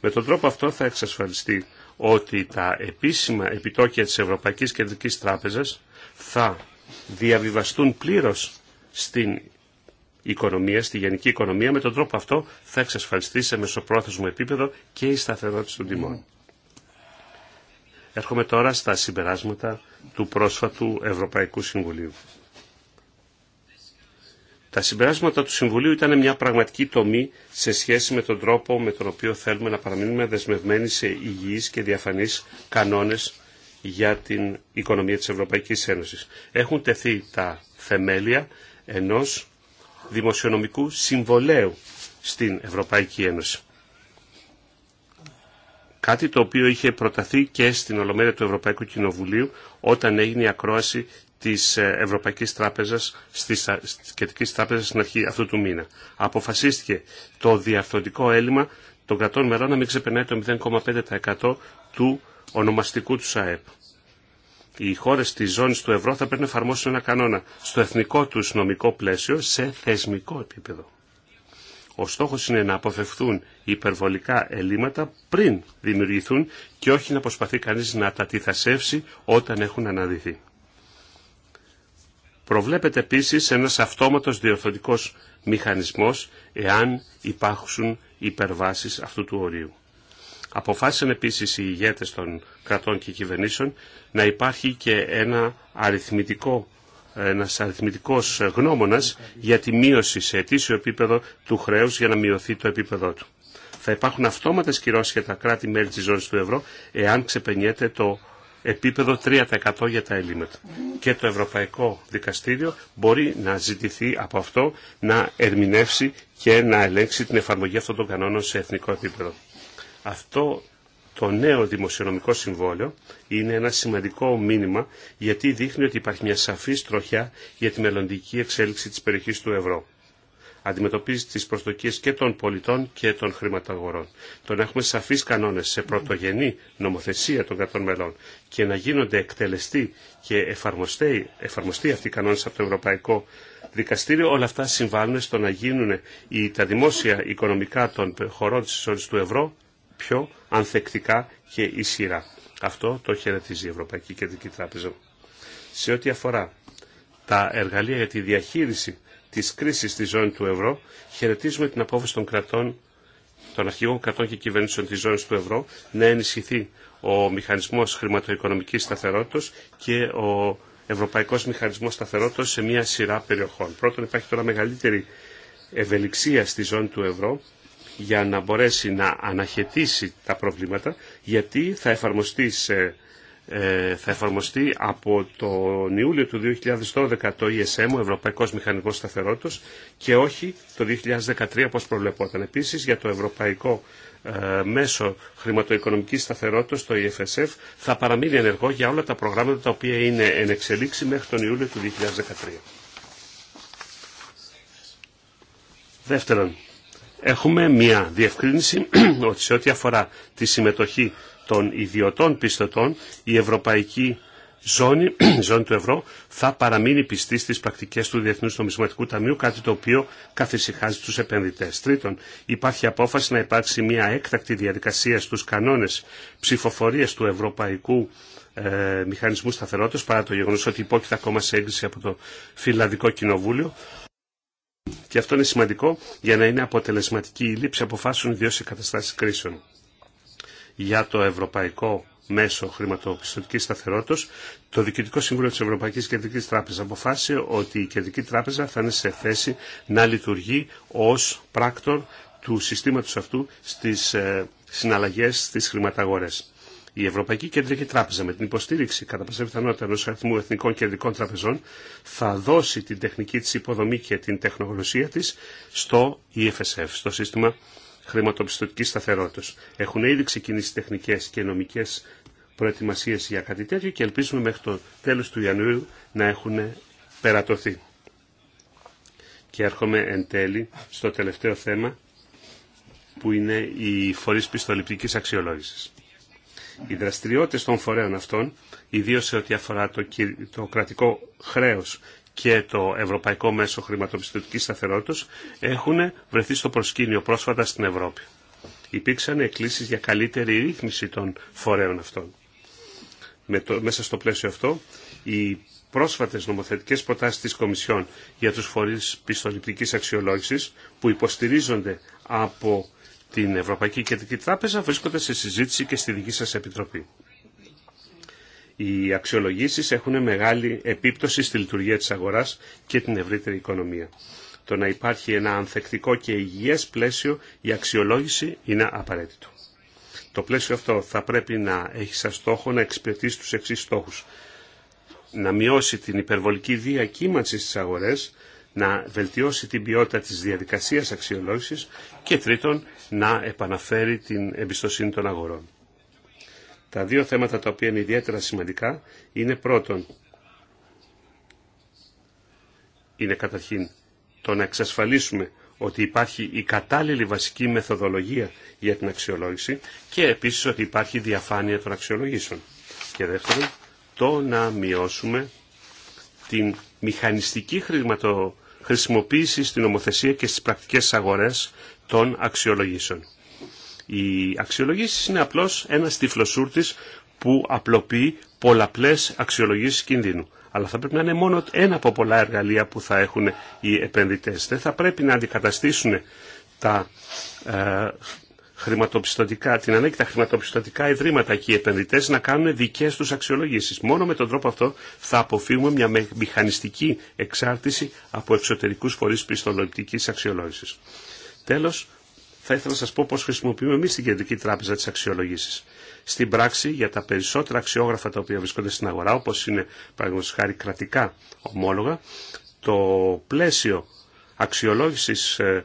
Με τον τρόπο αυτό θα εξασφαλιστεί ότι τα επίσημα επιτόκια της Ευρωπαϊκής Κεντρικής Τράπεζας θα διαβιβαστούν πλήρως στην οικονομία, στη γενική οικονομία. Με τον τρόπο αυτό θα εξασφαλιστεί σε μεσοπρόθεσμο επίπεδο και η σταθερότητα των τιμών. Έρχομαι τώρα στα συμπεράσματα του πρόσφατου Ευρωπαϊκού Συμβουλίου. Τα συμπεράσματα του Συμβουλίου ήταν μια πραγματική τομή σε σχέση με τον τρόπο με τον οποίο θέλουμε να παραμείνουμε δεσμευμένοι σε υγιείς και διαφανείς κανόνες για την οικονομία της Ευρωπαϊκής Ένωσης. Έχουν τεθεί τα θεμέλια ενός δημοσιονομικού συμβολέου στην Ευρωπαϊκή Ένωση. Κάτι το οποίο είχε προταθεί και στην Ολομέλεια του Ευρωπαϊκού Κοινοβουλίου όταν έγινε η ακρόαση της ε, Ευρωπαϊκής Τράπεζας, στις Κεντρικής Τράπεζας στην αρχή αυτού του μήνα. Αποφασίστηκε το διαφθοντικό έλλειμμα των κρατών μερών να μην ξεπερνάει το 0,5% του ονομαστικού του ΑΕΠ οι χώρε τη ζώνη του ευρώ θα πρέπει να εφαρμόσουν ένα κανόνα στο εθνικό τους νομικό πλαίσιο σε θεσμικό επίπεδο. Ο στόχο είναι να αποφευθούν υπερβολικά ελλείμματα πριν δημιουργηθούν και όχι να προσπαθεί κανείς να τα τυθασεύσει όταν έχουν αναδυθεί. Προβλέπεται επίση ένα αυτόματος διορθωτικός μηχανισμός εάν υπάρχουν υπερβάσεις αυτού του ορίου. Αποφάσισαν επίσης οι ηγέτες των κρατών και κυβερνήσεων να υπάρχει και ένα αριθμητικό ένας αριθμητικός γνώμονας για τη μείωση σε αιτήσιο επίπεδο του χρέους για να μειωθεί το επίπεδό του. Θα υπάρχουν αυτόματες κυρώσεις για τα κράτη-μέλη της ζώνης του ευρώ εάν ξεπενιέται το επίπεδο 3% για τα ελλείμματα. Και το Ευρωπαϊκό Δικαστήριο μπορεί να ζητηθεί από αυτό να ερμηνεύσει και να ελέγξει την εφαρμογή αυτών των κανόνων σε εθνικό επίπεδο. Αυτό το νέο δημοσιονομικό συμβόλαιο είναι ένα σημαντικό μήνυμα γιατί δείχνει ότι υπάρχει μια σαφή στροχιά για τη μελλοντική εξέλιξη της περιοχής του ευρώ. Αντιμετωπίζει τις προσδοκίες και των πολιτών και των χρηματαγορών. Το να έχουμε σαφείς κανόνες σε πρωτογενή νομοθεσία των κρατών μελών και να γίνονται εκτελεστοί και εφαρμοστεί, αυτοί οι κανόνες από το Ευρωπαϊκό Δικαστήριο, όλα αυτά συμβάλλουν στο να γίνουν τα δημόσια οικονομικά των χωρών της του ευρώ πιο ανθεκτικά και ισχυρά. Αυτό το χαιρετίζει η Ευρωπαϊκή Κεντρική Τράπεζα. Σε ό,τι αφορά τα εργαλεία για τη διαχείριση της κρίσης στη ζώνη του ευρώ, χαιρετίζουμε την απόφαση των κρατών των αρχηγών κρατών και κυβερνήσεων της ζώνης του ευρώ να ενισχυθεί ο μηχανισμός χρηματοοικονομικής σταθερότητας και ο Ευρωπαϊκός Μηχανισμός Σταθερότητας σε μια σειρά περιοχών. Πρώτον, υπάρχει τώρα μεγαλύτερη ευελιξία στη ζώνη του ευρώ για να μπορέσει να αναχαιτήσει τα προβλήματα γιατί θα εφαρμοστεί, σε, ε, θα εφαρμοστεί από τον Ιούλιο του 2012 το ESM, ο Ευρωπαϊκός Μηχανικός Σταθερότητος και όχι το 2013 όπως προβλεπόταν. Επίσης για το Ευρωπαϊκό ε, Μέσο Χρηματοοικονομικής Σταθερότητας, το EFSF, θα παραμείνει ενεργό για όλα τα προγράμματα τα οποία είναι εν εξελίξη μέχρι τον Ιούλιο του 2013. Δεύτερον, Έχουμε μια διευκρίνηση ότι σε ό,τι αφορά τη συμμετοχή των ιδιωτών πιστωτών, η Ευρωπαϊκή Ζώνη, ζώνη του ευρώ θα παραμείνει πιστή στις πρακτικές του Διεθνούς Νομισματικού Ταμείου, κάτι το οποίο καθησυχάζει τους επενδυτές. Τρίτον, υπάρχει απόφαση να υπάρξει μια έκτακτη διαδικασία στους κανόνες ψηφοφορια του Ευρωπαϊκού ε, Μηχανισμού Σταθερότητας, παρά το γεγονο ότι υπόκειται ακόμα σε έγκριση από το Φιλανδικό Κοινοβούλιο. Και αυτό είναι σημαντικό για να είναι αποτελεσματική η λήψη αποφάσεων ιδίως σε καταστάσεις κρίσεων. Για το Ευρωπαϊκό Μέσο χρηματοπιστωτικής σταθερότητας, το Διοικητικό Συμβούλιο της Ευρωπαϊκής Κεντρικής Τράπεζας αποφάσισε ότι η Κεντρική Τράπεζα θα είναι σε θέση να λειτουργεί ως πράκτορ του συστήματος αυτού στις ε, συναλλαγές στις χρηματαγορές. Η Ευρωπαϊκή Κεντρική Τράπεζα με την υποστήριξη κατά πάσα πιθανότητα ενό αριθμού εθνικών κεντρικών τραπεζών θα δώσει την τεχνική τη υποδομή και την τεχνογνωσία τη στο EFSF, στο σύστημα χρηματοπιστωτική σταθερότητα. Έχουν ήδη ξεκινήσει τεχνικέ και νομικέ προετοιμασίε για κάτι τέτοιο και ελπίζουμε μέχρι το τέλο του Ιανουαρίου να έχουν περατωθεί. Και έρχομαι εν τέλει στο τελευταίο θέμα που είναι οι φορείς πιστοληπτικής αξιολόγησης. Οι δραστηριότητες των φορέων αυτών, ιδίως σε ό,τι αφορά το, το κρατικό χρέος και το Ευρωπαϊκό Μέσο Χρηματοπιστωτικής Σταθερότητας, έχουν βρεθεί στο προσκήνιο πρόσφατα στην Ευρώπη. Υπήρξαν εκκλήσεις για καλύτερη ρύθμιση των φορέων αυτών. Με το, μέσα στο πλαίσιο αυτό, οι πρόσφατες νομοθετικές προτάσεις της Κομισιόν για τους φορείς πιστοληπτικής αξιολόγησης που υποστηρίζονται από την Ευρωπαϊκή Κεντρική Τράπεζα βρίσκονται σε συζήτηση και στη δική σας Επιτροπή. Οι αξιολογήσεις έχουν μεγάλη επίπτωση στη λειτουργία της αγοράς και την ευρύτερη οικονομία. Το να υπάρχει ένα ανθεκτικό και υγιές πλαίσιο η αξιολόγηση είναι απαραίτητο. Το πλαίσιο αυτό θα πρέπει να έχει σαν στόχο να εξυπηρετήσει τους εξής στόχους. Να μειώσει την υπερβολική διακύμανση στις αγορές, να βελτιώσει την ποιότητα της διαδικασίας αξιολόγησης και τρίτον να επαναφέρει την εμπιστοσύνη των αγορών. Τα δύο θέματα τα οποία είναι ιδιαίτερα σημαντικά είναι πρώτον είναι καταρχήν το να εξασφαλίσουμε ότι υπάρχει η κατάλληλη βασική μεθοδολογία για την αξιολόγηση και επίσης ότι υπάρχει διαφάνεια των αξιολογήσεων. Και δεύτερον, το να μειώσουμε την μηχανιστική χρησιμοποίηση στην νομοθεσία και στις πρακτικές αγορές των αξιολογήσεων. Οι αξιολογήσεις είναι απλώς ένας τυφλοσούρτης που απλοποιεί πολλαπλές αξιολογήσεις κινδύνου. Αλλά θα πρέπει να είναι μόνο ένα από πολλά εργαλεία που θα έχουν οι επενδυτές. Δεν θα πρέπει να αντικαταστήσουν τα ε, χρηματοπιστωτικά, την ανάγκη τα χρηματοπιστωτικά ιδρύματα και οι επενδυτές να κάνουν δικές τους αξιολογήσεις. Μόνο με τον τρόπο αυτό θα αποφύγουμε μια μηχανιστική εξάρτηση από εξωτερικούς φορείς πιστολογικής αξιολόγησης. Τέλος, θα ήθελα να σας πω πώς χρησιμοποιούμε εμείς την Κεντρική Τράπεζα της Αξιολογήσης. Στην πράξη, για τα περισσότερα αξιόγραφα τα οποία βρισκόνται στην αγορά, όπως είναι παραδείγματος χάρη κρατικά ομόλογα, το πλαίσιο αξιολόγησης ε,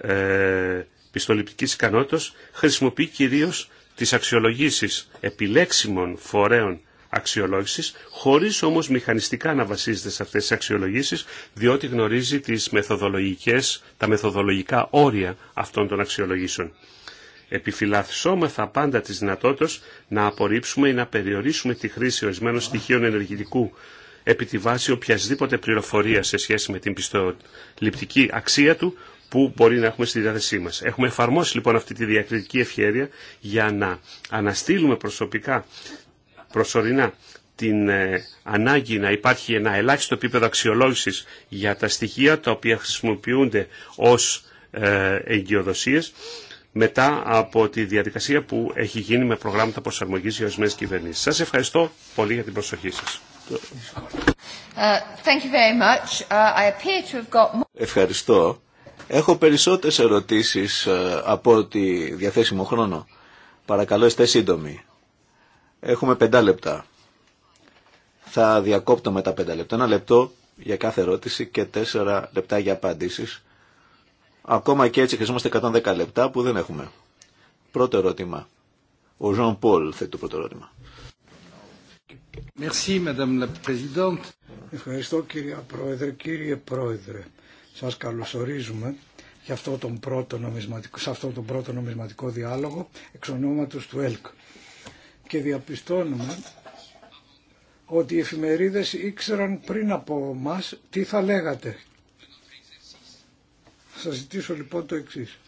ε πιστοληπτική ικανότητας χρησιμοποιεί κυρίως τις αξιολογήσεις επιλέξιμων φορέων αξιολόγησης, χωρίς όμως μηχανιστικά να βασίζεται σε αυτές τις αξιολογήσεις, διότι γνωρίζει τις μεθοδολογικές, τα μεθοδολογικά όρια αυτών των αξιολογήσεων. Επιφυλασσόμεθα πάντα τη δυνατότητα να απορρίψουμε ή να περιορίσουμε τη χρήση ορισμένων στοιχείων ενεργητικού επί τη βάση οποιασδήποτε πληροφορία σε σχέση με την πιστοληπτική αξία του, που μπορεί να έχουμε στη διάθεσή μας. Έχουμε εφαρμόσει λοιπόν αυτή τη διακριτική ευχέρεια για να αναστείλουμε προσωπικά, προσωρινά, την ε, ανάγκη να υπάρχει ένα ελάχιστο επίπεδο αξιολόγηση για τα στοιχεία τα οποία χρησιμοποιούνται ως ε, εγκυοδοσίες μετά από τη διαδικασία που έχει γίνει με προγράμματα προσαρμογής για ορισμένες κυβερνήσεις. Σας ευχαριστώ πολύ για την προσοχή σας. Uh, uh, ευχαριστώ. Έχω περισσότερες ερωτήσεις ε, από ότι διαθέσιμο χρόνο. Παρακαλώ, είστε σύντομοι. Έχουμε πεντά λεπτά. Θα διακόπτω με τα πέντα λεπτά. Ένα λεπτό για κάθε ερώτηση και τέσσερα λεπτά για απαντήσεις. Ακόμα και έτσι χρειαζόμαστε 110 λεπτά που δεν έχουμε. Πρώτο ερώτημα. Ο Ζων Πολ θέτει το πρώτο ερώτημα. Ευχαριστώ κύριε Πρόεδρε. Κύριε Πρόεδρε, σας καλωσορίζουμε για αυτό τον πρώτο νομισματικό, σε αυτό τον πρώτο νομισματικό διάλογο εξ ονόματος του ΕΛΚ. Και διαπιστώνουμε ότι οι εφημερίδες ήξεραν πριν από μας τι θα λέγατε. Θα ζητήσω λοιπόν το εξής.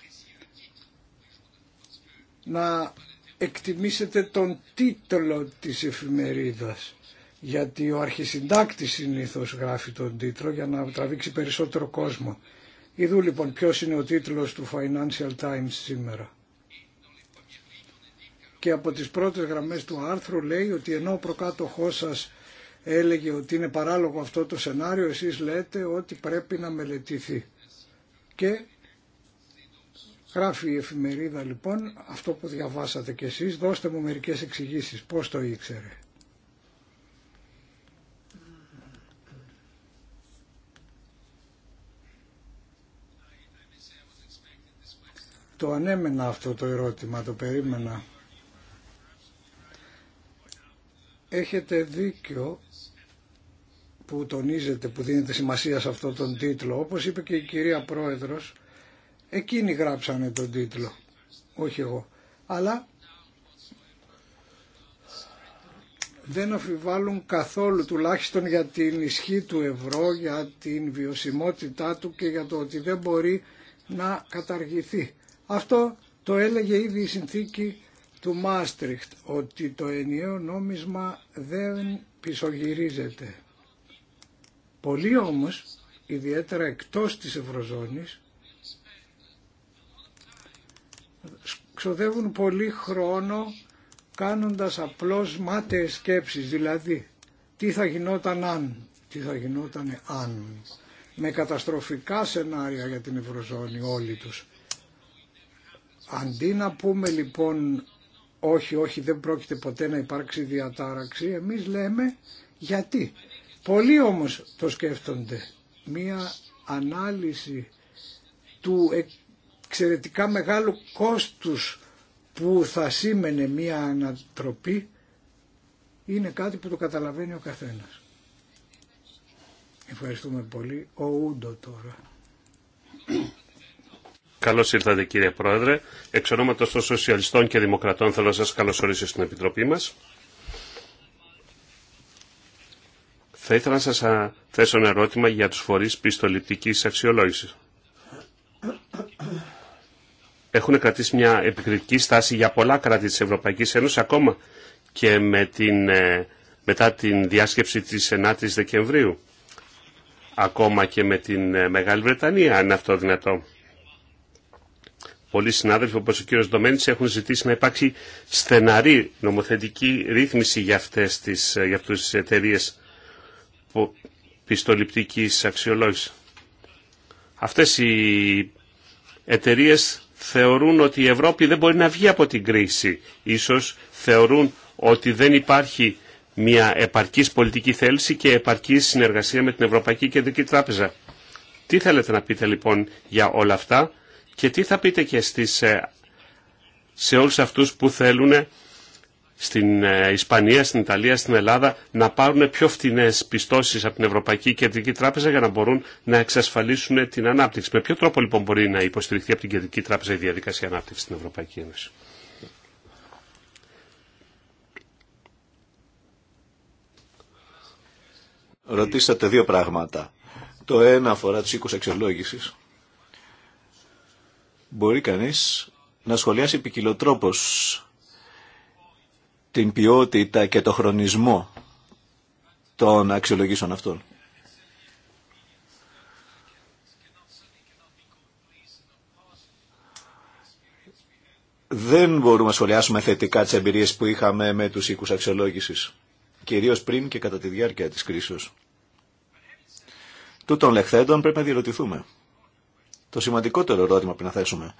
Να εκτιμήσετε τον τίτλο της εφημερίδας γιατί ο αρχισυντάκτης συνήθως γράφει τον τίτλο για να τραβήξει περισσότερο κόσμο. Ιδού λοιπόν ποιος είναι ο τίτλος του Financial Times σήμερα. Και από τις πρώτες γραμμές του άρθρου λέει ότι ενώ ο προκάτοχός σας έλεγε ότι είναι παράλογο αυτό το σενάριο, εσείς λέτε ότι πρέπει να μελετηθεί. Και γράφει η εφημερίδα λοιπόν αυτό που διαβάσατε κι εσείς, δώστε μου μερικές εξηγήσεις, πώς το ήξερε. Το ανέμενα αυτό το ερώτημα, το περίμενα. Έχετε δίκιο που τονίζετε, που δίνετε σημασία σε αυτό τον τίτλο. Όπως είπε και η κυρία Πρόεδρος, εκείνοι γράψανε τον τίτλο, όχι εγώ. Αλλά δεν αφιβάλλουν καθόλου, τουλάχιστον για την ισχύ του ευρώ, για την βιωσιμότητά του και για το ότι δεν μπορεί να καταργηθεί. Αυτό το έλεγε ήδη η συνθήκη του Μάστριχτ, ότι το ενιαίο νόμισμα δεν πισωγυρίζεται. Πολλοί όμως, ιδιαίτερα εκτός της Ευρωζώνης, ξοδεύουν πολύ χρόνο κάνοντας απλώς μάταιες σκέψεις, δηλαδή τι θα γινόταν αν, τι θα γινόταν αν, με καταστροφικά σενάρια για την Ευρωζώνη όλοι τους. Αντί να πούμε λοιπόν όχι, όχι δεν πρόκειται ποτέ να υπάρξει διατάραξη, εμείς λέμε γιατί. Πολλοί όμως το σκέφτονται. Μία ανάλυση του εξαιρετικά μεγάλου κόστους που θα σήμαινε μία ανατροπή είναι κάτι που το καταλαβαίνει ο καθένας. Ευχαριστούμε πολύ. Ο Ούντο τώρα. Καλώ ήρθατε κύριε Πρόεδρε. Εξ ονόματο των Σοσιαλιστών και Δημοκρατών θέλω να σα καλωσορίσω στην Επιτροπή μα. Θα ήθελα να σα θέσω ένα ερώτημα για του φορεί πιστοληπτική αξιολόγηση. Έχουν κρατήσει μια επικριτική στάση για πολλά κράτη τη Ευρωπαϊκή Ένωση, ακόμα και με την, ε, μετά την διάσκεψη τη 9η Δεκεμβρίου. Ακόμα και με την ε, Μεγάλη Βρετανία, αν αυτό δυνατό πολλοί συνάδελφοι όπως ο κύριος Ντομένης έχουν ζητήσει να υπάρξει στεναρή νομοθετική ρύθμιση για, αυτές τις, ε, για αυτές τις εταιρείες πιστοληπτικής αξιολόγησης. Αυτές οι εταιρείες θεωρούν ότι η Ευρώπη δεν μπορεί να βγει από την κρίση. Ίσως θεωρούν ότι δεν υπάρχει μια επαρκής πολιτική θέληση και επαρκή συνεργασία με την Ευρωπαϊκή Κεντρική Τράπεζα. Τι θέλετε να πείτε λοιπόν για όλα αυτά και τι θα πείτε και στις, ε, σε όλους αυτούς που θέλουν ε, στην ε, Ισπανία, στην Ιταλία, στην Ελλάδα να πάρουν πιο φτηνές πιστώσεις από την Ευρωπαϊκή Κεντρική Τράπεζα για να μπορούν να εξασφαλίσουν την ανάπτυξη. Με ποιο τρόπο λοιπόν μπορεί να υποστηριχθεί από την Κεντρική Τράπεζα η διαδικασία ανάπτυξη στην Ευρωπαϊκή Ένωση. Ρωτήσατε δύο πράγματα. Το ένα αφορά τους οίκους αξιολόγησης μπορεί κανείς να σχολιάσει ποικιλοτρόπως την ποιότητα και το χρονισμό των αξιολογήσεων αυτών. Δεν μπορούμε να σχολιάσουμε θετικά τις εμπειρίες που είχαμε με τους οίκους αξιολόγησης, κυρίως πριν και κατά τη διάρκεια της κρίσης. Τούτων λεχθέντων πρέπει να διερωτηθούμε το σημαντικότερο ερώτημα που να θέσουμε.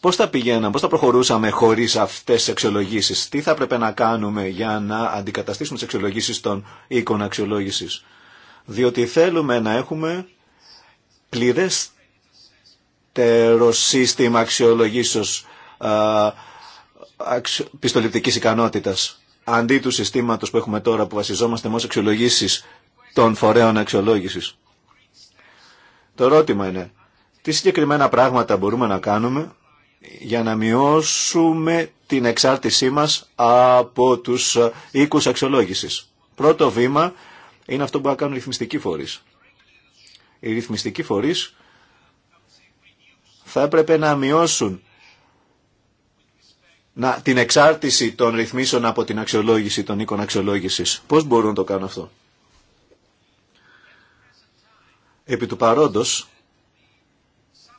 Πώ θα πηγαίναμε, πώ θα προχωρούσαμε χωρί αυτέ τι αξιολογήσει, τι θα έπρεπε να κάνουμε για να αντικαταστήσουμε τι αξιολογήσει των οίκων αξιολόγηση. Διότι θέλουμε να έχουμε πληρέστερο σύστημα αξιολογήσεω πιστοληπτικής πιστοληπτική ικανότητα αντί του συστήματο που έχουμε τώρα που βασιζόμαστε μόνο αξιολογήσει των φορέων αξιολόγηση. Το ερώτημα είναι, τι συγκεκριμένα πράγματα μπορούμε να κάνουμε για να μειώσουμε την εξάρτησή μας από τους οίκους αξιολόγησης. Πρώτο βήμα είναι αυτό που θα κάνουν οι ρυθμιστικοί φορείς. Οι ρυθμιστικοί φορείς θα έπρεπε να μειώσουν την εξάρτηση των ρυθμίσεων από την αξιολόγηση των οίκων αξιολόγησης. Πώς μπορούν να το κάνουν αυτό. Επί του παρόντος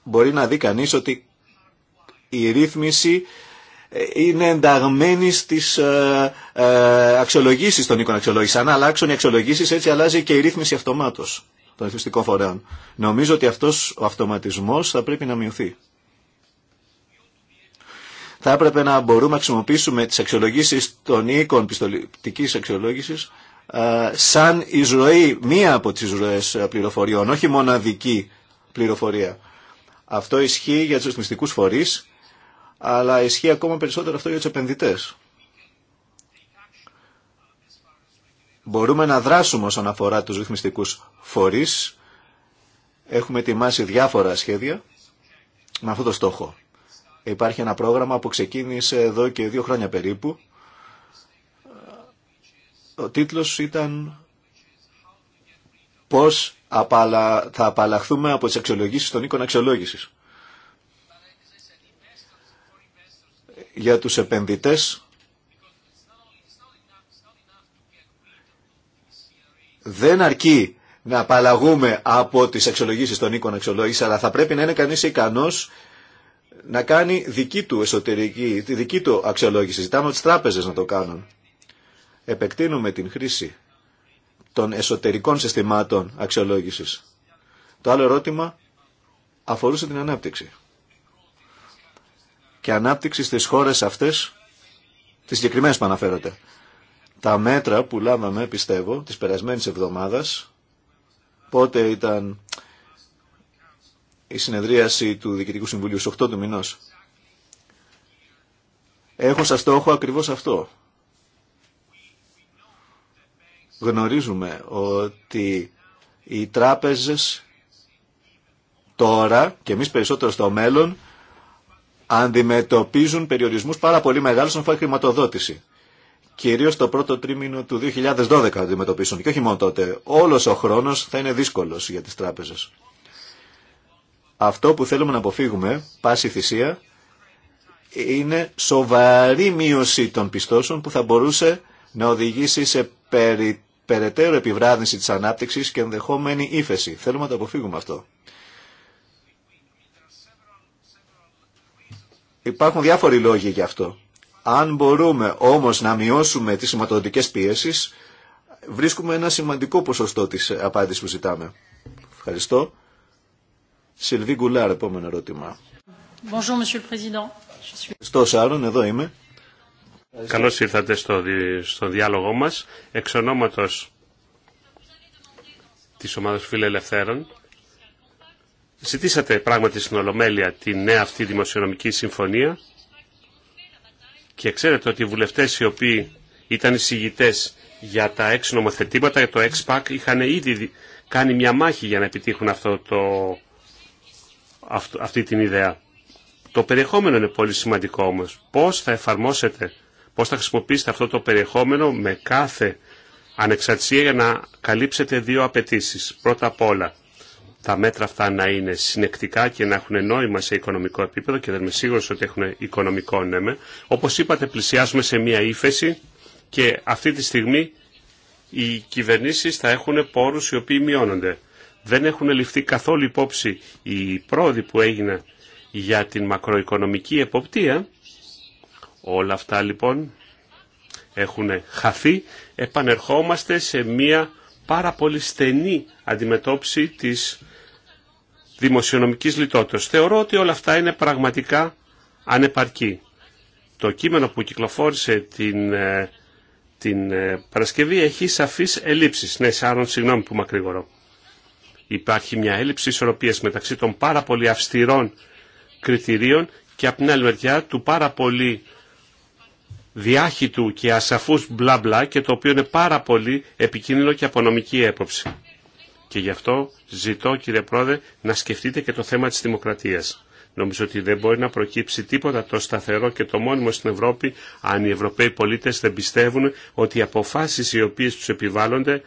μπορεί να δει κανείς ότι η ρύθμιση ε, είναι ενταγμένη στις ε, ε αξιολογήσει των οίκων αξιολόγησης. Αν αλλάξουν οι αξιολογήσεις, έτσι αλλάζει και η ρύθμιση αυτομάτως των ρυθμιστικών φορέων. Νομίζω ότι αυτός ο αυτοματισμός θα πρέπει να μειωθεί. Θα έπρεπε να μπορούμε να χρησιμοποιήσουμε τις αξιολογήσει των οίκων πιστοληπτικής αξιολόγηση ε, σαν η μία από τις ροές ε, πληροφοριών, όχι μοναδική πληροφορία. Αυτό ισχύει για τους μυστικούς φορείς, αλλά ισχύει ακόμα περισσότερο αυτό για τους επενδυτές. Μπορούμε να δράσουμε όσον αφορά τους ρυθμιστικούς φορείς. Έχουμε ετοιμάσει διάφορα σχέδια με αυτό το στόχο. Υπάρχει ένα πρόγραμμα που ξεκίνησε εδώ και δύο χρόνια περίπου ο τίτλος ήταν πώς θα απαλλαχθούμε από τις αξιολογήσεις των οίκων αξιολόγησης. Για τους επενδυτές δεν αρκεί να απαλλαγούμε από τις αξιολογήσεις των οίκων αξιολόγηση, αλλά θα πρέπει να είναι κανείς ικανός να κάνει δική του εσωτερική, τη δική του αξιολόγηση. Ζητάμε από τις τράπεζες να το κάνουν επεκτείνουμε την χρήση των εσωτερικών συστημάτων αξιολόγησης. Το άλλο ερώτημα αφορούσε την ανάπτυξη. Και ανάπτυξη στις χώρες αυτές, τις συγκεκριμένες που αναφέρατε. Τα μέτρα που λάβαμε, πιστεύω, τις περασμένες εβδομάδες, πότε ήταν η συνεδρίαση του Διοικητικού Συμβουλίου, στις 8 του μηνός, Έχω σαν στόχο ακριβώς αυτό γνωρίζουμε ότι οι τράπεζες τώρα και εμείς περισσότερο στο μέλλον αντιμετωπίζουν περιορισμούς πάρα πολύ μεγάλους στον φάει χρηματοδότηση. Κυρίως το πρώτο τρίμηνο του 2012 αντιμετωπίσουν και όχι μόνο τότε. Όλος ο χρόνος θα είναι δύσκολος για τις τράπεζες. Αυτό που θέλουμε να αποφύγουμε, πάση θυσία, είναι σοβαρή μείωση των πιστώσεων που θα μπορούσε να οδηγήσει σε περί περαιτέρω επιβράδυνση της ανάπτυξης και ενδεχόμενη ύφεση. Θέλουμε να το αποφύγουμε αυτό. Υπάρχουν διάφοροι λόγοι για αυτό. Αν μπορούμε όμως να μειώσουμε τις σηματοδοτικές πίεσεις, βρίσκουμε ένα σημαντικό ποσοστό της απάντησης που ζητάμε. Ευχαριστώ. Σιλβί Γκουλάρ, επόμενο ερώτημα. Bonjour, Monsieur le Président. Σάρων, εδώ είμαι. Καλώς ήρθατε στο, στο διάλογό μας. Εξ ονόματος της ομάδας φιλελευθέρων, ζητήσατε πράγματι στην Ολομέλεια τη νέα αυτή δημοσιονομική συμφωνία και ξέρετε ότι οι βουλευτές οι οποίοι ήταν εισηγητέ για τα έξι νομοθετήματα, για το ΕΞΠΑΚ, είχαν ήδη κάνει μια μάχη για να επιτύχουν αυτό το, αυτή την ιδέα. Το περιεχόμενο είναι πολύ σημαντικό όμως. Πώς θα εφαρμόσετε πώς θα χρησιμοποιήσετε αυτό το περιεχόμενο με κάθε ανεξαρτησία για να καλύψετε δύο απαιτήσει. Πρώτα απ' όλα, τα μέτρα αυτά να είναι συνεκτικά και να έχουν νόημα σε οικονομικό επίπεδο και δεν είμαι σίγουρο ότι έχουν οικονομικό νόημα. Όπως είπατε, πλησιάζουμε σε μία ύφεση και αυτή τη στιγμή οι κυβερνήσεις θα έχουν πόρους οι οποίοι μειώνονται. Δεν έχουν ληφθεί καθόλου υπόψη οι πρόοδοι που έγιναν για την μακροοικονομική εποπτεία Όλα αυτά λοιπόν έχουν χαθεί. Επανερχόμαστε σε μία πάρα πολύ στενή αντιμετώπιση της δημοσιονομικής λιτότητας. Θεωρώ ότι όλα αυτά είναι πραγματικά ανεπαρκή. Το κείμενο που κυκλοφόρησε την, ε, την ε, Παρασκευή έχει σαφείς ελλείψεις. Ναι, Σάρων, συγγνώμη που μακρηγορώ. Υπάρχει μια έλλειψη ισορροπίας μεταξύ των πάρα πολύ αυστηρών κριτηρίων και από του πάρα πολύ διάχυτου και ασαφούς μπλα μπλα και το οποίο είναι πάρα πολύ επικίνδυνο και από νομική έποψη. Και γι' αυτό ζητώ κύριε Πρόεδρε να σκεφτείτε και το θέμα της δημοκρατίας. Νομίζω ότι δεν μπορεί να προκύψει τίποτα το σταθερό και το μόνιμο στην Ευρώπη αν οι Ευρωπαίοι πολίτες δεν πιστεύουν ότι οι αποφάσεις οι οποίες τους επιβάλλονται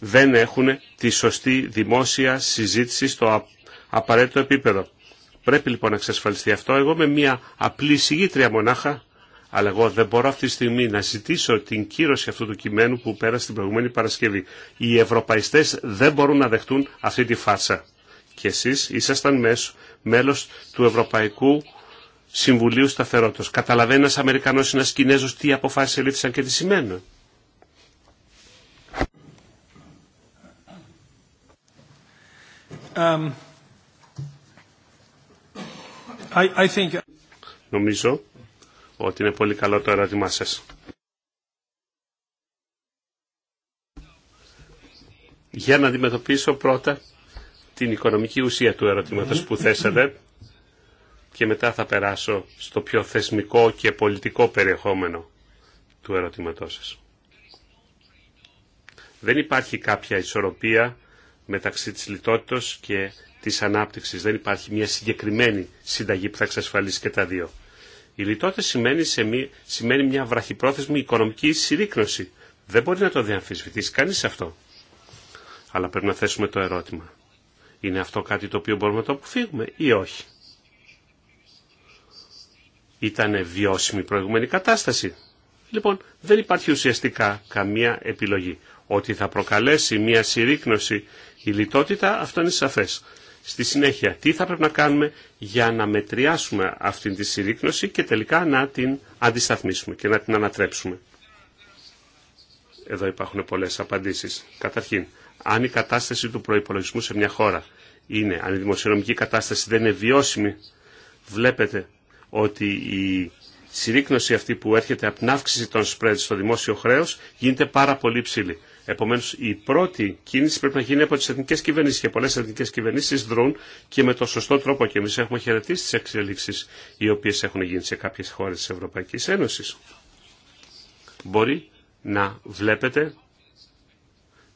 δεν έχουν τη σωστή δημόσια συζήτηση στο απαραίτητο επίπεδο. Πρέπει λοιπόν να εξασφαλιστεί αυτό. Εγώ με μια απλή συγγήτρια μονάχα αλλά εγώ δεν μπορώ αυτή τη στιγμή να ζητήσω την κύρωση αυτού του κειμένου που πέρασε την προηγούμενη Παρασκευή. Οι ευρωπαϊστές δεν μπορούν να δεχτούν αυτή τη φάτσα. Και εσείς ήσασταν μέλος του Ευρωπαϊκού Συμβουλίου Σταθερότητας. Καταλαβαίνει ένας Αμερικανός ή ένας Κινέζος τι αποφάσεις ελήφθησαν και τι σημαίνουν. Um, I, I think... Νομίζω ότι είναι πολύ καλό το ερώτημά σα. Για να αντιμετωπίσω πρώτα την οικονομική ουσία του ερωτήματος που θέσατε και μετά θα περάσω στο πιο θεσμικό και πολιτικό περιεχόμενο του ερωτήματός σας. Δεν υπάρχει κάποια ισορροπία μεταξύ της λιτότητος και της ανάπτυξης. Δεν υπάρχει μια συγκεκριμένη συνταγή που θα εξασφαλίσει και τα δύο. Η λιτότητα σημαίνει, μια βραχυπρόθεσμη οικονομική συρρήκνωση. Δεν μπορεί να το διαμφισβητήσει κανείς αυτό. Αλλά πρέπει να θέσουμε το ερώτημα. Είναι αυτό κάτι το οποίο μπορούμε να το αποφύγουμε ή όχι. Ήταν βιώσιμη η προηγούμενη κατάσταση. Λοιπόν, δεν υπάρχει ουσιαστικά καμία επιλογή. Ότι θα προκαλέσει μια συρρήκνωση η λιτότητα, αυτό είναι σαφές. Στη συνέχεια, τι θα πρέπει να κάνουμε για να μετριάσουμε αυτή τη συρρήκνωση και τελικά να την αντισταθμίσουμε και να την ανατρέψουμε. Εδώ υπάρχουν πολλές απαντήσεις. Καταρχήν, αν η κατάσταση του προϋπολογισμού σε μια χώρα είναι, αν η δημοσιονομική κατάσταση δεν είναι βιώσιμη, βλέπετε ότι η συρρήκνωση αυτή που έρχεται από την αύξηση των spread στο δημόσιο χρέος γίνεται πάρα πολύ ψηλή. Επομένω, η πρώτη κίνηση πρέπει να γίνει από τι εθνικέ κυβερνήσει και πολλέ εθνικέ κυβερνήσει δρούν και με το σωστό τρόπο και εμεί έχουμε χαιρετήσει τι εξελίξει οι οποίε έχουν γίνει σε κάποιε χώρε τη Ευρωπαϊκή Ένωση. Μπορεί να βλέπετε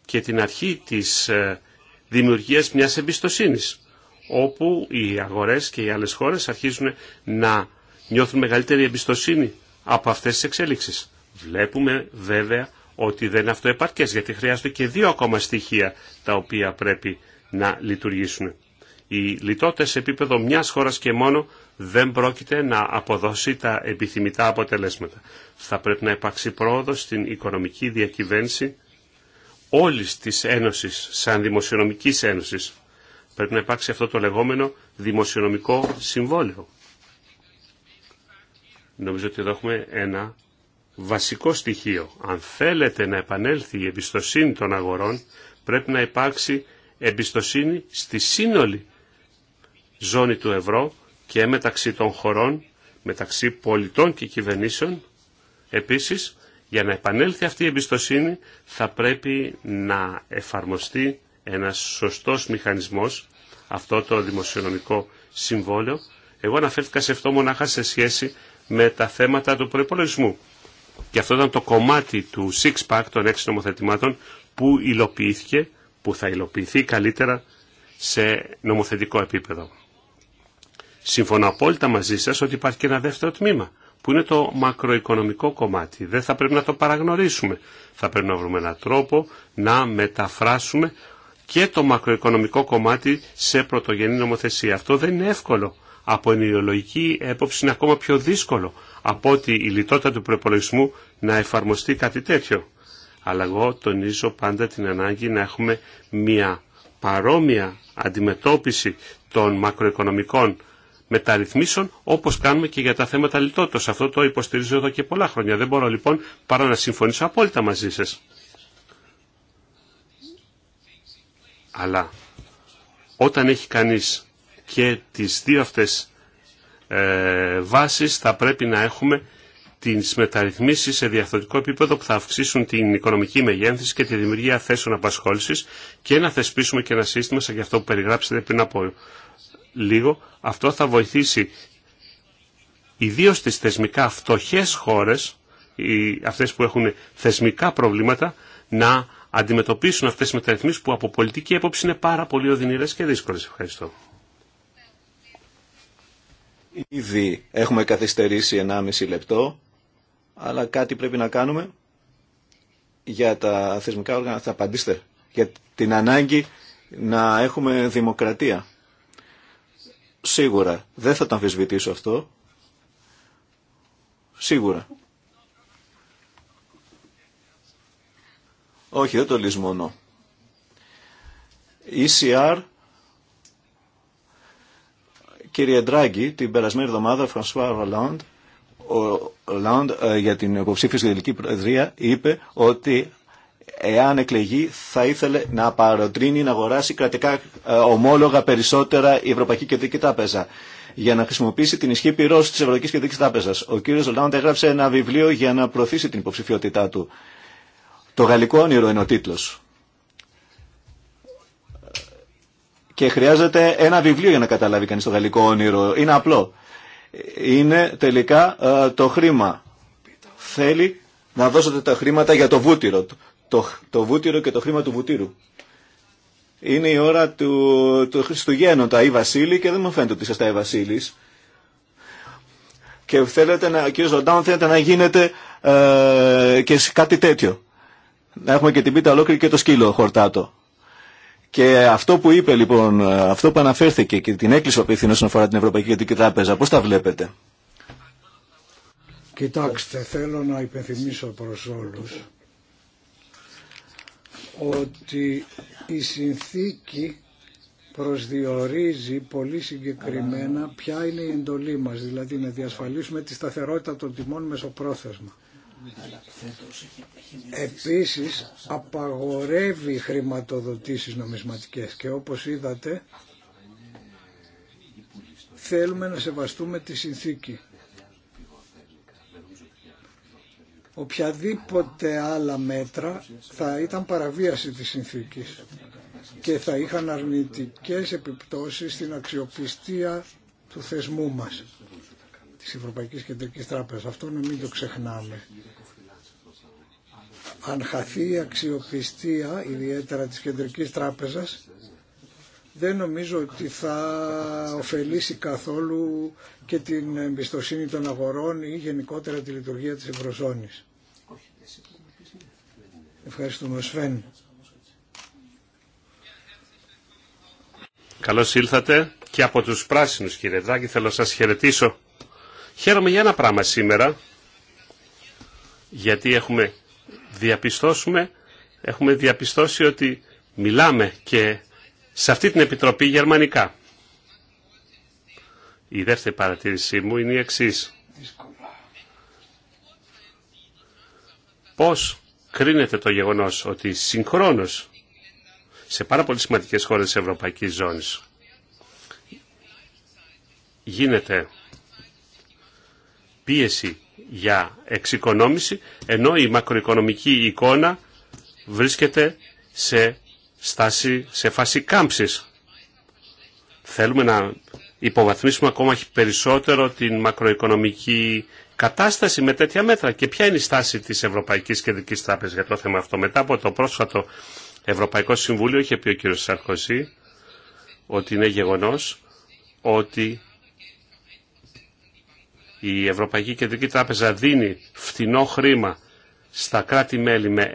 και την αρχή της ε, δημιουργίας μιας εμπιστοσύνης, όπου οι αγορές και οι άλλες χώρες αρχίζουν να νιώθουν μεγαλύτερη εμπιστοσύνη από αυτές τις εξέλιξεις. Βλέπουμε βέβαια ότι δεν είναι αυτό γιατί χρειάζονται και δύο ακόμα στοιχεία τα οποία πρέπει να λειτουργήσουν. Οι λιτότητα σε επίπεδο μιας χώρας και μόνο δεν πρόκειται να αποδώσει τα επιθυμητά αποτελέσματα. Θα πρέπει να υπάρξει πρόοδο στην οικονομική διακυβέρνηση όλης της Ένωσης, σαν δημοσιονομικής Ένωσης. Πρέπει να υπάρξει αυτό το λεγόμενο δημοσιονομικό συμβόλαιο. Νομίζω ότι εδώ έχουμε ένα βασικό στοιχείο. Αν θέλετε να επανέλθει η εμπιστοσύνη των αγορών, πρέπει να υπάρξει εμπιστοσύνη στη σύνολη ζώνη του ευρώ και μεταξύ των χωρών, μεταξύ πολιτών και κυβερνήσεων. Επίσης, για να επανέλθει αυτή η εμπιστοσύνη θα πρέπει να εφαρμοστεί ένας σωστός μηχανισμός, αυτό το δημοσιονομικό συμβόλαιο. Εγώ αναφέρθηκα σε αυτό μονάχα σε σχέση με τα θέματα του προϋπολογισμού. Και αυτό ήταν το κομμάτι του six pack των έξι νομοθετημάτων που υλοποιήθηκε, που θα υλοποιηθεί καλύτερα σε νομοθετικό επίπεδο. Συμφωνώ απόλυτα μαζί σας ότι υπάρχει και ένα δεύτερο τμήμα, που είναι το μακροοικονομικό κομμάτι. Δεν θα πρέπει να το παραγνωρίσουμε. Θα πρέπει να βρούμε έναν τρόπο να μεταφράσουμε και το μακροοικονομικό κομμάτι σε πρωτογενή νομοθεσία. Αυτό δεν είναι εύκολο από ενοιολογική έποψη είναι ακόμα πιο δύσκολο από ότι η λιτότητα του προπολογισμού να εφαρμοστεί κάτι τέτοιο. Αλλά εγώ τονίζω πάντα την ανάγκη να έχουμε μια παρόμοια αντιμετώπιση των μακροοικονομικών μεταρρυθμίσεων όπως κάνουμε και για τα θέματα λιτότητας. Αυτό το υποστηρίζω εδώ και πολλά χρόνια. Δεν μπορώ λοιπόν παρά να συμφωνήσω απόλυτα μαζί σας. Αλλά όταν έχει κανείς και τις δύο αυτές ε, βάσεις θα πρέπει να έχουμε τις μεταρρυθμίσεις σε διαφθορτικό επίπεδο που θα αυξήσουν την οικονομική μεγένθηση και τη δημιουργία θέσεων απασχόλησης και να θεσπίσουμε και ένα σύστημα σαν και αυτό που περιγράψετε πριν από λίγο. Αυτό θα βοηθήσει ιδίω τις θεσμικά φτωχές χώρες, οι, αυτές που έχουν θεσμικά προβλήματα, να αντιμετωπίσουν αυτές τις μεταρρυθμίσεις που από πολιτική έποψη είναι πάρα πολύ οδυνηρές και δύσκολες. Ευχαριστώ. Ήδη έχουμε καθυστερήσει 1,5 λεπτό, αλλά κάτι πρέπει να κάνουμε για τα θεσμικά όργανα. Θα απαντήσετε για την ανάγκη να έχουμε δημοκρατία. Σίγουρα. Δεν θα το αμφισβητήσω αυτό. Σίγουρα. Όχι, δεν το μόνο ECR Κύριε Ντράγκη, την περασμένη εβδομάδα, Φρανσουά Ρολάντ, ο ε, για την υποψήφια στην Ελληνική Προεδρία είπε ότι εάν εκλεγεί θα ήθελε να παροτρύνει να αγοράσει κρατικά ε, ομόλογα περισσότερα η Ευρωπαϊκή Κεντρική Τράπεζα για να χρησιμοποιήσει την ισχύ πυρό τη Ευρωπαϊκή Κεντρική Τράπεζα. Ο κύριο Ρολάντ έγραψε ένα βιβλίο για να προωθήσει την υποψηφιότητά του. Το γαλλικό όνειρο είναι ο τίτλος. και χρειάζεται ένα βιβλίο για να καταλάβει κανείς το γαλλικό όνειρο. Είναι απλό. Είναι τελικά ε, το χρήμα. Θέλει να δώσετε τα χρήματα για το βούτυρο. Το, το, βούτυρο και το χρήμα του βουτύρου. Είναι η ώρα του, του Χριστουγέννου, τα Ι Βασίλη και δεν μου φαίνεται ότι είσαι Ι Βασίλης. Και θέλετε να, κύριε θέλετε να γίνετε ε, και κάτι τέτοιο. Να έχουμε και την πίτα ολόκληρη και το σκύλο χορτάτο. Και αυτό που είπε λοιπόν, αυτό που αναφέρθηκε και την έκκληση που απευθύνω όσον αφορά την Ευρωπαϊκή Κεντρική Τράπεζα, πώς τα βλέπετε. Κοιτάξτε, θέλω να υπενθυμίσω προς όλους ότι η συνθήκη προσδιορίζει πολύ συγκεκριμένα ποια είναι η εντολή μας, δηλαδή να διασφαλίσουμε τη σταθερότητα των τιμών μεσοπρόθεσμα. Επίσης απαγορεύει χρηματοδοτήσεις νομισματικές και όπως είδατε θέλουμε να σεβαστούμε τη συνθήκη. Οποιαδήποτε άλλα μέτρα θα ήταν παραβίαση της συνθήκης και θα είχαν αρνητικές επιπτώσεις στην αξιοπιστία του θεσμού μας της Ευρωπαϊκής Κεντρικής Τράπεζας. Αυτό να μην το ξεχνάμε. Αν χαθεί η αξιοπιστία, ιδιαίτερα της Κεντρικής Τράπεζας, δεν νομίζω ότι θα ωφελήσει καθόλου και την εμπιστοσύνη των αγορών ή γενικότερα τη λειτουργία της Ευρωζώνης. Ευχαριστούμε, Σφέν. Καλώς ήλθατε και από τους πράσινους κύριε Δράκη θέλω να σας χαιρετήσω Χαίρομαι για ένα πράγμα σήμερα, γιατί έχουμε διαπιστώσουμε, έχουμε διαπιστώσει ότι μιλάμε και σε αυτή την Επιτροπή γερμανικά. Η δεύτερη παρατήρησή μου είναι η εξής. Πώς κρίνεται το γεγονός ότι συγχρόνως σε πάρα πολύ σημαντικές χώρες της Ευρωπαϊκής Ζώνης γίνεται πίεση για εξοικονόμηση, ενώ η μακροοικονομική εικόνα βρίσκεται σε, στάση, σε φάση κάμψης. Θέλουμε να υποβαθμίσουμε ακόμα περισσότερο την μακροοικονομική κατάσταση με τέτοια μέτρα. Και ποια είναι η στάση της Ευρωπαϊκής Κεντρικής Τράπεζας για το θέμα αυτό. Μετά από το πρόσφατο Ευρωπαϊκό Συμβούλιο είχε πει ο κ. Σαρκοζή ότι είναι γεγονός ότι η Ευρωπαϊκή Κεντρική Τράπεζα δίνει φθηνό χρήμα στα κράτη-μέλη με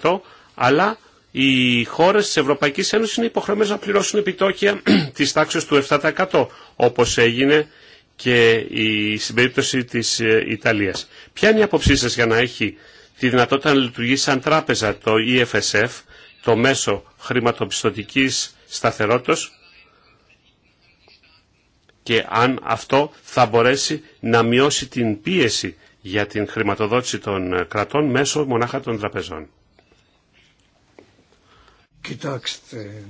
1% αλλά οι χώρες της Ευρωπαϊκής Ένωσης είναι υποχρεωμένες να πληρώσουν επιτόκια της τάξης του 7% όπως έγινε και η περίπτωση της ε, Ιταλίας. Ποια είναι η αποψή σα για να έχει τη δυνατότητα να λειτουργεί σαν τράπεζα το EFSF, το μέσο χρηματοπιστωτικής σταθερότητας, και αν αυτό θα μπορέσει να μειώσει την πίεση για την χρηματοδότηση των ε, κρατών μέσω μονάχα των τραπεζών. Κοιτάξτε,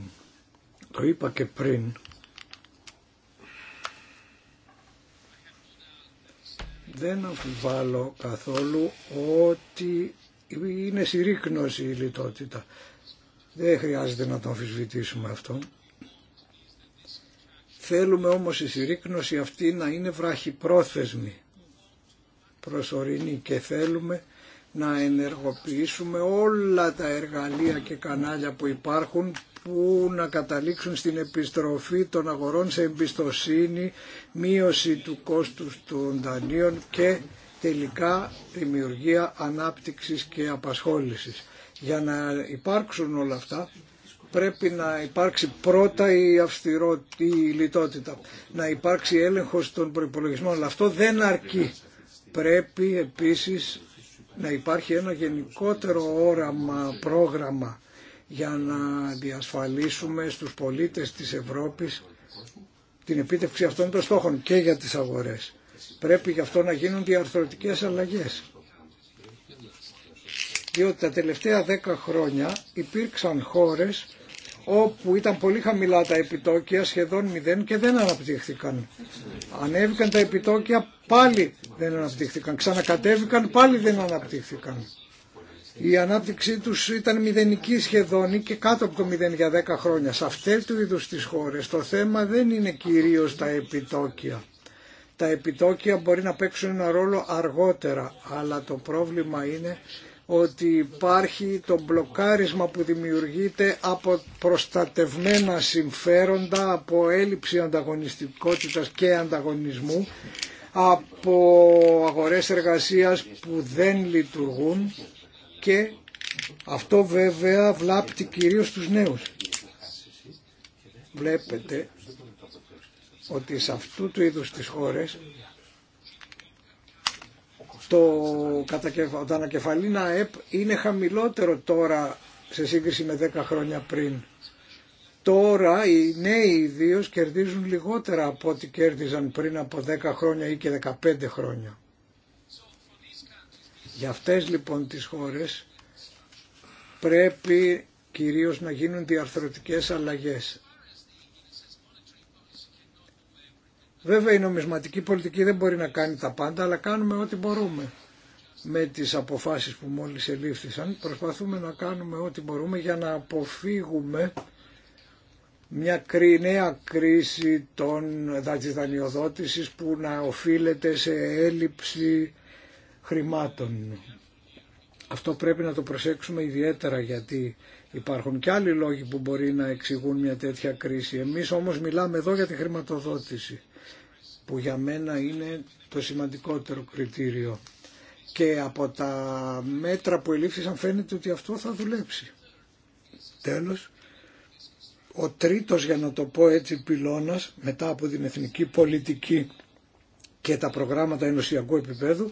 το είπα και πριν. Δεν αμφιβάλλω καθόλου ότι είναι συρρήκνωση η λιτότητα. Δεν χρειάζεται να το αμφισβητήσουμε αυτό. Θέλουμε όμως η συρρήκνωση αυτή να είναι βραχυπρόθεσμη, προσωρινή και θέλουμε να ενεργοποιήσουμε όλα τα εργαλεία και κανάλια που υπάρχουν που να καταλήξουν στην επιστροφή των αγορών σε εμπιστοσύνη, μείωση του κόστους των δανείων και τελικά δημιουργία ανάπτυξης και απασχόλησης. Για να υπάρξουν όλα αυτά πρέπει να υπάρξει πρώτα η, αυστηρότητα, η λιτότητα, να υπάρξει έλεγχος των προϋπολογισμών. Αλλά αυτό δεν αρκεί. Πρέπει επίσης να υπάρχει ένα γενικότερο όραμα, πρόγραμμα για να διασφαλίσουμε στους πολίτες της Ευρώπης την επίτευξη αυτών των στόχων και για τις αγορές. Πρέπει γι' αυτό να γίνουν διαρθρωτικές αλλαγές. Διότι τα τελευταία δέκα χρόνια υπήρξαν χώρες όπου ήταν πολύ χαμηλά τα επιτόκια, σχεδόν μηδέν και δεν αναπτύχθηκαν. Ανέβηκαν τα επιτόκια, πάλι δεν αναπτύχθηκαν. Ξανακατέβηκαν, πάλι δεν αναπτύχθηκαν. Η ανάπτυξή τους ήταν μηδενική σχεδόν και κάτω από το μηδέν για 10 χρόνια. Σε αυτές του είδου τις χώρες το θέμα δεν είναι κυρίως τα επιτόκια. Τα επιτόκια μπορεί να παίξουν ένα ρόλο αργότερα, αλλά το πρόβλημα είναι ότι υπάρχει το μπλοκάρισμα που δημιουργείται από προστατευμένα συμφέροντα, από έλλειψη ανταγωνιστικότητας και ανταγωνισμού, από αγορές εργασίας που δεν λειτουργούν και αυτό βέβαια βλάπτει κυρίως τους νέους. Βλέπετε ότι σε αυτού του είδους τις χώρες το να ΕΠ είναι χαμηλότερο τώρα σε σύγκριση με 10 χρόνια πριν. Τώρα οι νέοι ιδίω κερδίζουν λιγότερα από ό,τι κέρδιζαν πριν από 10 χρόνια ή και 15 χρόνια. Για αυτές λοιπόν τις χώρες πρέπει κυρίως να γίνουν διαρθρωτικές αλλαγές. Βέβαια η νομισματική πολιτική δεν μπορεί να κάνει τα πάντα, αλλά κάνουμε ό,τι μπορούμε. Με τις αποφάσεις που μόλις ελήφθησαν προσπαθούμε να κάνουμε ό,τι μπορούμε για να αποφύγουμε μια νέα κρίση των, της που να οφείλεται σε έλλειψη χρημάτων. Αυτό πρέπει να το προσέξουμε ιδιαίτερα γιατί υπάρχουν και άλλοι λόγοι που μπορεί να εξηγούν μια τέτοια κρίση. Εμείς όμως μιλάμε εδώ για τη χρηματοδότηση που για μένα είναι το σημαντικότερο κριτήριο. Και από τα μέτρα που ελήφθησαν φαίνεται ότι αυτό θα δουλέψει. Τέλος, ο τρίτος για να το πω έτσι πυλώνας μετά από την εθνική πολιτική και τα προγράμματα ενωσιακού επίπεδου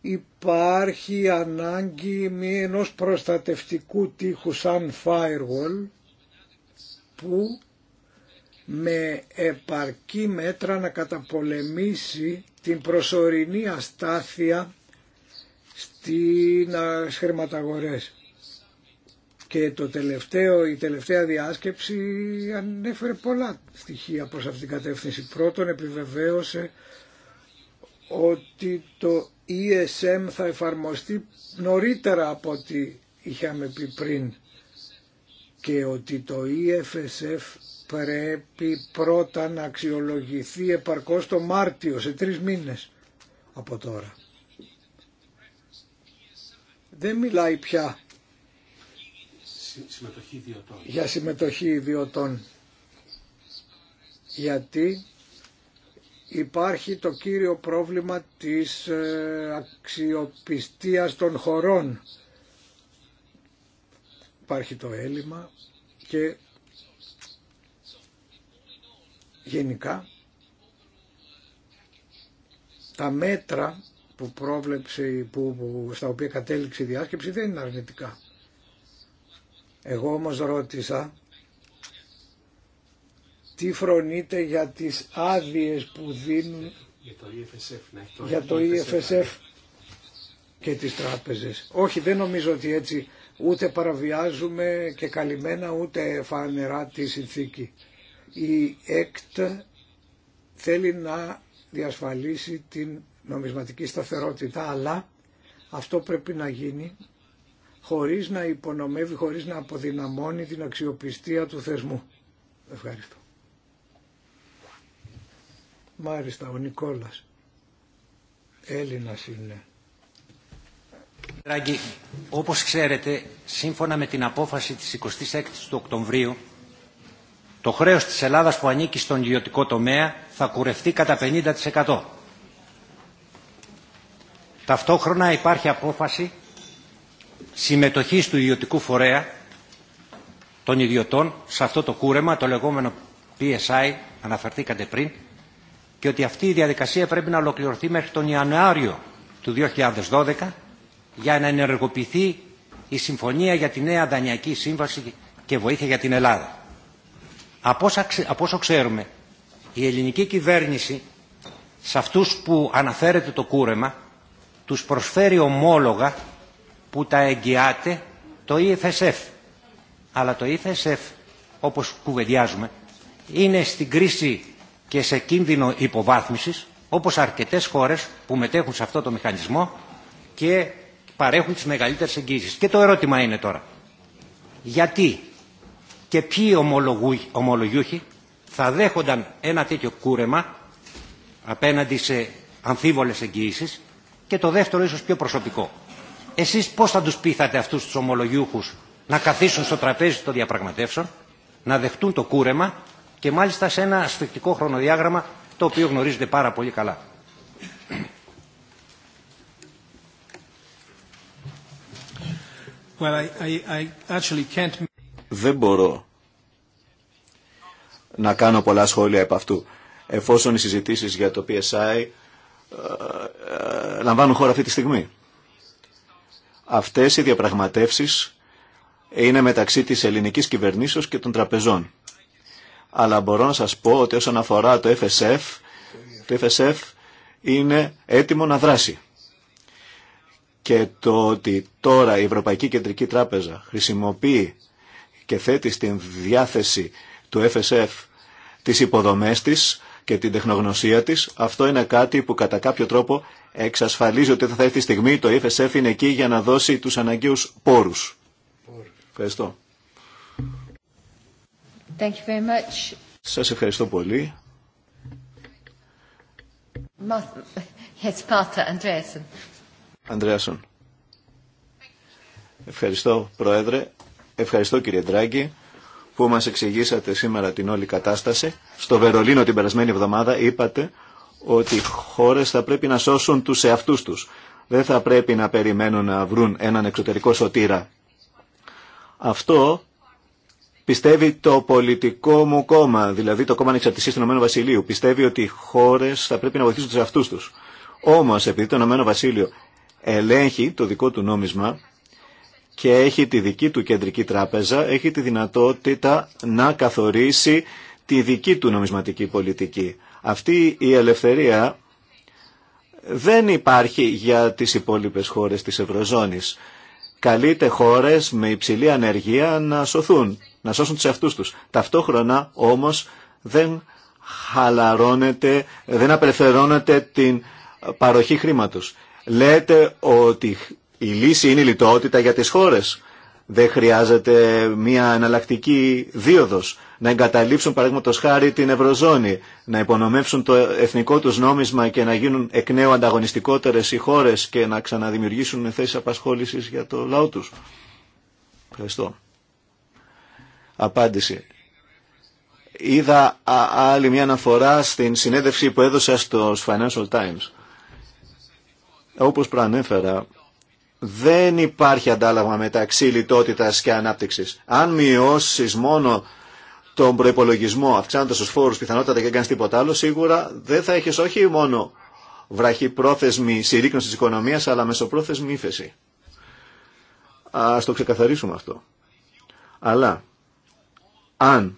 υπάρχει ανάγκη ενός προστατευτικού τείχου σαν firewall που με επαρκή μέτρα να καταπολεμήσει την προσωρινή αστάθεια στις χρηματαγορές. Και το τελευταίο, η τελευταία διάσκεψη ανέφερε πολλά στοιχεία προς αυτήν την κατεύθυνση. Πρώτον επιβεβαίωσε ότι το ESM θα εφαρμοστεί νωρίτερα από ό,τι είχαμε πει πριν και ότι το EFSF πρέπει πρώτα να αξιολογηθεί επαρκώς το Μάρτιο, σε τρεις μήνες από τώρα. Δεν μιλάει πια συμμετοχή για συμμετοχή ιδιωτών. Γιατί υπάρχει το κύριο πρόβλημα της ε, αξιοπιστίας των χωρών. Υπάρχει το έλλειμμα και Γενικά, τα μέτρα που πρόβλεψε, που, στα οποία κατέληξε η διάσκεψη δεν είναι αρνητικά. Εγώ όμως ρώτησα τι φρονείται για τις άδειες που δίνουν για το EFSF, ναι, για το EFSF e ναι. και τις τράπεζες. Όχι, δεν νομίζω ότι έτσι ούτε παραβιάζουμε και καλυμμένα ούτε φανερά τη συνθήκη η ΕΚΤ θέλει να διασφαλίσει την νομισματική σταθερότητα, αλλά αυτό πρέπει να γίνει χωρίς να υπονομεύει, χωρίς να αποδυναμώνει την αξιοπιστία του θεσμού. Ευχαριστώ. Μάλιστα, ο Νικόλας. Έλληνας είναι. Ράγκη, όπως ξέρετε, σύμφωνα με την απόφαση της 26ης του Οκτωβρίου, το χρέος της Ελλάδας που ανήκει στον ιδιωτικό τομέα θα κουρευτεί κατά 50%. Ταυτόχρονα υπάρχει απόφαση συμμετοχής του ιδιωτικού φορέα των ιδιωτών σε αυτό το κούρεμα, το λεγόμενο PSI, αναφερθήκατε πριν, και ότι αυτή η διαδικασία πρέπει να ολοκληρωθεί μέχρι τον Ιανουάριο του 2012 για να ενεργοποιηθεί η Συμφωνία για τη Νέα Δανειακή Σύμβαση και Βοήθεια για την Ελλάδα. Από όσο ξέρουμε, η ελληνική κυβέρνηση σε αυτούς που αναφέρεται το κούρεμα τους προσφέρει ομόλογα που τα εγγυάται το EFSF. Αλλά το EFSF, όπως κουβεντιάζουμε, είναι στην κρίση και σε κίνδυνο υποβάθμισης, όπως αρκετές χώρες που μετέχουν σε αυτό το μηχανισμό και παρέχουν τις μεγαλύτερες εγγύησεις. Και το ερώτημα είναι τώρα, γιατί και ποιοι ομολογούχοι θα δέχονταν ένα τέτοιο κούρεμα απέναντι σε αμφίβολες εγγυήσεις και το δεύτερο ίσως πιο προσωπικό. Εσείς πώς θα τους πείθατε αυτούς τους ομολογιούχους να καθίσουν στο τραπέζι των διαπραγματεύσεων, να δεχτούν το κούρεμα και μάλιστα σε ένα ασφυκτικό χρονοδιάγραμμα το οποίο γνωρίζετε πάρα πολύ καλά. Well, I, I, I actually can't δεν μπορώ να κάνω πολλά σχόλια επ' αυτού, εφόσον οι συζητήσεις για το PSI ε, ε, λαμβάνουν χώρα αυτή τη στιγμή. Αυτές οι διαπραγματεύσεις είναι μεταξύ της ελληνικής κυβερνήσεως και των τραπεζών. Αλλά μπορώ να σας πω ότι όσον αφορά το FSF, το FSF είναι έτοιμο να δράσει. Και το ότι τώρα η Ευρωπαϊκή Κεντρική Τράπεζα χρησιμοποιεί και θέτει στην διάθεση του FSF τις υποδομές της και την τεχνογνωσία της, αυτό είναι κάτι που κατά κάποιο τρόπο εξασφαλίζει ότι θα έρθει τη στιγμή το FSF είναι εκεί για να δώσει τους αναγκαίους πόρους. Ευχαριστώ. Thank you very much. Σας ευχαριστώ πολύ. Ευχαριστώ, Πρόεδρε. Ευχαριστώ κύριε Ντράγκη που μας εξηγήσατε σήμερα την όλη κατάσταση. Στο Βερολίνο την περασμένη εβδομάδα είπατε ότι οι χώρες θα πρέπει να σώσουν τους εαυτούς τους. Δεν θα πρέπει να περιμένουν να βρουν έναν εξωτερικό σωτήρα. Αυτό πιστεύει το πολιτικό μου κόμμα, δηλαδή το κόμμα ανεξαρτησίας του Ηνωμένου Βασιλείου. Πιστεύει ότι οι χώρες θα πρέπει να βοηθήσουν τους εαυτούς τους. Όμως επειδή το Ηνωμένο Βασίλειο ελέγχει το δικό του νόμισμα και έχει τη δική του κεντρική τράπεζα, έχει τη δυνατότητα να καθορίσει τη δική του νομισματική πολιτική. Αυτή η ελευθερία δεν υπάρχει για τις υπόλοιπες χώρες της Ευρωζώνης. Καλείται χώρες με υψηλή ανεργία να σωθούν, να σώσουν τους εαυτούς τους. Ταυτόχρονα όμως δεν χαλαρώνεται, δεν απελευθερώνεται την παροχή χρήματος. Λέτε ότι η λύση είναι η λιτότητα για τις χώρες. Δεν χρειάζεται μια εναλλακτική δίωδος να εγκαταλείψουν παραδείγματος χάρη την Ευρωζώνη, να υπονομεύσουν το εθνικό τους νόμισμα και να γίνουν εκ νέου ανταγωνιστικότερες οι χώρες και να ξαναδημιουργήσουν θέσεις απασχόλησης για το λαό τους. Ευχαριστώ. Απάντηση. Είδα άλλη μια αναφορά στην συνέντευξη που έδωσα στο Financial Times. Όπως προανέφερα, δεν υπάρχει αντάλλαγμα μεταξύ λιτότητας και ανάπτυξης. Αν μειώσει μόνο τον προπολογισμό, αυξάνοντα του φόρου πιθανότατα και δεν κάνει τίποτα άλλο, σίγουρα δεν θα έχει όχι μόνο βραχυπρόθεσμη συρρήκνωση τη οικονομία, αλλά μεσοπρόθεσμη ύφεση. Α το ξεκαθαρίσουμε αυτό. Αλλά αν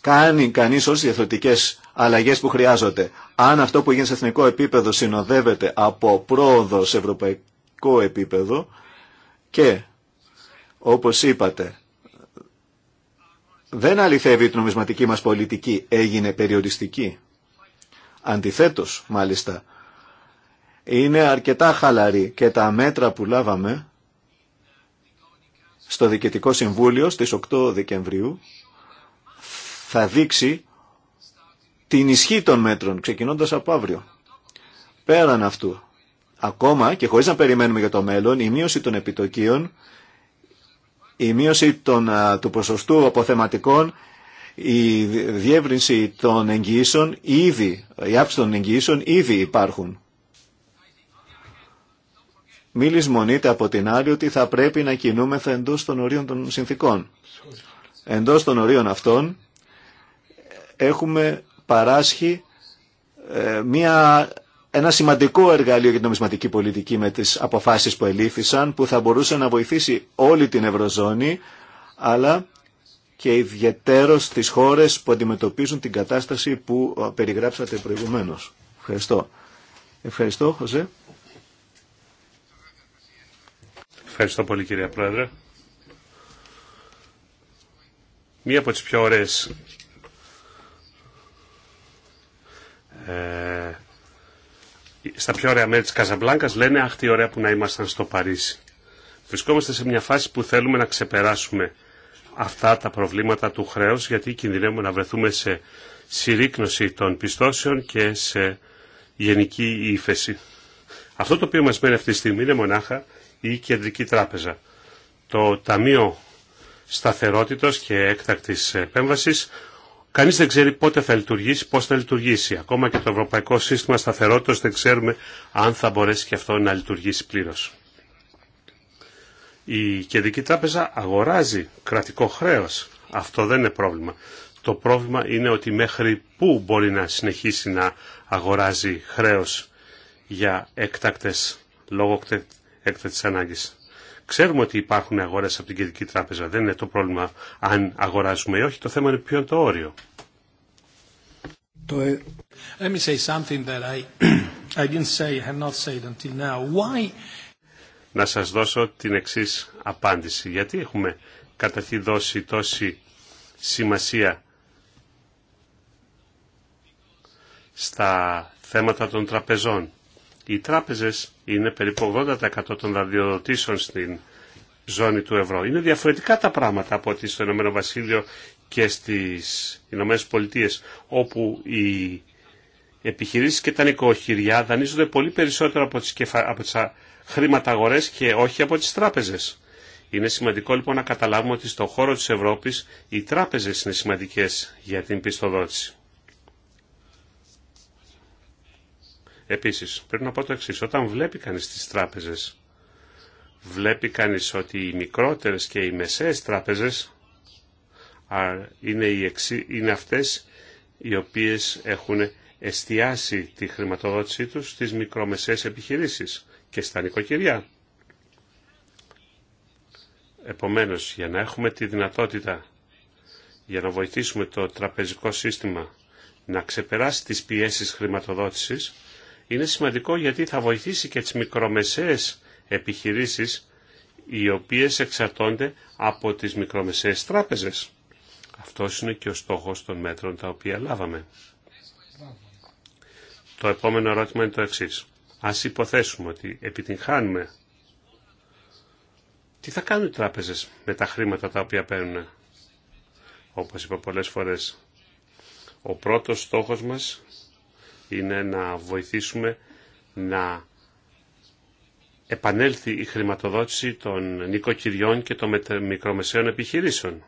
κάνει κανείς όλες τις διαφορετικέ αλλαγές που χρειάζονται, αν αυτό που γίνεται σε εθνικό επίπεδο συνοδεύεται από πρόοδο σε, κο επίπεδο και όπως είπατε δεν αληθεύει η νομισματική μας πολιτική έγινε περιοριστική. Αντιθέτως μάλιστα είναι αρκετά χαλαρή και τα μέτρα που λάβαμε στο Διοικητικό Συμβούλιο στις 8 Δεκεμβρίου θα δείξει την ισχύ των μέτρων ξεκινώντας από αύριο. Πέραν αυτού Ακόμα και χωρίς να περιμένουμε για το μέλλον, η μείωση των επιτοκίων, η μείωση των, του ποσοστού αποθεματικών, η διεύρυνση των εγγυήσεων, ήδη, η αύξηση των εγγυήσεων ήδη υπάρχουν. Μη λησμονείτε από την άλλη ότι θα πρέπει να κινούμεθα εντός των ορίων των συνθήκων. Εντός των ορίων αυτών έχουμε παράσχει ε, μία ένα σημαντικό εργαλείο για την νομισματική πολιτική με τις αποφάσεις που ελήφθησαν που θα μπορούσε να βοηθήσει όλη την Ευρωζώνη αλλά και ιδιαίτερο στις χώρες που αντιμετωπίζουν την κατάσταση που περιγράψατε προηγουμένως. Ευχαριστώ. Ευχαριστώ, Χωζέ. Ευχαριστώ πολύ, κυρία Πρόεδρε. Μία από τις πιο ωραίες ε, στα πιο ωραία μέρη τη Καζαμπλάνκας λένε «Αχ, τι ωραία που να ήμασταν στο Παρίσι». Βρισκόμαστε σε μια φάση που θέλουμε να ξεπεράσουμε αυτά τα προβλήματα του χρέου γιατί κινδυνεύουμε να βρεθούμε σε συρρήκνωση των πιστώσεων και σε γενική ύφεση. Αυτό το οποίο μας μένει αυτή τη στιγμή είναι μονάχα η Κεντρική Τράπεζα. Το Ταμείο Σταθερότητος και Έκτακτης Επέμβασης Κανεί δεν ξέρει πότε θα λειτουργήσει, πώ θα λειτουργήσει. Ακόμα και το Ευρωπαϊκό Σύστημα σταθερότητα δεν ξέρουμε αν θα μπορέσει και αυτό να λειτουργήσει πλήρω. Η Κεντρική Τράπεζα αγοράζει κρατικό χρέο, Αυτό δεν είναι πρόβλημα. Το πρόβλημα είναι ότι μέχρι πού μπορεί να συνεχίσει να αγοράζει χρέος για έκτακτε λόγω έκτακτη ανάγκη. Ξέρουμε ότι υπάρχουν αγορές από την Κεντρική Τράπεζα. Δεν είναι το πρόβλημα αν αγοράζουμε ή όχι. Το θέμα είναι ποιο είναι το όριο. Να σας δώσω την εξής απάντηση. Γιατί έχουμε καταρχήν δώσει τόση σημασία στα θέματα των τραπεζών. Οι τράπεζες είναι περίπου 80% των δανειοδοτήσεων στην ζώνη του ευρώ. Είναι διαφορετικά τα πράγματα από ότι στο Ηνωμένο Βασίλειο και στις Ηνωμένες Πολιτείες όπου οι επιχειρήσεις και τα νοικοχειριά δανείζονται πολύ περισσότερο από τις, κεφα... από τις χρηματαγορές και όχι από τις τράπεζες. Είναι σημαντικό λοιπόν να καταλάβουμε ότι στον χώρο της Ευρώπης οι τράπεζες είναι σημαντικές για την πιστοδότηση. Επίσης, πρέπει να πω το εξή. Όταν βλέπει κανεί τι τράπεζες, βλέπει κανεί ότι οι μικρότερες και οι μεσαίε τράπεζες είναι, είναι αυτές οι οποίες έχουν εστιάσει τη χρηματοδότησή τους στι μικρομεσαίες επιχειρήσεις και στα νοικοκυριά. Επομένως, για να έχουμε τη δυνατότητα, για να βοηθήσουμε το τραπεζικό σύστημα να ξεπεράσει τις πιέσεις χρηματοδότησης, είναι σημαντικό γιατί θα βοηθήσει και τις μικρομεσαίες επιχειρήσεις οι οποίες εξαρτώνται από τις μικρομεσαίες τράπεζες. Αυτό είναι και ο στόχος των μέτρων τα οποία λάβαμε. Το επόμενο ερώτημα είναι το εξής. Ας υποθέσουμε ότι επιτυγχάνουμε τι θα κάνουν οι τράπεζες με τα χρήματα τα οποία παίρνουν. Όπως είπα πολλές φορές, ο πρώτος στόχος μας είναι να βοηθήσουμε να επανέλθει η χρηματοδότηση των νοικοκυριών και των μικρομεσαίων επιχειρήσεων.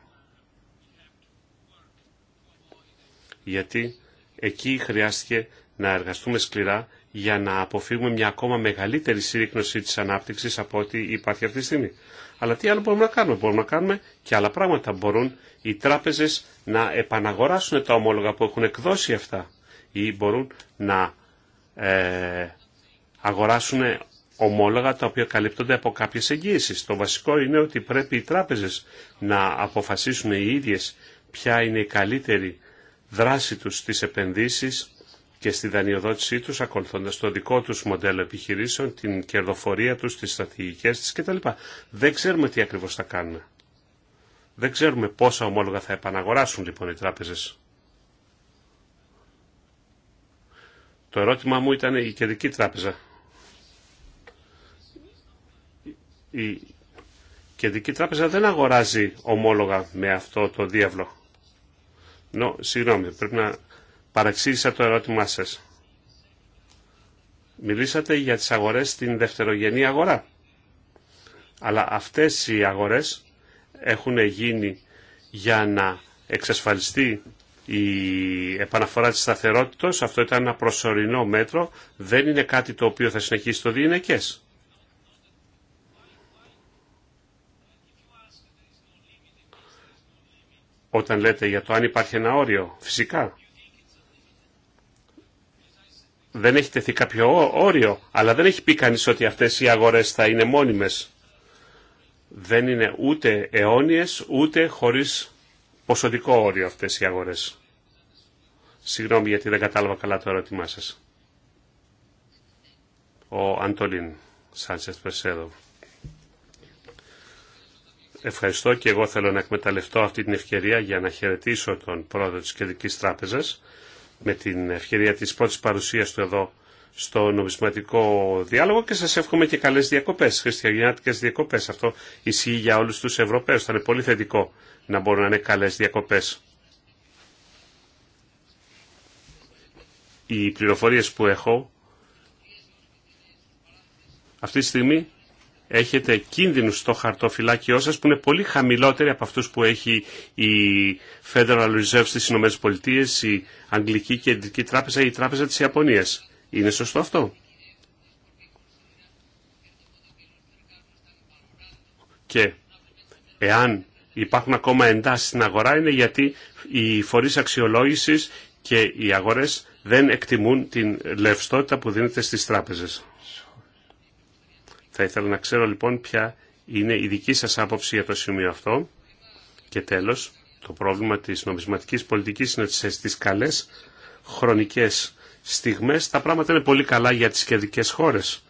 Γιατί εκεί χρειάστηκε να εργαστούμε σκληρά για να αποφύγουμε μια ακόμα μεγαλύτερη σύρρυκνωση της ανάπτυξης από ό,τι υπάρχει αυτή τη στιγμή. Αλλά τι άλλο μπορούμε να κάνουμε. Μπορούμε να κάνουμε και άλλα πράγματα. Μπορούν οι τράπεζες να επαναγοράσουν τα ομόλογα που έχουν εκδώσει αυτά ή μπορούν να ε, αγοράσουν ομόλογα τα οποία καλύπτονται από κάποιες εγγύησεις. Το βασικό είναι ότι πρέπει οι τράπεζες να αποφασίσουν οι ίδιες ποια είναι η καλύτερη δράση τους στις επενδύσεις και στη δανειοδότησή τους ακολουθώντας το δικό τους μοντέλο επιχειρήσεων, την κερδοφορία τους, τις στρατηγικές της κτλ. Δεν ξέρουμε τι ακριβώς θα κάνουν. Δεν ξέρουμε πόσα ομόλογα θα επαναγοράσουν λοιπόν οι τράπεζες. Το ερώτημά μου ήταν η Κεντρική Τράπεζα. Η Κεντρική Τράπεζα δεν αγοράζει ομόλογα με αυτό το διάβλο. Νο, συγγνώμη, πρέπει να παραξήγησα το ερώτημά σας. Μιλήσατε για τις αγορές στην δευτερογενή αγορά. Αλλά αυτές οι αγορές έχουν γίνει για να εξασφαλιστεί η επαναφορά της σταθερότητας, αυτό ήταν ένα προσωρινό μέτρο, δεν είναι κάτι το οποίο θα συνεχίσει το διενεκές. Όταν λέτε για το αν υπάρχει ένα όριο, φυσικά. Δεν έχει τεθεί κάποιο όριο, αλλά δεν έχει πει κανείς ότι αυτές οι αγορές θα είναι μόνιμες. Δεν είναι ούτε αιώνιες, ούτε χωρίς ποσοτικό όριο αυτές οι αγορές. Συγγνώμη γιατί δεν κατάλαβα καλά το ερώτημά σας. Ο Αντολίν Σάντσες Περσέδο, Ευχαριστώ και εγώ θέλω να εκμεταλλευτώ αυτή την ευκαιρία για να χαιρετήσω τον πρόεδρο της Κεντρικής Τράπεζας με την ευκαιρία της πρώτης παρουσίας του εδώ στο νομισματικό διάλογο και σας εύχομαι και καλές διακοπές, χριστιαγεννιάτικες διακοπές. Αυτό ισχύει για όλους τους Ευρωπαίους. Θα είναι πολύ θετικό να μπορούν να είναι καλές διακοπές. οι πληροφορίες που έχω, αυτή τη στιγμή έχετε κίνδυνους στο χαρτοφυλάκιό σας που είναι πολύ χαμηλότεροι από αυτούς που έχει η Federal Reserve στις Ηνωμένες Πολιτείες, η Αγγλική Κεντρική Τράπεζα ή η Τράπεζα της Ιαπωνίας. Είναι σωστό αυτό. Και εάν υπάρχουν ακόμα εντάσεις στην αγορά είναι γιατί οι φορείς αξιολόγησης και οι αγορές δεν εκτιμούν την λευστότητα που δίνεται στις τράπεζες. Θα ήθελα να ξέρω λοιπόν ποια είναι η δική σας άποψη για το σημείο αυτό. Και τέλος, το πρόβλημα της νομισματικής πολιτικής είναι ότι στις καλές χρονικές στιγμές τα πράγματα είναι πολύ καλά για τις κεντρικές χώρες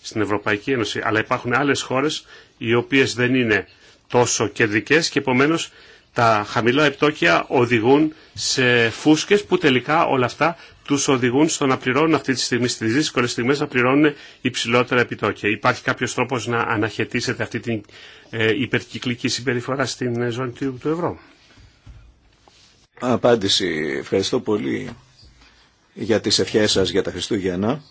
στην Ευρωπαϊκή Ένωση, αλλά υπάρχουν άλλες χώρες οι οποίες δεν είναι τόσο κεντρικές και επομένως τα χαμηλά επιτόκια οδηγούν σε φούσκες που τελικά όλα αυτά τους οδηγούν στο να πληρώνουν αυτή τη στιγμή, στις δύσκολες στιγμές να πληρώνουν υψηλότερα επιτόκια. Υπάρχει κάποιος τρόπος να αναχαιτήσετε αυτή την ε, υπερκυκλική συμπεριφορά στην ε, ζώνη του ευρώ. Απάντηση. Ευχαριστώ πολύ για τις ευχές σας για τα Χριστούγεννα.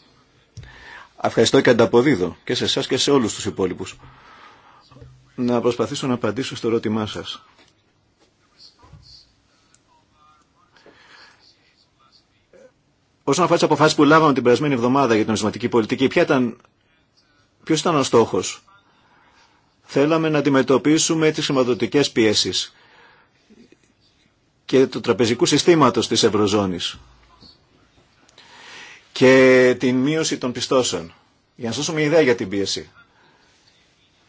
Ευχαριστώ και ανταποδίδω και σε εσά και σε όλους τους υπόλοιπους. Να προσπαθήσω να απαντήσω στο ερώτημά σας. Όσον αφορά τι αποφάσει που λάβαμε την περασμένη εβδομάδα για την νομισματική πολιτική, ποιο ήταν, ποιος ήταν ο στόχο. Θέλαμε να αντιμετωπίσουμε τι χρηματοδοτικέ πιέσει και του τραπεζικού συστήματος της Ευρωζώνης και την μείωση των πιστώσεων. Για να σας δώσω μια ιδέα για την πίεση.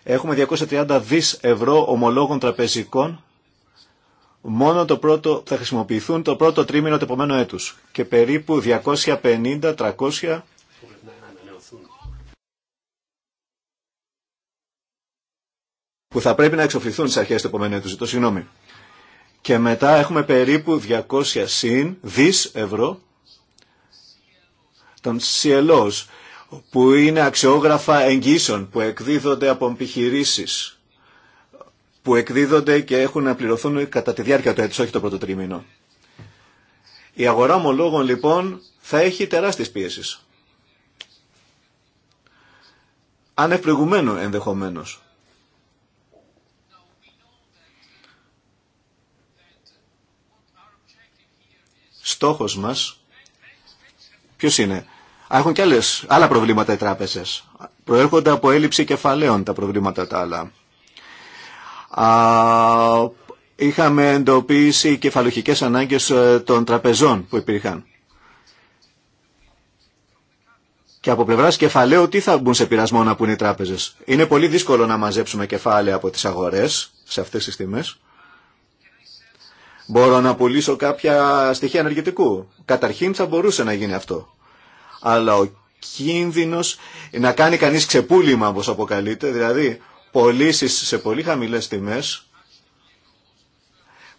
Έχουμε 230 δις ευρώ ομολόγων τραπεζικών μόνο το πρώτο, θα χρησιμοποιηθούν το πρώτο τρίμηνο του επόμενου έτους και περίπου 250-300 που θα πρέπει να εξοφληθούν στις αρχές του επόμενου έτους, το συγγνώμη. Και μετά έχουμε περίπου 200 συν δις ευρώ των CLOs που είναι αξιόγραφα εγγύσεων που εκδίδονται από επιχειρήσει που εκδίδονται και έχουν να πληρωθούν κατά τη διάρκεια του έτους, όχι το πρώτο τρίμηνο. Η αγορά ομολόγων λοιπόν θα έχει τεράστιες πίεσεις. Ανευπροηγουμένου ενδεχομένως. Στόχος μας, ποιος είναι, έχουν και άλλες, άλλα προβλήματα οι τράπεζες. Προέρχονται από έλλειψη κεφαλαίων τα προβλήματα τα άλλα είχαμε εντοπίσει κεφαλοχικές ανάγκες ε, των τραπεζών που υπήρχαν. Και από πλευράς κεφαλαίου τι θα μπουν σε πειρασμό να πουν οι τράπεζες. Είναι πολύ δύσκολο να μαζέψουμε κεφάλαια από τις αγορές σε αυτές τις τιμέ. Μπορώ να πουλήσω κάποια στοιχεία ενεργητικού. Καταρχήν θα μπορούσε να γίνει αυτό. Αλλά ο κίνδυνος να κάνει κανείς ξεπούλημα, όπω αποκαλείται, δηλαδή πωλήσει σε πολύ χαμηλές τιμές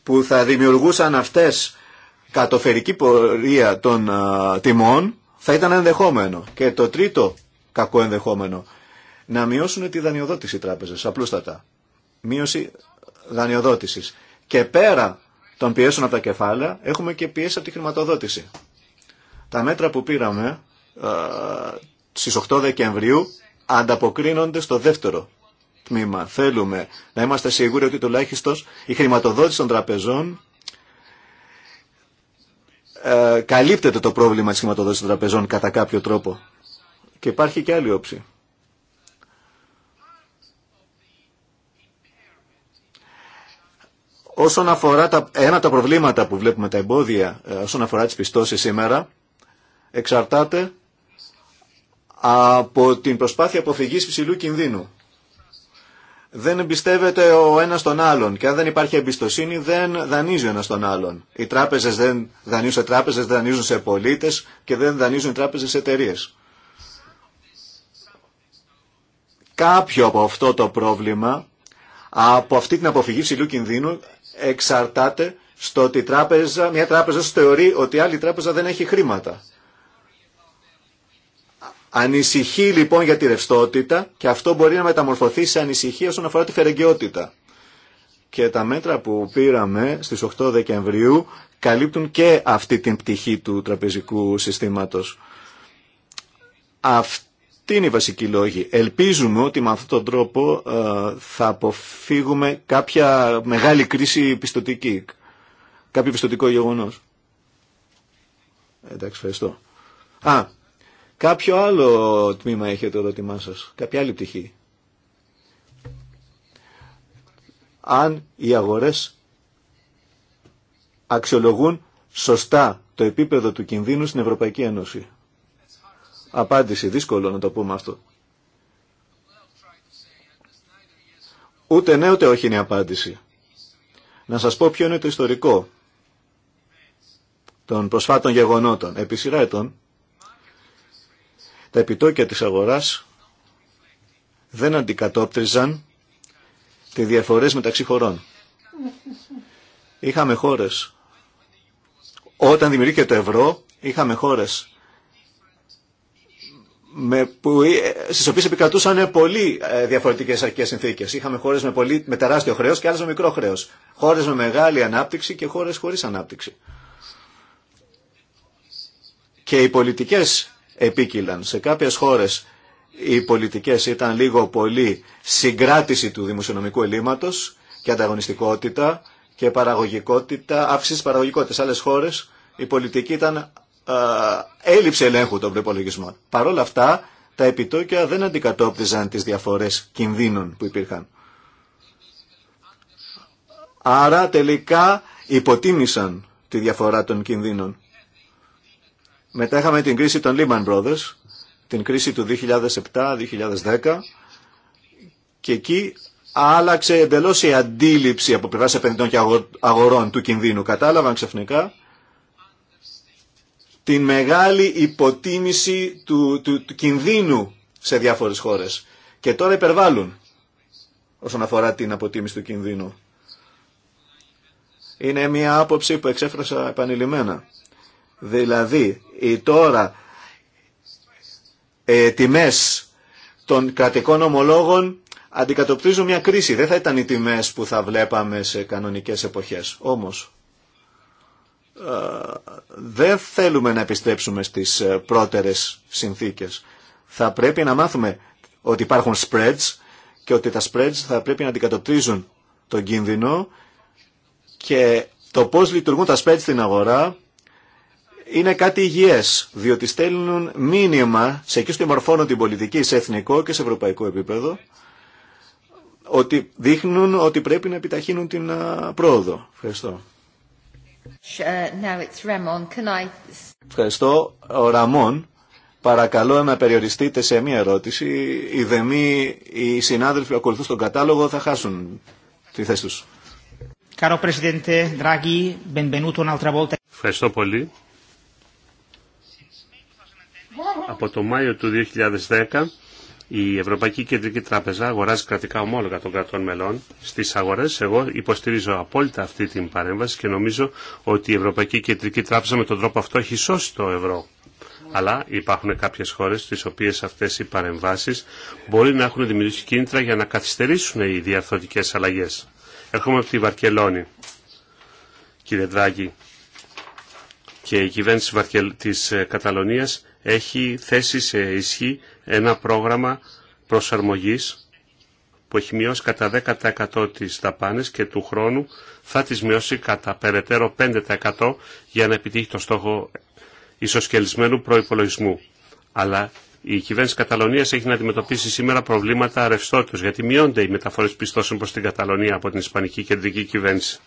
που θα δημιουργούσαν αυτές κατοφερική πορεία των τιμών θα ήταν ενδεχόμενο. Και το τρίτο κακό ενδεχόμενο, να μειώσουν τη δανειοδότηση τράπεζε απλούστατα. Μείωση δανειοδότησης. Και πέρα των πιέσεων από τα κεφάλαια, έχουμε και πιέσει από τη χρηματοδότηση. Τα μέτρα που πήραμε α, στις 8 Δεκεμβρίου ανταποκρίνονται στο δεύτερο τμήμα. Θέλουμε να είμαστε σίγουροι ότι τουλάχιστον η χρηματοδότηση των τραπεζών ε, καλύπτεται το πρόβλημα της χρηματοδότησης των τραπεζών κατά κάποιο τρόπο. Και υπάρχει και άλλη όψη. Όσον αφορά τα, ένα από τα προβλήματα που βλέπουμε τα εμπόδια ε, όσον αφορά τις πιστώσεις σήμερα εξαρτάται από την προσπάθεια αποφυγής ψηλού κινδύνου δεν εμπιστεύεται ο ένας τον άλλον και αν δεν υπάρχει εμπιστοσύνη δεν δανείζει ο ένας τον άλλον. Οι τράπεζες δεν δανείζουν σε τράπεζες, δανείζουν σε πολίτες και δεν δανείζουν οι τράπεζες σε εταιρείε. Κάποιο από αυτό το πρόβλημα, από αυτή την αποφυγή ψηλού κινδύνου εξαρτάται στο ότι τράπεζα, μια τράπεζα θεωρεί ότι άλλη τράπεζα δεν έχει χρήματα. Ανησυχεί λοιπόν για τη ρευστότητα και αυτό μπορεί να μεταμορφωθεί σε ανησυχία όσον αφορά τη φερεγκαιότητα. Και τα μέτρα που πήραμε στις 8 Δεκεμβρίου καλύπτουν και αυτή την πτυχή του τραπεζικού συστήματος. Αυτή είναι η βασική λόγη. Ελπίζουμε ότι με αυτόν τον τρόπο ε, θα αποφύγουμε κάποια μεγάλη κρίση πιστοτική, κάποιο πιστοτικό γεγονός. Εντάξει, ευχαριστώ. Α, Κάποιο άλλο τμήμα έχετε το ερώτημά σας, κάποια άλλη πτυχή. Αν οι αγορές αξιολογούν σωστά το επίπεδο του κινδύνου στην Ευρωπαϊκή Ένωση. Απάντηση, δύσκολο να το πούμε αυτό. Ούτε ναι, ούτε όχι είναι η απάντηση. Να σας πω ποιο είναι το ιστορικό των προσφάτων γεγονότων. Επί σειρά ετών, τα επιτόκια της αγοράς δεν αντικατόπτριζαν τις διαφορές μεταξύ χωρών. Είχαμε χώρες. Όταν δημιουργήθηκε το ευρώ, είχαμε χώρες με, που, ε, στις οποίες επικρατούσαν πολύ ε, διαφορετικές αρχικές συνθήκες. Είχαμε χώρες με, πολύ, με τεράστιο χρέος και άλλες με μικρό χρέος. Χώρες με μεγάλη ανάπτυξη και χώρες χωρίς ανάπτυξη. Και οι πολιτικές επίκυλαν. Σε κάποιες χώρες οι πολιτικές ήταν λίγο πολύ συγκράτηση του δημοσιονομικού ελλείμματος και ανταγωνιστικότητα και παραγωγικότητα, αύξηση παραγωγικότητας. Σε άλλες χώρες η πολιτική ήταν α, έλλειψη ελέγχου των προπολογισμών. Παρ' όλα αυτά τα επιτόκια δεν αντικατόπτυζαν τις διαφορές κινδύνων που υπήρχαν. Άρα τελικά υποτίμησαν τη διαφορά των κινδύνων. Μετά είχαμε την κρίση των Lehman Brothers, την κρίση του 2007-2010 και εκεί άλλαξε εντελώς η αντίληψη από πλευρά επενδυτών και αγορών του κινδύνου. Κατάλαβαν ξαφνικά την μεγάλη υποτίμηση του, του, του κινδύνου σε διάφορες χώρες. Και τώρα υπερβάλλουν όσον αφορά την αποτίμηση του κινδύνου. Είναι μια άποψη που εξέφρασα επανειλημμένα Δηλαδή, οι τώρα ε, τιμές των κρατικών ομολόγων αντικατοπτρίζουν μια κρίση. Δεν θα ήταν οι τιμές που θα βλέπαμε σε κανονικές εποχές. Όμως, ε, δεν θέλουμε να επιστρέψουμε στις ε, πρώτερες συνθήκες. Θα πρέπει να μάθουμε ότι υπάρχουν spreads και ότι τα spreads θα πρέπει να αντικατοπτρίζουν τον κίνδυνο και το πώς λειτουργούν τα spreads στην αγορά είναι κάτι υγιές, διότι στέλνουν μήνυμα σε εκεί που μορφώνουν την πολιτική σε εθνικό και σε ευρωπαϊκό επίπεδο, ότι δείχνουν ότι πρέπει να επιταχύνουν την πρόοδο. Ευχαριστώ. Ευχαριστώ. Ο Ραμόν, παρακαλώ να περιοριστείτε σε μία ερώτηση. Οι οι συνάδελφοι που ακολουθούν τον κατάλογο θα χάσουν τη θέση του. Ευχαριστώ πολύ. Από το Μάιο του 2010 η Ευρωπαϊκή Κεντρική Τράπεζα αγοράζει κρατικά ομόλογα των κρατών μελών στις αγορές. Εγώ υποστηρίζω απόλυτα αυτή την παρέμβαση και νομίζω ότι η Ευρωπαϊκή Κεντρική Τράπεζα με τον τρόπο αυτό έχει σώσει το ευρώ. Αλλά υπάρχουν κάποιες χώρες στις οποίες αυτές οι παρεμβάσεις μπορεί να έχουν δημιουργήσει κίνητρα για να καθυστερήσουν οι διαρθωτικές αλλαγές. Έρχομαι από τη Βαρκελόνη, κύριε και η κυβέρνηση της ε, Καταλωνίας έχει θέσει σε ισχύ ένα πρόγραμμα προσαρμογής που έχει μειώσει κατά 10% τις δαπάνες και του χρόνου θα τις μειώσει κατά περαιτέρω 5% για να επιτύχει το στόχο ισοσκελισμένου προϋπολογισμού. Αλλά η κυβέρνηση Καταλωνίας έχει να αντιμετωπίσει σήμερα προβλήματα ρευστότητας γιατί μειώνται οι μεταφορές πιστώσεων προς την Καταλωνία από την Ισπανική Κεντρική Κυβέρνηση.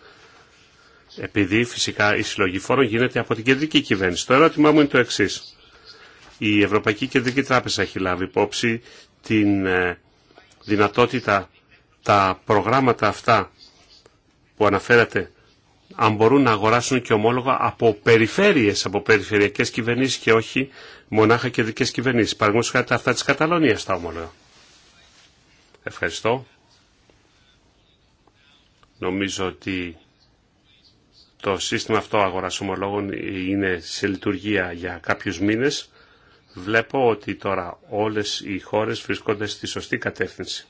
Επειδή φυσικά η συλλογή φόρων γίνεται από την κεντρική κυβέρνηση. Το ερώτημά μου είναι το εξή. Η Ευρωπαϊκή Κεντρική Τράπεζα έχει λάβει υπόψη την ε, δυνατότητα τα προγράμματα αυτά που αναφέρατε αν μπορούν να αγοράσουν και ομόλογα από περιφέρειες, από περιφερειακές κυβερνήσεις και όχι μονάχα κεντρικές κυβερνήσεις. Παραγματικά χάρη αυτά της Καταλωνίας τα ομόλογα. Ευχαριστώ. Νομίζω ότι το σύστημα αυτό αγοράς ομολόγων είναι σε λειτουργία για κάποιους μήνες. Βλέπω ότι τώρα όλες οι χώρες βρίσκονται στη σωστή κατεύθυνση.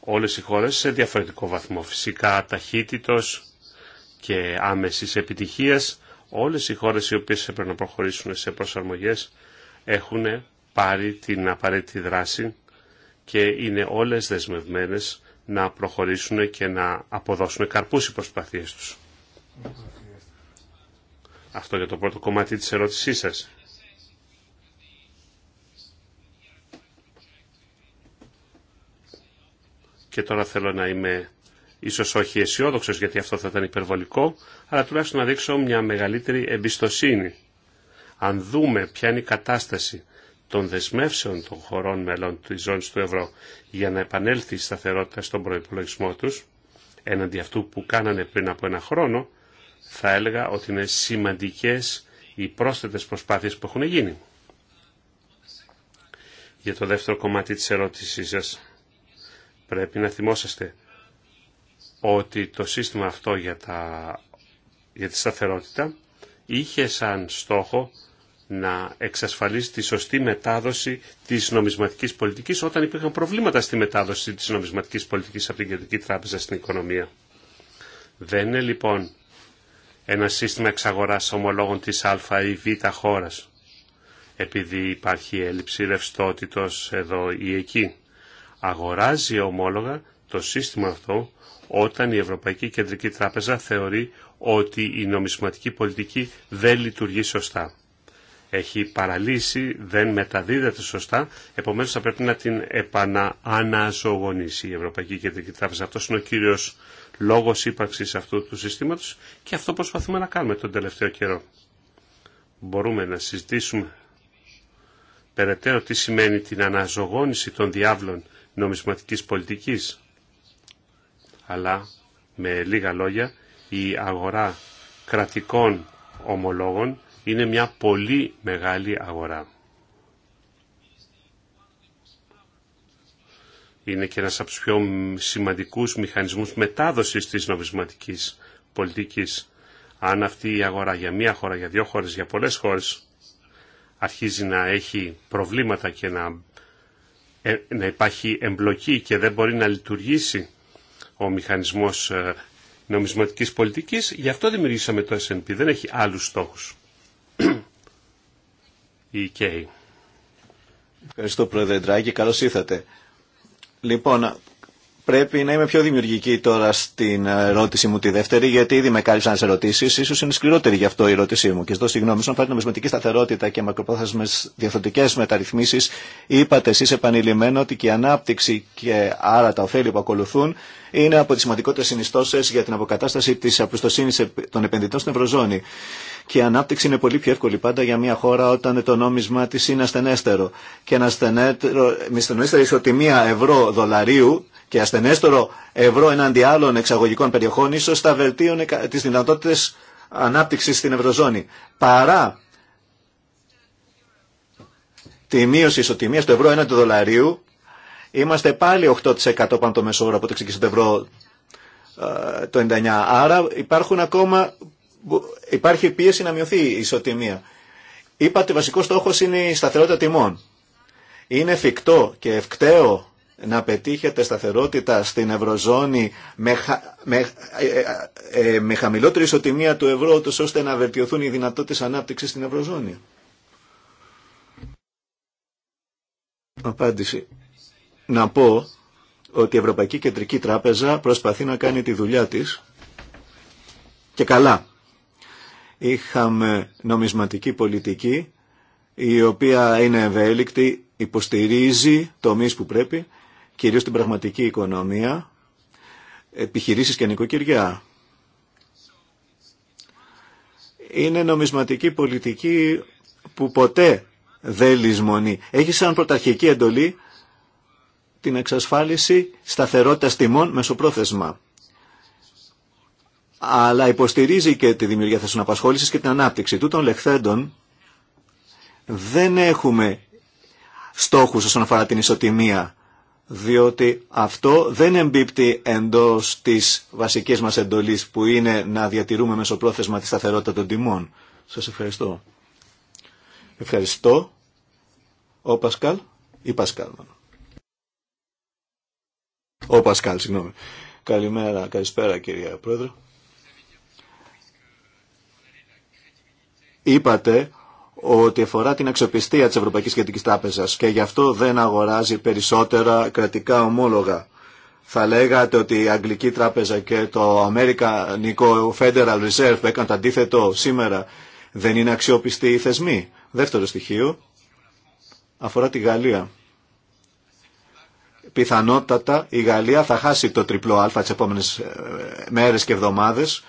Όλες οι χώρες σε διαφορετικό βαθμό. Φυσικά ταχύτητος και άμεσης επιτυχίας. Όλες οι χώρες οι οποίες έπρεπε να προχωρήσουν σε προσαρμογές έχουν πάρει την απαραίτητη δράση και είναι όλες δεσμευμένες να προχωρήσουν και να αποδώσουν καρπούς οι προσπαθίες τους. Αυτό για το πρώτο κομμάτι της ερώτησής σας. και τώρα θέλω να είμαι ίσως όχι αισιόδοξο γιατί αυτό θα ήταν υπερβολικό, αλλά τουλάχιστον να δείξω μια μεγαλύτερη εμπιστοσύνη. Αν δούμε ποια είναι η κατάσταση των δεσμεύσεων των χωρών μελών της ζώνης του ευρώ για να επανέλθει η σταθερότητα στον προϋπολογισμό τους, έναντι αυτού που κάνανε πριν από ένα χρόνο, θα έλεγα ότι είναι σημαντικές οι πρόσθετες προσπάθειες που έχουν γίνει. Για το δεύτερο κομμάτι της ερώτησής σας, Πρέπει να θυμόσαστε ότι το σύστημα αυτό για, τα, για τη σταθερότητα είχε σαν στόχο να εξασφαλίσει τη σωστή μετάδοση της νομισματικής πολιτικής όταν υπήρχαν προβλήματα στη μετάδοση της νομισματικής πολιτικής από την Κεντρική Τράπεζα στην οικονομία. Δεν είναι λοιπόν ένα σύστημα εξαγοράς ομολόγων της Α ή Β χώρας επειδή υπάρχει έλλειψη ρευστότητος εδώ ή εκεί αγοράζει ομόλογα το σύστημα αυτό όταν η Ευρωπαϊκή Κεντρική Τράπεζα θεωρεί ότι η νομισματική πολιτική δεν λειτουργεί σωστά. Έχει παραλύσει, δεν μεταδίδεται σωστά, επομένως θα πρέπει να την επανααναζωογονήσει η Ευρωπαϊκή Κεντρική Τράπεζα. αυτό είναι ο κύριος λόγος ύπαρξης αυτού του συστήματος και αυτό προσπαθούμε να κάνουμε τον τελευταίο καιρό. Μπορούμε να συζητήσουμε περαιτέρω τι σημαίνει την αναζωογόνηση των διάβλων νομισματικής πολιτικής. Αλλά, με λίγα λόγια, η αγορά κρατικών ομολόγων είναι μια πολύ μεγάλη αγορά. Είναι και ένας από τους πιο σημαντικούς μηχανισμούς μετάδοσης της νομισματικής πολιτικής. Αν αυτή η αγορά για μία χώρα, για δύο χώρες, για πολλές χώρες αρχίζει να έχει προβλήματα και να ε, να υπάρχει εμπλοκή και δεν μπορεί να λειτουργήσει ο μηχανισμός ε, νομισματικής πολιτικής. Γι' αυτό δημιουργήσαμε το S&P. Δεν έχει άλλους στόχους. Η Ευχαριστώ Πρόεδρε Ντράγκη. Καλώς ήρθατε. Λοιπόν, Πρέπει να είμαι πιο δημιουργική τώρα στην ερώτηση μου τη δεύτερη, γιατί ήδη με κάλυψαν τι ερωτήσει. σω είναι σκληρότερη γι' αυτό η ερώτησή μου. Και ζητώ συγγνώμη. σαν αφορά νομισματική σταθερότητα και μακροπρόθεσμε διαθωτικέ μεταρρυθμίσει, είπατε εσεί επανειλημμένο ότι και η ανάπτυξη και άρα τα ωφέλη που ακολουθούν είναι από τι σημαντικότερε συνιστώσει για την αποκατάσταση τη απιστοσύνη των επενδυτών στην Ευρωζώνη. Και η ανάπτυξη είναι πολύ πιο εύκολη πάντα για μια χώρα όταν το νόμισμα τη είναι ασθενέστερο. Και ένα ασθενέστερο, με ασθενέστερη ισοτιμία ευρώ-δολαρίου και ασθενέστερο ευρώ εναντί άλλων εξαγωγικών περιοχών ίσω θα βελτίωνε τι δυνατότητε ανάπτυξη στην Ευρωζώνη. Παρά τη μείωση ισοτιμία του ευρώ έναντι δολαρίου, είμαστε πάλι 8% πάνω το μέσο όρο από το 60 ευρώ ε, το 99. Άρα υπάρχουν ακόμα υπάρχει πίεση να μειωθεί η ισοτιμία. Είπατε βασικό στόχο είναι η σταθερότητα τιμών. Είναι εφικτό και ευκταίο να πετύχετε σταθερότητα στην Ευρωζώνη με, ε, ε, ε, με, χαμηλότερη ισοτιμία του ευρώ, τους, ώστε να βελτιωθούν οι δυνατότητες ανάπτυξης στην Ευρωζώνη. Απάντηση. Να πω ότι η Ευρωπαϊκή Κεντρική Τράπεζα προσπαθεί να κάνει τη δουλειά της και καλά. Είχαμε νομισματική πολιτική η οποία είναι ευέλικτη, υποστηρίζει τομείς που πρέπει, κυρίως την πραγματική οικονομία, επιχειρήσεις και νοικοκυριά. Είναι νομισματική πολιτική που ποτέ δεν λησμονεί. Έχει σαν πρωταρχική εντολή την εξασφάλιση σταθερότητας τιμών μεσοπρόθεσμα αλλά υποστηρίζει και τη δημιουργία θέσεων απασχόλησης και την ανάπτυξη. Τούτων λεχθέντων δεν έχουμε στόχους όσον αφορά την ισοτιμία, διότι αυτό δεν εμπίπτει εντός της βασικής μας εντολής που είναι να διατηρούμε μεσοπρόθεσμα τη σταθερότητα των τιμών. Σας ευχαριστώ. Ευχαριστώ. Ο Πασκάλ ή Πασκάλ Ο Πασκάλ, συγγνώμη. Καλημέρα, καλησπέρα κυρία Πρόεδρε. Είπατε ότι αφορά την αξιοπιστία της Ευρωπαϊκής Κεντρικής Τράπεζας και γι' αυτό δεν αγοράζει περισσότερα κρατικά ομόλογα. Θα λέγατε ότι η Αγγλική Τράπεζα και το Αμερικανικό Federal Reserve που έκανε το αντίθετο σήμερα δεν είναι αξιοπιστοί η θεσμοί. Δεύτερο στοιχείο αφορά τη Γαλλία. Πιθανότατα η Γαλλία θα χάσει το τριπλό α τις επόμενες ε, μέρες και εβδομάδες.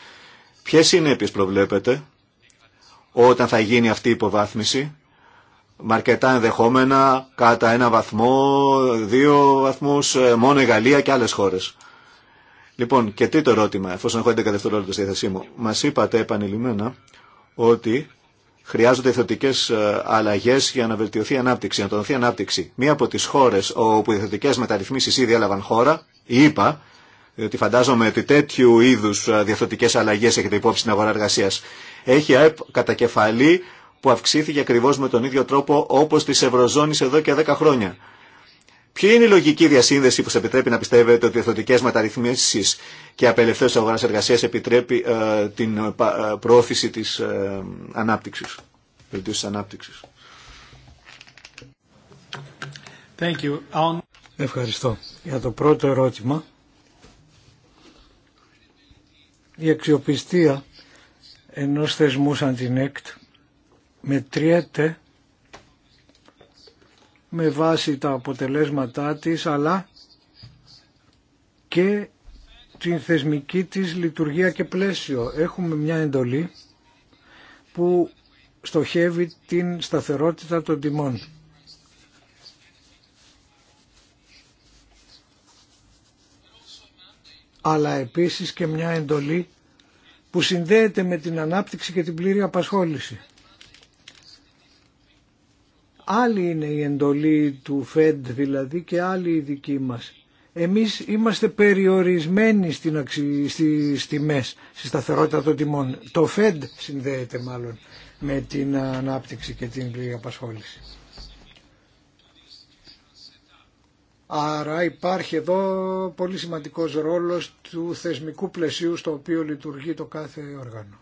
Ποιες συνέπειες προβλέπετε όταν θα γίνει αυτή η υποβάθμιση με αρκετά ενδεχόμενα κατά ένα βαθμό, δύο βαθμούς, ε, μόνο η Γαλλία και άλλες χώρες. Λοιπόν, και το ερώτημα, εφόσον έχω 11 δευτερόλεπτα στη θέση μου. Μας είπατε επανειλημμένα ότι χρειάζονται εθνοτικέ ε, αλλαγέ για να βελτιωθεί η ανάπτυξη, να τονωθεί η ανάπτυξη. Μία από τι χώρε όπου οι εθνοτικέ μεταρρυθμίσει ήδη έλαβαν χώρα, η ΕΠΑ, διότι φαντάζομαι ότι τέτοιου είδους διαθωτικές αλλαγές έχετε υπόψη στην αγορά εργασίας. Έχει ΑΕΠ κατά κεφαλή που αυξήθηκε ακριβώς με τον ίδιο τρόπο όπως της Ευρωζώνης εδώ και 10 χρόνια. Ποια είναι η λογική διασύνδεση που σε επιτρέπει να πιστεύετε ότι οι εθνωτικέ μεταρρυθμίσει και απελευθέρωση αγορά εργασία επιτρέπει την ε, προώθηση τη ανάπτυξη, τη ανάπτυξη. Ευχαριστώ. Για το πρώτο ερώτημα η αξιοπιστία ενός θεσμού σαν την ΕΚΤ μετριέται με βάση τα αποτελέσματά της αλλά και την θεσμική της λειτουργία και πλαίσιο. Έχουμε μια εντολή που στοχεύει την σταθερότητα των τιμών. αλλά επίσης και μια εντολή που συνδέεται με την ανάπτυξη και την πλήρη απασχόληση. Άλλη είναι η εντολή του ΦΕΔ δηλαδή και άλλη η δική μας. Εμείς είμαστε περιορισμένοι στην αξι... στις τιμές, στη σταθερότητα των τιμών. Το ΦΕΔ συνδέεται μάλλον με την ανάπτυξη και την πλήρη απασχόληση. Άρα υπάρχει εδώ πολύ σημαντικός ρόλος του θεσμικού πλαισίου στο οποίο λειτουργεί το κάθε όργανο.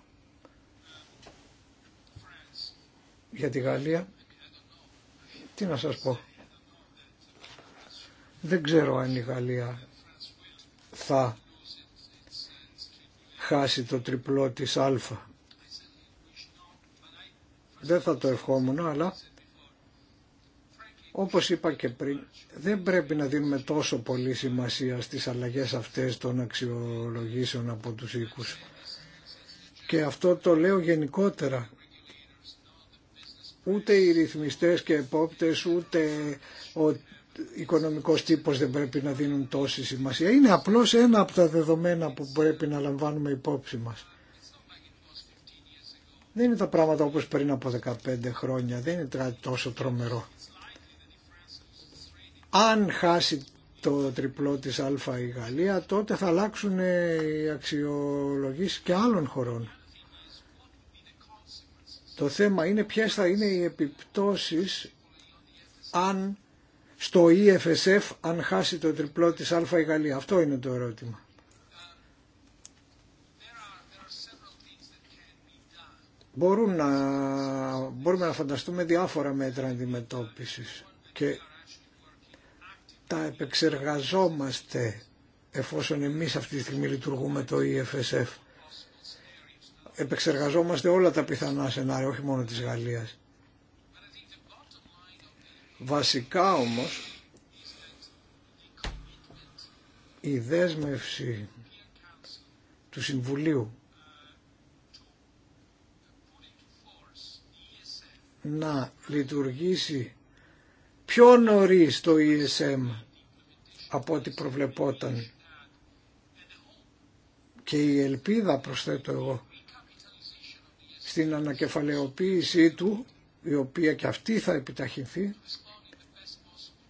Για τη Γαλλία, τι να σας πω. Δεν ξέρω αν η Γαλλία θα χάσει το τριπλό της α. Δεν θα το ευχόμουν, αλλά όπως είπα και πριν, δεν πρέπει να δίνουμε τόσο πολύ σημασία στις αλλαγές αυτές των αξιολογήσεων από τους οίκους. Και αυτό το λέω γενικότερα. Ούτε οι ρυθμιστές και επόπτες, ούτε ο οικονομικός τύπος δεν πρέπει να δίνουν τόση σημασία. Είναι απλώς ένα από τα δεδομένα που πρέπει να λαμβάνουμε υπόψη μας. Δεν είναι τα πράγματα όπως πριν από 15 χρόνια, δεν είναι τόσο τρομερό. Αν χάσει το τριπλό της Α η Γαλλία, τότε θα αλλάξουν οι αξιολογήσεις και άλλων χωρών. Το θέμα είναι ποιες θα είναι οι επιπτώσεις αν στο EFSF αν χάσει το τριπλό της Α η Γαλλία. Αυτό είναι το ερώτημα. Μπορούν να, μπορούμε να φανταστούμε διάφορα μέτρα αντιμετώπισης και τα επεξεργαζόμαστε εφόσον εμείς αυτή τη στιγμή λειτουργούμε το EFSF. Επεξεργαζόμαστε όλα τα πιθανά σενάρια, όχι μόνο της Γαλλίας. Βασικά όμως η δέσμευση του Συμβουλίου να λειτουργήσει πιο νωρίς το ESM από ό,τι προβλεπόταν. Και η ελπίδα, προσθέτω εγώ, στην ανακεφαλαιοποίησή του, η οποία και αυτή θα επιταχυνθεί,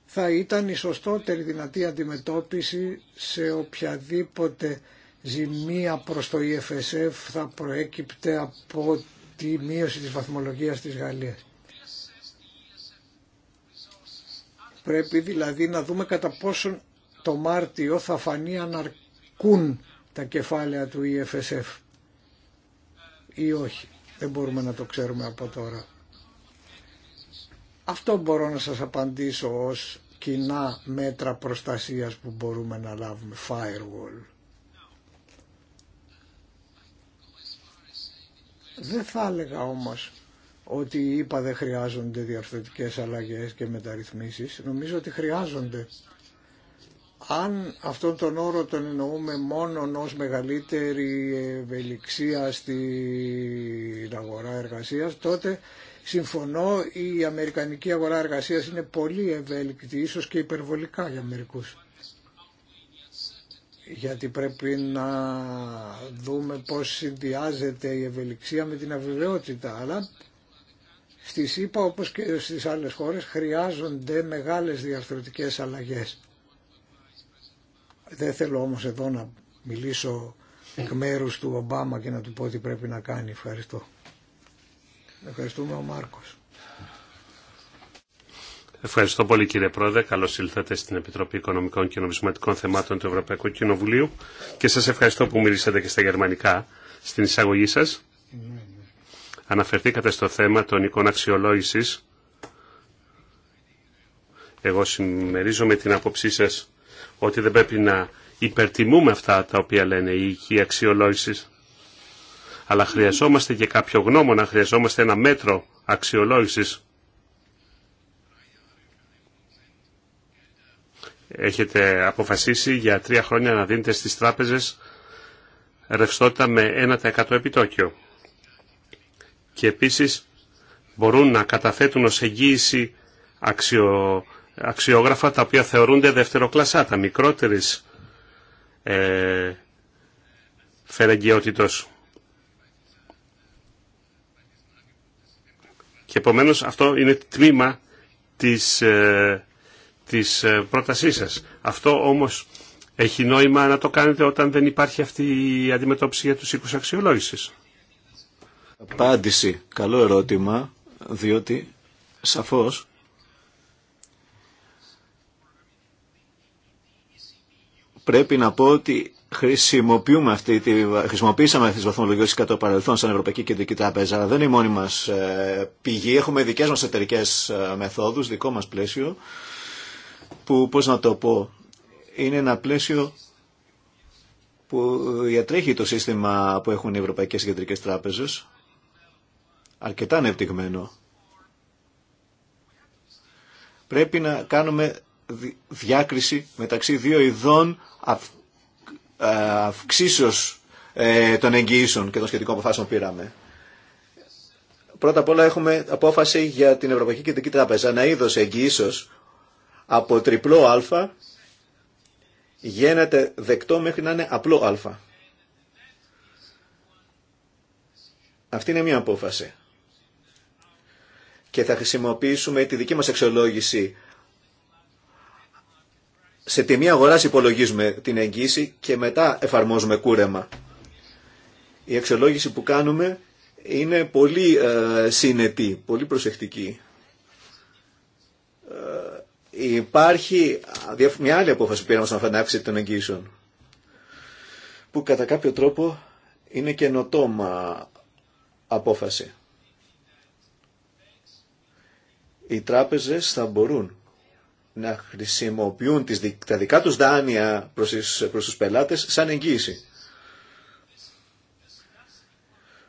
θα ήταν η σωστότερη δυνατή αντιμετώπιση σε οποιαδήποτε ζημία προς το EFSF θα προέκυπτε από τη μείωση της βαθμολογίας της Γαλλίας. Πρέπει δηλαδή να δούμε κατά πόσον το Μάρτιο θα φανεί αρκούν τα κεφάλαια του EFSF ή όχι. Δεν μπορούμε να το ξέρουμε από τώρα. Αυτό μπορώ να σας απαντήσω ως κοινά μέτρα προστασίας που μπορούμε να λάβουμε. Firewall. Δεν θα έλεγα όμως ότι είπα δεν χρειάζονται διαρθρωτικές αλλαγές και μεταρρυθμίσεις. Νομίζω ότι χρειάζονται. Αν αυτόν τον όρο τον εννοούμε μόνο ως μεγαλύτερη ευελιξία στην αγορά εργασίας, τότε συμφωνώ η αμερικανική αγορά εργασίας είναι πολύ ευέλικτη, ίσως και υπερβολικά για μερικούς. Γιατί πρέπει να δούμε πώς συνδυάζεται η ευελιξία με την αβεβαιότητα, αλλά στη ΗΠΑ όπως και στις άλλες χώρες χρειάζονται μεγάλες διαρθρωτικές αλλαγές. Δεν θέλω όμως εδώ να μιλήσω εκ μέρου του Ομπάμα και να του πω τι πρέπει να κάνει. Ευχαριστώ. Ευχαριστούμε ο Μάρκος. Ευχαριστώ πολύ κύριε Πρόεδρε. Καλώ ήλθατε στην Επιτροπή Οικονομικών και Νομισματικών Θεμάτων του Ευρωπαϊκού Κοινοβουλίου και σα ευχαριστώ που μιλήσατε και στα γερμανικά στην εισαγωγή σα. Αναφερθήκατε στο θέμα των εικόνων αξιολόγησης. Εγώ συμμερίζομαι την άποψή σας ότι δεν πρέπει να υπερτιμούμε αυτά τα οποία λένε οι οικοί αξιολόγησης. Αλλά χρειαζόμαστε και κάποιο γνώμονα, χρειαζόμαστε ένα μέτρο αξιολόγησης. Έχετε αποφασίσει για τρία χρόνια να δίνετε στις τράπεζες ρευστότητα με 1% επιτόκιο και επίσης μπορούν να καταθέτουν ως εγγύηση αξιο, αξιόγραφα τα οποία θεωρούνται δευτεροκλασσά, τα μικρότερης ε, φερεγγιότητος. Και επομένως αυτό είναι τμήμα της, ε, της ε, πρότασής σας. Αυτό όμως έχει νόημα να το κάνετε όταν δεν υπάρχει αυτή η αντιμετώπιση για τους οίκους αξιολόγησης. Απάντηση. Καλό ερώτημα, διότι σαφώς πρέπει να πω ότι χρησιμοποιούμε αυτή τη, χρησιμοποίησαμε αυτή τις βαθμολογίες κατά το παρελθόν σαν Ευρωπαϊκή Κεντρική Τράπεζα, αλλά δεν είναι η μόνη μας ε, πηγή. Έχουμε δικές μας εταιρικέ ε, μεθόδους, δικό μας πλαίσιο, που, πώς να το πω, είναι ένα πλαίσιο που διατρέχει το σύστημα που έχουν οι Ευρωπαϊκές Κεντρικές Τράπεζες αρκετά ανεπτυγμένο. Πρέπει να κάνουμε διάκριση μεταξύ δύο ειδών αυ... αυξήσεως ε, των εγγυήσεων και των σχετικών αποφάσεων πήραμε. Πρώτα απ' όλα έχουμε απόφαση για την Ευρωπαϊκή Κεντρική Τράπεζα, ένα είδος εγγυήσεως από τριπλό α γίνεται δεκτό μέχρι να είναι απλό α. Αυτή είναι μια απόφαση και θα χρησιμοποιήσουμε τη δική μας αξιολόγηση. Σε τιμή αγορά υπολογίζουμε την εγγύηση και μετά εφαρμόζουμε κούρεμα. Η αξιολόγηση που κάνουμε είναι πολύ ε, συνετή, πολύ προσεκτική. Ε, υπάρχει μια άλλη απόφαση που πήραμε στον αφανάξη των εγγύσεων που κατά κάποιο τρόπο είναι καινοτόμα απόφαση. οι τράπεζες θα μπορούν να χρησιμοποιούν τις, τα δικά τους δάνεια προς, τις, προς τους πελάτες σαν εγγύηση.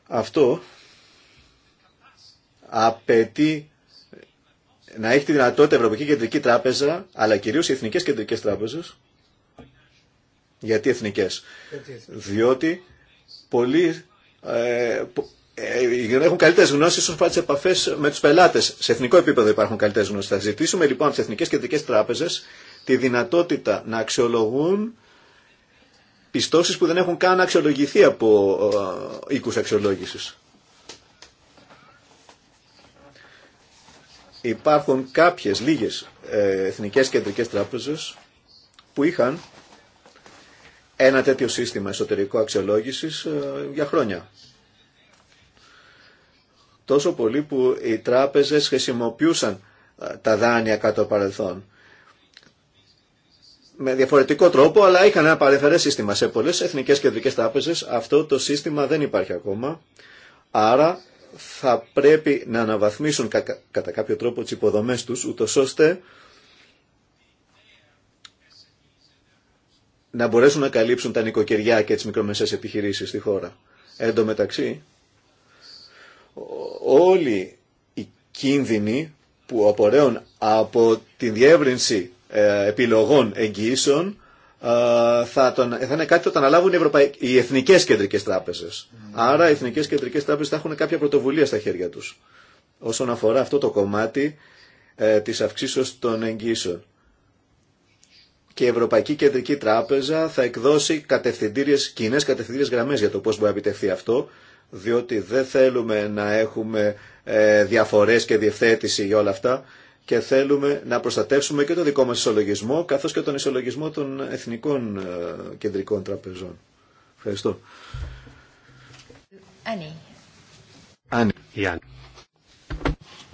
Αυτό απαιτεί να έχει τη δυνατότητα η Ευρωπαϊκή Κεντρική Τράπεζα, αλλά κυρίως οι Εθνικές Κεντρικές Τράπεζες. Γιατί Εθνικές. Διότι πολλοί ε, ε, έχουν καλύτερε γνώσει όσον αφορά τι επαφέ με του πελάτε. Σε εθνικό επίπεδο υπάρχουν καλύτερε γνώσει. Θα ζητήσουμε λοιπόν από τι εθνικέ κεντρικέ τράπεζε τη δυνατότητα να αξιολογούν πιστώσει που δεν έχουν καν αξιολογηθεί από ε, οίκου αξιολόγηση. Υπάρχουν κάποιες λίγες ε, εθνικές κεντρικές τράπεζες που είχαν ένα τέτοιο σύστημα εσωτερικό αξιολόγηση για χρόνια τόσο πολύ που οι τράπεζες χρησιμοποιούσαν ε, τα δάνεια κατά το παρελθόν. Με διαφορετικό τρόπο, αλλά είχαν ένα παρεφερές σύστημα. Σε πολλές εθνικές κεντρικές τράπεζες αυτό το σύστημα δεν υπάρχει ακόμα. Άρα θα πρέπει να αναβαθμίσουν κατά κάποιο τρόπο τις υποδομές τους, ούτως ώστε να μπορέσουν να καλύψουν τα νοικοκυριά και τις μικρομεσαίες επιχειρήσεις στη χώρα. Εν τω μεταξύ, όλοι οι κίνδυνοι που απορρέουν από τη διεύρυνση ε, επιλογών εγγυήσεων ε, θα, τον, θα είναι κάτι που θα αναλάβουν οι, Ευρωπαϊ... οι εθνικές κεντρικές τράπεζες. Mm. Άρα οι εθνικές κεντρικές τράπεζες θα έχουν κάποια πρωτοβουλία στα χέρια τους όσον αφορά αυτό το κομμάτι ε, της αυξήσεως των εγγύσεων. Και η Ευρωπαϊκή Κεντρική Τράπεζα θα εκδώσει κατευθυντήριες, κοινέ κατευθυντήριες γραμμές για το πώς μπορεί να επιτευχθεί αυτό διότι δεν θέλουμε να έχουμε ε, διαφορές και διευθέτηση για όλα αυτά και θέλουμε να προστατεύσουμε και το δικό μας ισολογισμό καθώς και τον ισολογισμό των εθνικών ε, κεντρικών τραπεζών. Ευχαριστώ.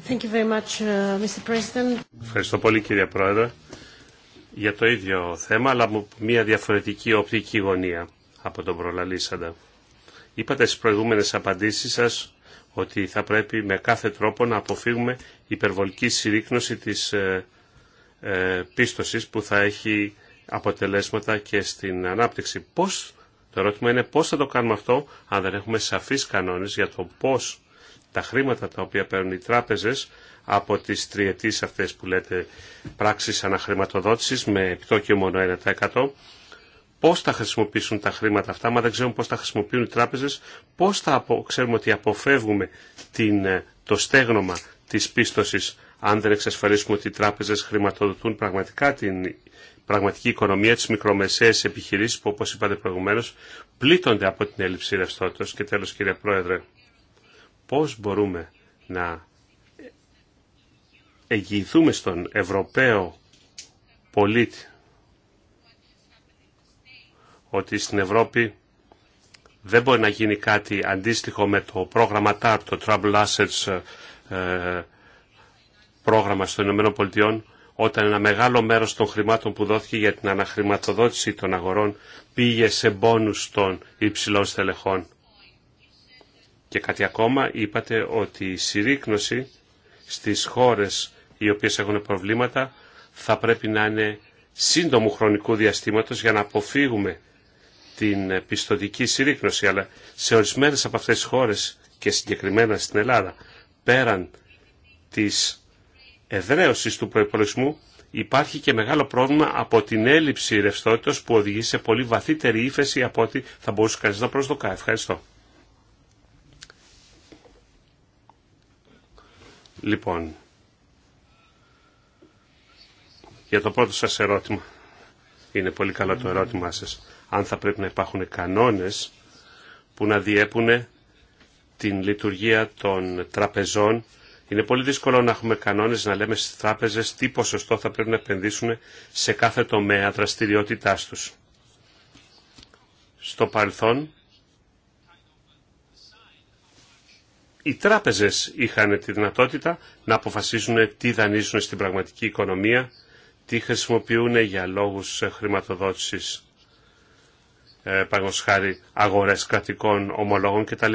Thank you very much, uh, Mr. President. Ευχαριστώ πολύ κύριε Πρόεδρε για το ίδιο θέμα αλλά με μια διαφορετική οπτική γωνία από τον προλαλήσαντα. Είπατε στις προηγούμενες απαντήσεις σας ότι θα πρέπει με κάθε τρόπο να αποφύγουμε υπερβολική συρρήκνωση της ε, ε, πίστοσης που θα έχει αποτελέσματα και στην ανάπτυξη. Πώς, το ερώτημα είναι πώς θα το κάνουμε αυτό αν δεν έχουμε σαφείς κανόνες για το πώς τα χρήματα τα οποία παίρνουν οι τράπεζες από τις τριετίες αυτές που λέτε πράξεις αναχρηματοδότησης με επιτόκιο μόνο 1% πώς θα χρησιμοποιήσουν τα χρήματα αυτά, μα δεν ξέρουμε πώς θα χρησιμοποιούν οι τράπεζες, πώς θα ξέρουμε ότι αποφεύγουμε την, ε, το στέγνομα της πίστοση, αν δεν εξασφαλίσουμε ότι οι τράπεζες χρηματοδοτούν πραγματικά την πραγματική οικονομία, τι μικρομεσαίε επιχειρήσει, που όπως είπατε προηγουμένω, πλήττονται από την έλλειψη ρευστότητα. Και τέλο, κύριε Πρόεδρε, πώ μπορούμε να εγγυηθούμε στον Ευρωπαίο πολίτη ότι στην Ευρώπη δεν μπορεί να γίνει κάτι αντίστοιχο με το πρόγραμμα TARP, το Trouble Assets ε, ε, πρόγραμμα των Ηνωμένων Πολιτειών, όταν ένα μεγάλο μέρος των χρημάτων που δόθηκε για την αναχρηματοδότηση των αγορών πήγε σε μπόνους των υψηλών στελεχών. Και κάτι ακόμα, είπατε ότι η συρρήκνωση στις χώρες οι οποίες έχουν προβλήματα θα πρέπει να είναι σύντομου χρονικού διαστήματος για να αποφύγουμε την πιστοτική συρρήκνωση, αλλά σε ορισμένες από αυτές τις χώρες και συγκεκριμένα στην Ελλάδα, πέραν της εδραίωσης του προϋπολογισμού, υπάρχει και μεγάλο πρόβλημα από την έλλειψη ρευστότητας που οδηγεί σε πολύ βαθύτερη ύφεση από ό,τι θα μπορούσε κανείς να προσδοκά. Ευχαριστώ. Λοιπόν, για το πρώτο σας ερώτημα. Είναι πολύ καλό το ερώτημά σας αν θα πρέπει να υπάρχουν κανόνες που να διέπουν την λειτουργία των τραπεζών. Είναι πολύ δύσκολο να έχουμε κανόνες να λέμε στις τράπεζες τι ποσοστό θα πρέπει να επενδύσουν σε κάθε τομέα δραστηριότητάς τους. Στο παρελθόν, οι τράπεζες είχαν τη δυνατότητα να αποφασίζουν τι δανείζουν στην πραγματική οικονομία, τι χρησιμοποιούν για λόγους χρηματοδότησης χάρη ε, αγορές κρατικών ομολόγων κτλ.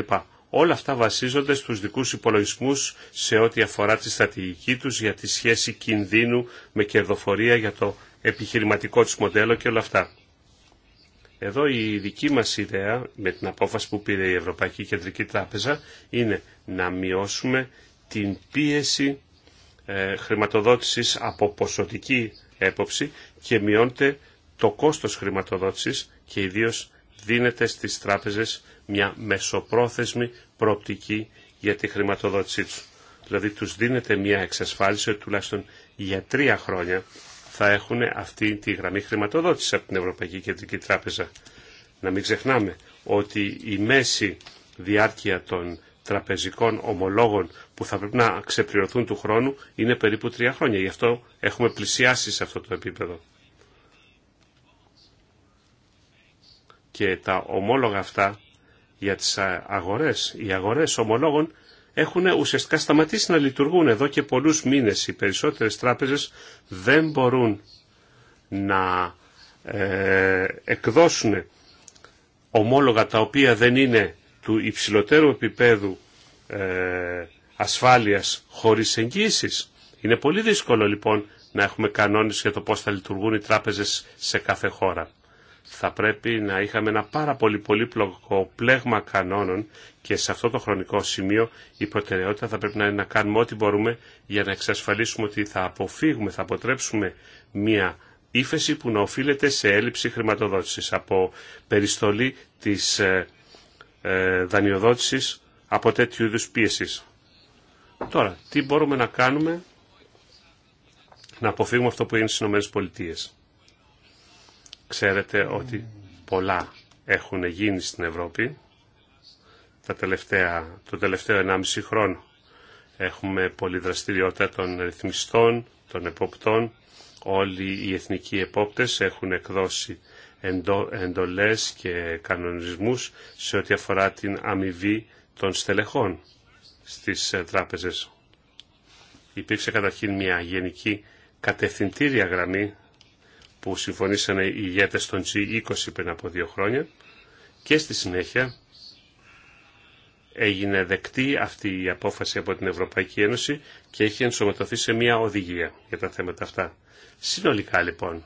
Όλα αυτά βασίζονται στους δικούς υπολογισμούς σε ό,τι αφορά τη στρατηγική τους για τη σχέση κινδύνου με κερδοφορία για το επιχειρηματικό τους μοντέλο και όλα αυτά. Εδώ η δική μας ιδέα με την απόφαση που πήρε η Ευρωπαϊκή Κεντρική Τράπεζα είναι να μειώσουμε την πίεση ε, χρηματοδότησης από ποσοτική έποψη και μειώνεται το κόστος χρηματοδότησης και ιδίως δίνεται στις τράπεζες μια μεσοπρόθεσμη προοπτική για τη χρηματοδότησή τους. Δηλαδή τους δίνεται μια εξασφάλιση ότι τουλάχιστον για τρία χρόνια θα έχουν αυτή τη γραμμή χρηματοδότηση από την Ευρωπαϊκή Κεντρική Τράπεζα. Να μην ξεχνάμε ότι η μέση διάρκεια των τραπεζικών ομολόγων που θα πρέπει να ξεπληρωθούν του χρόνου είναι περίπου τρία χρόνια. Γι' αυτό έχουμε πλησιάσει σε αυτό το επίπεδο. και τα ομόλογα αυτά για τις αγορές, οι αγορές ομολόγων έχουν ουσιαστικά σταματήσει να λειτουργούν εδώ και πολλούς μήνες. Οι περισσότερες τράπεζες δεν μπορούν να ε, εκδώσουν ομόλογα τα οποία δεν είναι του υψηλότερου επίπεδου ε, ασφάλειας χωρίς εγγύησης. Είναι πολύ δύσκολο λοιπόν να έχουμε κανόνες για το πώς θα λειτουργούν οι τράπεζες σε κάθε χώρα θα πρέπει να είχαμε ένα πάρα πολύ πολύπλοκο πλέγμα κανόνων και σε αυτό το χρονικό σημείο η προτεραιότητα θα πρέπει να είναι να κάνουμε ό,τι μπορούμε για να εξασφαλίσουμε ότι θα αποφύγουμε, θα αποτρέψουμε μια ύφεση που να οφείλεται σε έλλειψη χρηματοδότησης από περιστολή της ε, ε δανειοδότησης από τέτοιου είδου πίεση. Τώρα, τι μπορούμε να κάνουμε να αποφύγουμε αυτό που είναι στις ΗΠΑ. Ξέρετε ότι πολλά έχουν γίνει στην Ευρώπη. Τα τελευταία, το τελευταίο 1,5 χρόνο έχουμε πολλή δραστηριότητα των ρυθμιστών, των εποπτών. Όλοι οι εθνικοί επόπτες έχουν εκδώσει εντολές και κανονισμούς σε ό,τι αφορά την αμοιβή των στελεχών στις ε, τράπεζες. Υπήρξε καταρχήν μια γενική κατευθυντήρια γραμμή που συμφωνήσανε οι ηγέτες των G20 πριν από δύο χρόνια και στη συνέχεια έγινε δεκτή αυτή η απόφαση από την Ευρωπαϊκή Ένωση και έχει ενσωματωθεί σε μια οδηγία για τα θέματα αυτά. Συνολικά λοιπόν,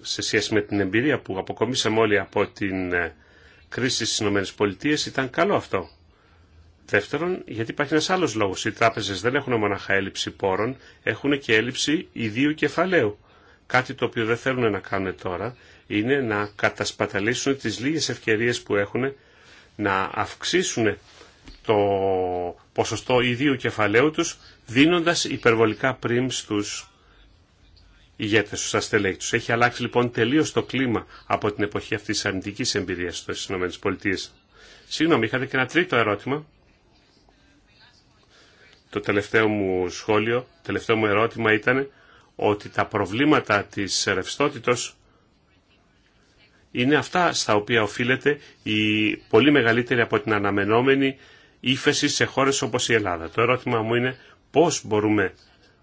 σε σχέση με την εμπειρία που αποκομίσαμε όλοι από την ε, κρίση στις ΗΠΑ, ήταν καλό αυτό. Δεύτερον, γιατί υπάρχει ένας άλλος λόγος. Οι τράπεζες δεν έχουν μοναχά έλλειψη πόρων, έχουν και έλλειψη ιδίου κεφαλαίου. Κάτι το οποίο δεν θέλουν να κάνουν τώρα είναι να κατασπαταλήσουν τις λίγες ευκαιρίες που έχουν να αυξήσουν το ποσοστό ιδίου κεφαλαίου τους δίνοντας υπερβολικά πριμ στους ηγέτες, στους αστελέχη Έχει αλλάξει λοιπόν τελείως το κλίμα από την εποχή αυτής της αρνητικής εμπειρίας στις ΗΠΑ. Συγγνώμη, είχατε και ένα τρίτο ερώτημα. Το τελευταίο μου σχόλιο, το τελευταίο μου ερώτημα ήταν ότι τα προβλήματα της ρευστότητος είναι αυτά στα οποία οφείλεται η πολύ μεγαλύτερη από την αναμενόμενη ύφεση σε χώρες όπως η Ελλάδα. Το ερώτημα μου είναι πώς μπορούμε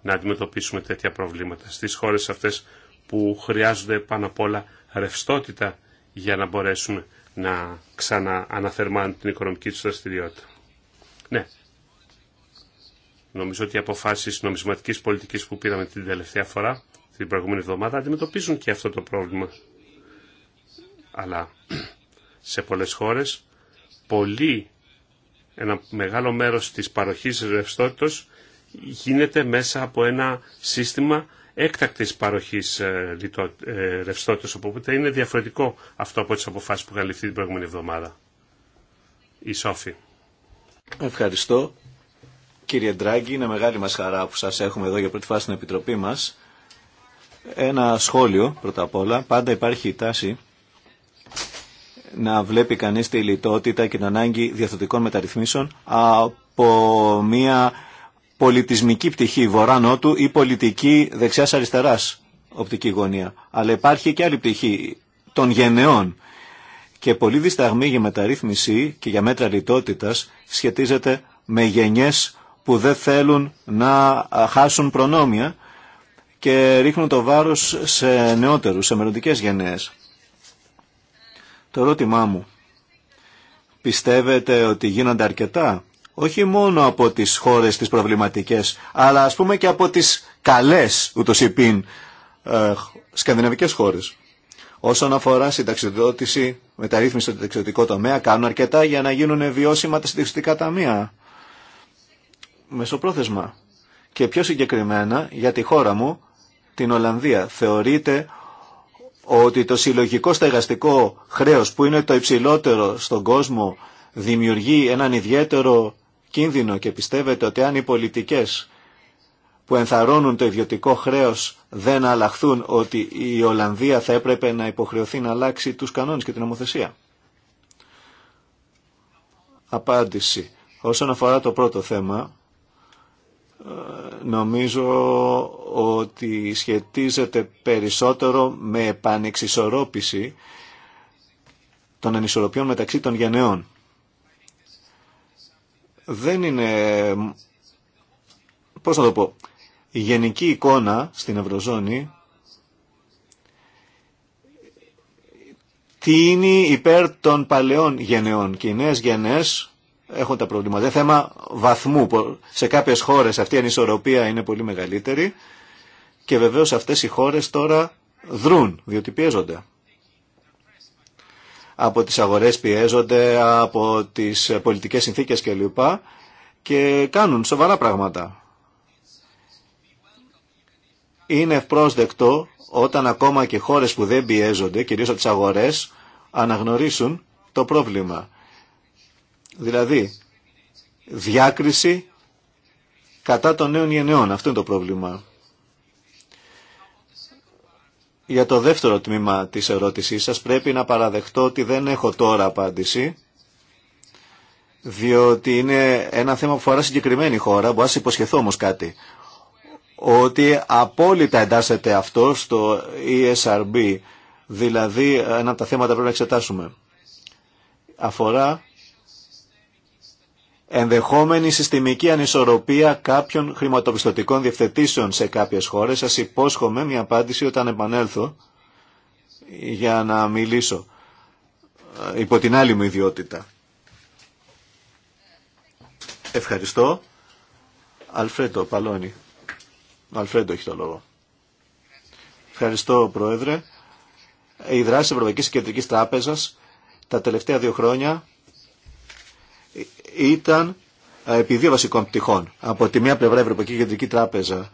να αντιμετωπίσουμε τέτοια προβλήματα στις χώρες αυτές που χρειάζονται πάνω απ' όλα ρευστότητα για να μπορέσουν να ξανααναθερμάνουν την οικονομική τους δραστηριότητα. Ναι, Νομίζω ότι οι αποφάσεις νομισματικής πολιτικής που πήραμε την τελευταία φορά, την προηγούμενη εβδομάδα, αντιμετωπίζουν και αυτό το πρόβλημα. Αλλά σε πολλές χώρες, πολύ, ένα μεγάλο μέρος της παροχής ρευστότητα γίνεται μέσα από ένα σύστημα έκτακτης παροχής ε, ε, ρευστότητας, οπότε είναι διαφορετικό αυτό από τις αποφάσεις που είχαν ληφθεί την προηγούμενη εβδομάδα. Η Σόφη. Ευχαριστώ. Κύριε Ντράγκη, είναι μεγάλη μας χαρά που σας έχουμε εδώ για πρώτη φάση στην Επιτροπή μας. Ένα σχόλιο πρώτα απ' όλα. Πάντα υπάρχει η τάση να βλέπει κανείς τη λιτότητα και την ανάγκη διαθετικών μεταρρυθμίσεων από μια πολιτισμική πτυχή βορρά-νότου ή πολιτική δεξιάς-αριστεράς οπτική γωνία. Αλλά υπάρχει και άλλη πτυχή των γενεών. Και πολύ δισταγμή για μεταρρύθμιση και για μέτρα λιτότητας σχετίζεται με γενιές που δεν θέλουν να χάσουν προνόμια και ρίχνουν το βάρος σε νεότερους, σε μελλοντικές γενναίες. Το ερώτημά μου, πιστεύετε ότι γίνονται αρκετά, όχι μόνο από τις χώρες τις προβληματικές, αλλά ας πούμε και από τις καλές, ούτως υπήν, ε, σκανδιναβικές χώρες. Όσον αφορά συνταξιδότηση, μεταρρύθμιση στο συνταξιδοτικό τομέα, κάνουν αρκετά για να γίνουν βιώσιμα τα συνταξιδοτικά ταμεία μεσοπρόθεσμα. Και πιο συγκεκριμένα για τη χώρα μου, την Ολλανδία. Θεωρείται ότι το συλλογικό στεγαστικό χρέος που είναι το υψηλότερο στον κόσμο δημιουργεί έναν ιδιαίτερο κίνδυνο και πιστεύετε ότι αν οι πολιτικές που ενθαρρώνουν το ιδιωτικό χρέος δεν αλλάχθουν ότι η Ολλανδία θα έπρεπε να υποχρεωθεί να αλλάξει τους κανόνες και την νομοθεσία. Απάντηση. Όσον αφορά το πρώτο θέμα, νομίζω ότι σχετίζεται περισσότερο με επανεξισορρόπηση των ανισορροπιών μεταξύ των γενεών. Δεν είναι, πώς να το πω, η γενική εικόνα στην Ευρωζώνη είναι υπέρ των παλαιών γενεών και οι νέες γενές έχουν τα προβλήματα. Δεν θέμα βαθμού. Σε κάποιες χώρες αυτή η ανισορροπία είναι πολύ μεγαλύτερη και βεβαίως αυτές οι χώρες τώρα δρούν, διότι πιέζονται. Από τις αγορές πιέζονται, από τις πολιτικές συνθήκες κλπ. Και κάνουν σοβαρά πράγματα. Είναι ευπρόσδεκτο όταν ακόμα και χώρες που δεν πιέζονται, κυρίως από τις αγορές, αναγνωρίσουν το πρόβλημα Δηλαδή, διάκριση κατά των νέων γενναιών. Αυτό είναι το πρόβλημα. Για το δεύτερο τμήμα της ερώτησής σας πρέπει να παραδεχτώ ότι δεν έχω τώρα απάντηση διότι είναι ένα θέμα που φορά συγκεκριμένη χώρα, μπορώ να σας υποσχεθώ όμως κάτι, ότι απόλυτα εντάσσεται αυτό στο ESRB, δηλαδή ένα από τα θέματα που πρέπει να εξετάσουμε. Αφορά ενδεχόμενη συστημική ανισορροπία κάποιων χρηματοπιστωτικών διευθετήσεων σε κάποιες χώρες. Σας υπόσχομαι μια απάντηση όταν επανέλθω για να μιλήσω ε, υπό την άλλη μου ιδιότητα. Ευχαριστώ. Αλφρέντο Παλώνη. Ο Αλφρέντο έχει το λόγο. Ευχαριστώ, Πρόεδρε. Η δράση Ευρωπαϊκής Κεντρικής Τράπεζας τα τελευταία δύο χρόνια ήταν επί δύο βασικών πτυχών. Από τη μία πλευρά η Ευρωπαϊκή Κεντρική Τράπεζα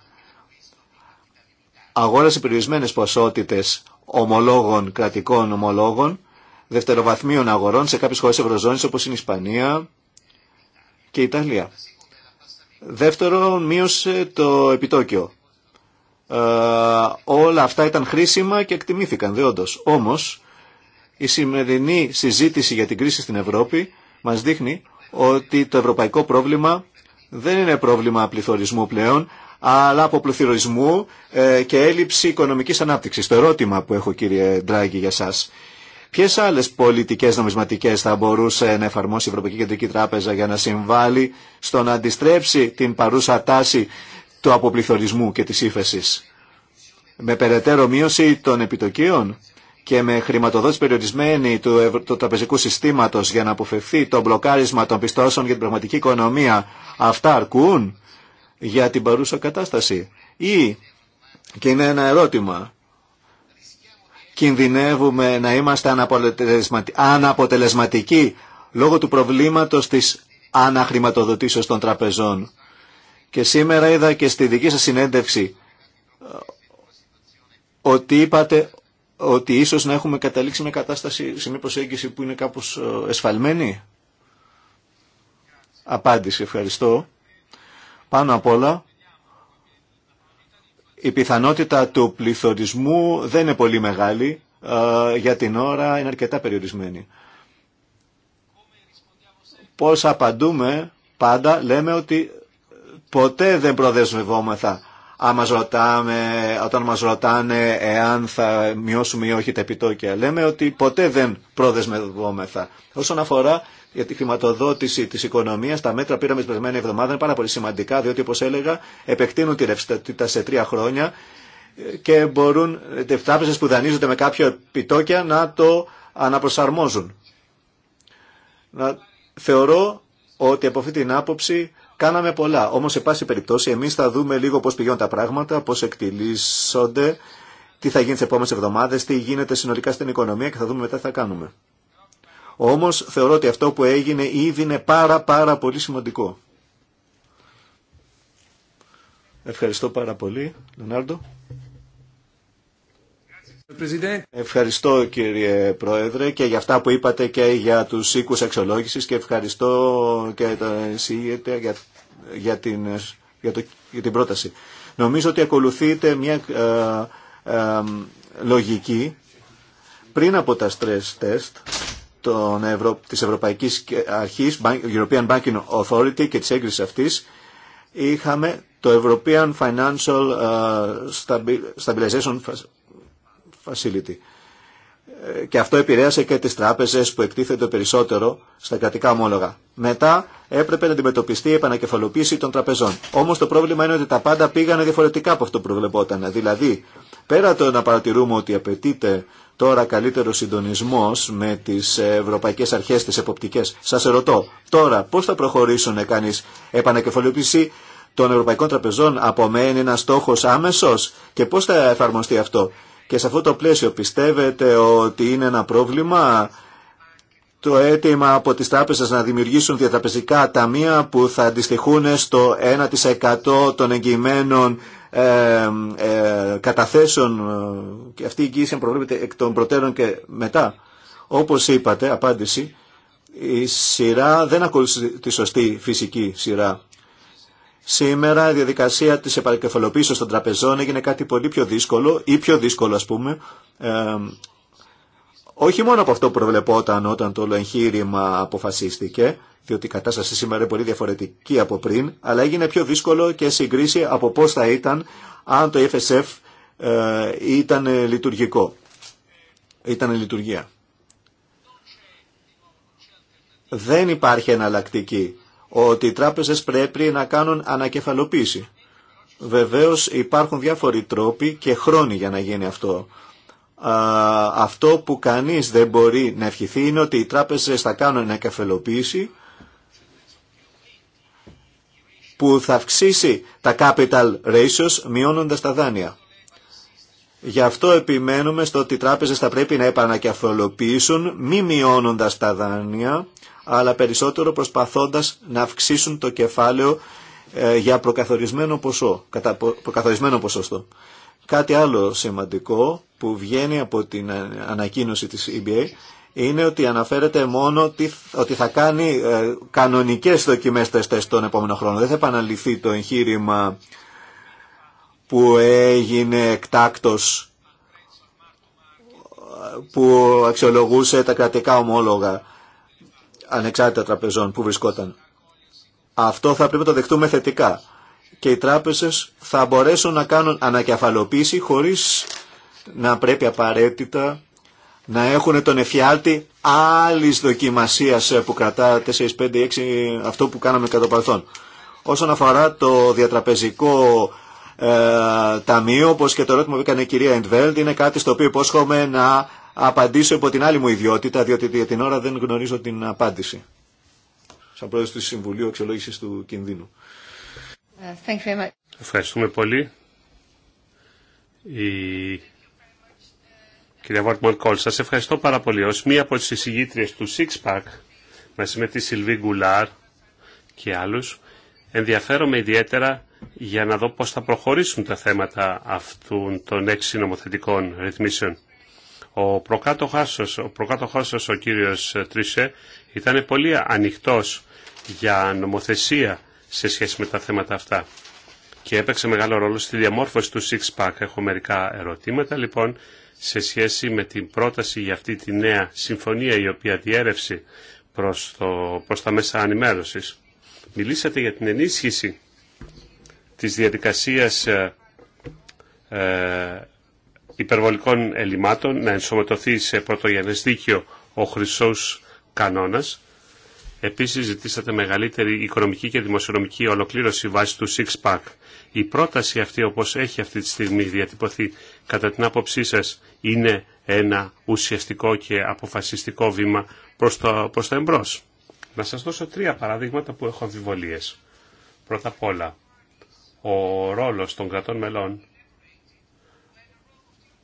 αγόρασε περιορισμένε ποσότητε ομολόγων, κρατικών ομολόγων, δευτεροβαθμίων αγορών σε κάποιε χώρες Ευρωζώνη όπως είναι η Ισπανία και η Ιταλία. Δεύτερον, μείωσε το επιτόκιο. όλα αυτά ήταν χρήσιμα και εκτιμήθηκαν, δε Όμως, η σημερινή συζήτηση για την κρίση στην Ευρώπη μας δείχνει ότι το ευρωπαϊκό πρόβλημα δεν είναι πρόβλημα πληθωρισμού πλέον, αλλά από ε, και έλλειψη οικονομικής ανάπτυξης. Το ερώτημα που έχω κύριε Ντράγκη για σας. Ποιε άλλε πολιτικέ νομισματικέ θα μπορούσε να εφαρμόσει η Ευρωπαϊκή Κεντρική Τράπεζα για να συμβάλλει στο να αντιστρέψει την παρούσα τάση του αποπληθωρισμού και τη ύφεση, με περαιτέρω μείωση των επιτοκίων και με χρηματοδότηση περιορισμένη του, τραπεζικού συστήματος για να αποφευθεί το μπλοκάρισμα των πιστώσεων για την πραγματική οικονομία, αυτά αρκούν για την παρούσα κατάσταση. Ή, και είναι ένα ερώτημα, κινδυνεύουμε να είμαστε αναποτελεσματικοί λόγω του προβλήματος της αναχρηματοδοτήσεως των τραπεζών. Και σήμερα είδα και στη δική σας συνέντευξη ε, ότι είπατε ότι ίσως να έχουμε καταλήξει μια κατάσταση σε μια προσέγγιση που είναι κάπως ε, εσφαλμένη. Απάντηση, ευχαριστώ. Πάνω απ' όλα, η πιθανότητα του πληθωρισμού δεν είναι πολύ μεγάλη, ε, για την ώρα είναι αρκετά περιορισμένη. Πώς απαντούμε, πάντα λέμε ότι ποτέ δεν προδεσμευόμεθα άμα ρωτάμε, όταν μας ρωτάνε εάν θα μειώσουμε ή όχι τα επιτόκια. Λέμε ότι ποτέ δεν πρόδεσμευόμεθα. Όσον αφορά για τη χρηματοδότηση της οικονομίας, τα μέτρα πήραμε την περασμένη εβδομάδα είναι πάρα πολύ σημαντικά, διότι όπως έλεγα, επεκτείνουν τη ρευστότητα σε τρία χρόνια και μπορούν οι ε, τράπεζε που δανείζονται με κάποια επιτόκια να το αναπροσαρμόζουν. Να, θεωρώ ότι από αυτή την άποψη Κάναμε πολλά, όμως σε πάση περιπτώσει εμείς θα δούμε λίγο πώς πηγαίνουν τα πράγματα, πώς εκτιλήσονται, τι θα γίνει τις επόμενες εβδομάδες, τι γίνεται συνολικά στην οικονομία και θα δούμε μετά τι θα κάνουμε. Όμως θεωρώ ότι αυτό που έγινε ήδη είναι πάρα πάρα πολύ σημαντικό. Ευχαριστώ πάρα πολύ, Λενάρντο. Ευχαριστώ κύριε Πρόεδρε και για αυτά που είπατε και για τους οίκους αξιολόγησης και ευχαριστώ και τα εισηγητέ για, για, την, για, το, για την πρόταση. Νομίζω ότι ακολουθείτε μια ε, ε, λογική πριν από τα stress test των Ευρω... της Ευρωπαϊκής Αρχής, European Banking Authority και της έγκρισης αυτής, είχαμε το European Financial ε, Stabilization Facility. Ε, και αυτό επηρέασε και τις τράπεζες που εκτίθενται περισσότερο στα κρατικά ομόλογα. Μετά έπρεπε να αντιμετωπιστεί η επανακεφαλοποίηση των τραπεζών. Όμως το πρόβλημα είναι ότι τα πάντα πήγανε διαφορετικά από αυτό που προβλεπόταν. Δηλαδή, πέρα το να παρατηρούμε ότι απαιτείται τώρα καλύτερο συντονισμό με τι ευρωπαϊκέ αρχέ, τι εποπτικέ. Σα ρωτώ τώρα πώ θα προχωρήσουν να κάνει επανακεφαλοποίηση των ευρωπαϊκών τραπεζών. Απομένει ένα στόχο άμεσο και πώ θα εφαρμοστεί αυτό. Και σε αυτό το πλαίσιο πιστεύετε ότι είναι ένα πρόβλημα το αίτημα από τις τράπεζες να δημιουργήσουν διατραπεζικά ταμεία που θα αντιστοιχούν στο 1% των εγγυημένων ε, ε καταθέσεων ε, και αυτή η εγγύηση προβλέπεται εκ των προτέρων και μετά. Όπως είπατε, απάντηση, η σειρά δεν ακολουθεί τη σωστή φυσική σειρά. Σήμερα η διαδικασία της επαρκεφαλοποίησης των τραπεζών έγινε κάτι πολύ πιο δύσκολο ή πιο δύσκολο ας πούμε. Ε, όχι μόνο από αυτό που προβλεπόταν όταν το όλο εγχείρημα αποφασίστηκε, διότι η κατάσταση σήμερα είναι πολύ διαφορετική από πριν, αλλά έγινε πιο δύσκολο και συγκρίση από πώς θα ήταν αν το FSF ε, ήταν λειτουργικό, ήταν λειτουργία. Δεν υπάρχει εναλλακτική ότι οι τράπεζες πρέπει να κάνουν ανακεφαλοποίηση. Βεβαίως υπάρχουν διάφοροι τρόποι και χρόνοι για να γίνει αυτό. αυτό που κανείς δεν μπορεί να ευχηθεί είναι ότι οι τράπεζες θα κάνουν ανακεφαλοποίηση που θα αυξήσει τα capital ratios μειώνοντας τα δάνεια. Γι' αυτό επιμένουμε στο ότι οι τράπεζες θα πρέπει να επανακεφαλοποιήσουν μη μειώνοντας τα δάνεια αλλά περισσότερο προσπαθώντας να αυξήσουν το κεφάλαιο ε, για προκαθορισμένο ποσό, κατά προκαθορισμένο ποσοστό. Κάτι άλλο σημαντικό που βγαίνει από την ανακοίνωση της EBA είναι ότι αναφέρεται μόνο ότι θα κάνει ε, κανονικές δοκιμές τεστ τον επόμενο χρόνο. Δεν θα επαναληφθεί το εγχείρημα που έγινε εκτάκτος που αξιολογούσε τα κρατικά ομόλογα ανεξάρτητα τραπεζών που βρισκόταν. Αυτό θα πρέπει να το δεχτούμε θετικά και οι τράπεζες θα μπορέσουν να κάνουν ανακεφαλοποίηση χωρίς να πρέπει απαραίτητα να έχουν τον εφιάλτη άλλης δοκιμασίας που κρατά 4, 5, 6, αυτό που κάναμε κατά παρελθόν. Όσον αφορά το διατραπεζικό ε, ταμείο, όπως και το ερώτημα που έκανε η κυρία Εντβέλντ, είναι κάτι στο οποίο υπόσχομαι να απαντήσω υπό την άλλη μου ιδιότητα, διότι για την ώρα δεν γνωρίζω την απάντηση. Σαν πρόεδρος του Συμβουλίου Αξιολόγησης του Κινδύνου. Ε, Ευχαριστούμε πολύ. Η... Κυρία Βόρτμαν Κόλ, σας ευχαριστώ πάρα πολύ. Ως μία από τις εισηγήτριες του Sixpack μαζί με τη Σιλβί Γκουλάρ και άλλους, ενδιαφέρομαι ιδιαίτερα για να δω πώς θα προχωρήσουν τα θέματα αυτών των έξι νομοθετικών ρυθμίσεων. Ο προκάτοχός ο, προκάτοχός ο κύριος Τρίσε, ήταν πολύ ανοιχτός για νομοθεσία σε σχέση με τα θέματα αυτά και έπαιξε μεγάλο ρόλο στη διαμόρφωση του Six Pack. Έχω μερικά ερωτήματα λοιπόν σε σχέση με την πρόταση για αυτή τη νέα συμφωνία η οποία διέρευσε προς, το, προς τα μέσα ανημέρωσης. Μιλήσατε για την ενίσχυση της διαδικασίας ε, ε, υπερβολικών ελλημάτων, να ενσωματωθεί σε πρωτογενές δίκαιο ο χρυσός κανόνας. Επίση ζητήσατε μεγαλύτερη οικονομική και δημοσιονομική ολοκλήρωση βάσει του Six Pack. Η πρόταση αυτή όπως έχει αυτή τη στιγμή διατυπωθεί κατά την άποψή σα είναι ένα ουσιαστικό και αποφασιστικό βήμα προς το, προς το εμπρός. Να σας δώσω τρία παραδείγματα που έχω αμφιβολίες. Πρώτα απ' όλα, ο ρόλος των κρατών μελών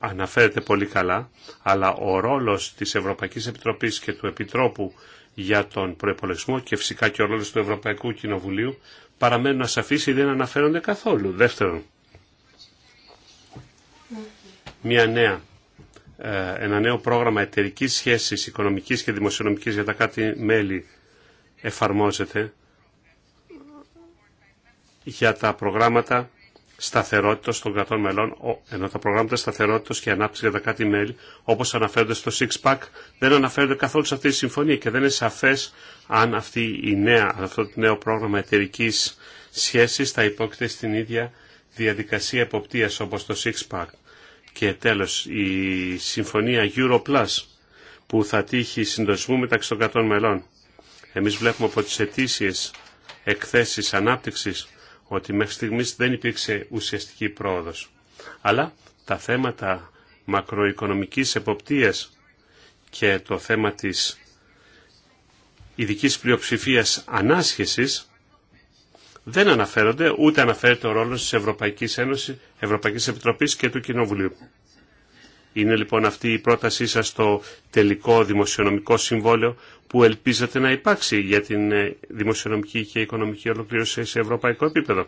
αναφέρεται πολύ καλά, αλλά ο ρόλος της Ευρωπαϊκής Επιτροπής και του Επιτρόπου για τον προεπολεσμό και φυσικά και ο ρόλος του Ευρωπαϊκού Κοινοβουλίου παραμένουν ασαφείς ή δεν αναφέρονται καθόλου. Δεύτερον, μια νέα, ε, ένα νέο πρόγραμμα εταιρικής σχέσης οικονομικής και δημοσιονομικής για τα κάτι μέλη εφαρμόζεται για τα προγράμματα σταθερότητα των κρατών μελών, ενώ τα προγράμματα σταθερότητα και ανάπτυξη για τα κάτι μέλη, όπω αναφέρονται στο Six δεν αναφέρονται καθόλου σε αυτή τη συμφωνία και δεν είναι σαφέ αν αυτή η νέα, αυτό το νέο πρόγραμμα εταιρική σχέση θα υπόκειται στην ίδια διαδικασία εποπτεία όπω το Six Και τέλο, η συμφωνία Europlus που θα τύχει συντονισμού μεταξύ των κρατών μελών. Εμεί βλέπουμε από τι αιτήσει εκθέσει ανάπτυξη ότι μέχρι στιγμής δεν υπήρξε ουσιαστική πρόοδος. Αλλά τα θέματα μακροοικονομικής εποπτείας και το θέμα της ειδική πλειοψηφία ανάσχεσης δεν αναφέρονται, ούτε αναφέρεται ο ρόλος της Ευρωπαϊκής Ένωσης, Ευρωπαϊκής Επιτροπής και του Κοινοβουλίου. Είναι λοιπόν αυτή η πρότασή σας στο τελικό δημοσιονομικό συμβόλαιο που ελπίζετε να υπάρξει για την ε, δημοσιονομική και οικονομική ολοκλήρωση σε ευρωπαϊκό επίπεδο.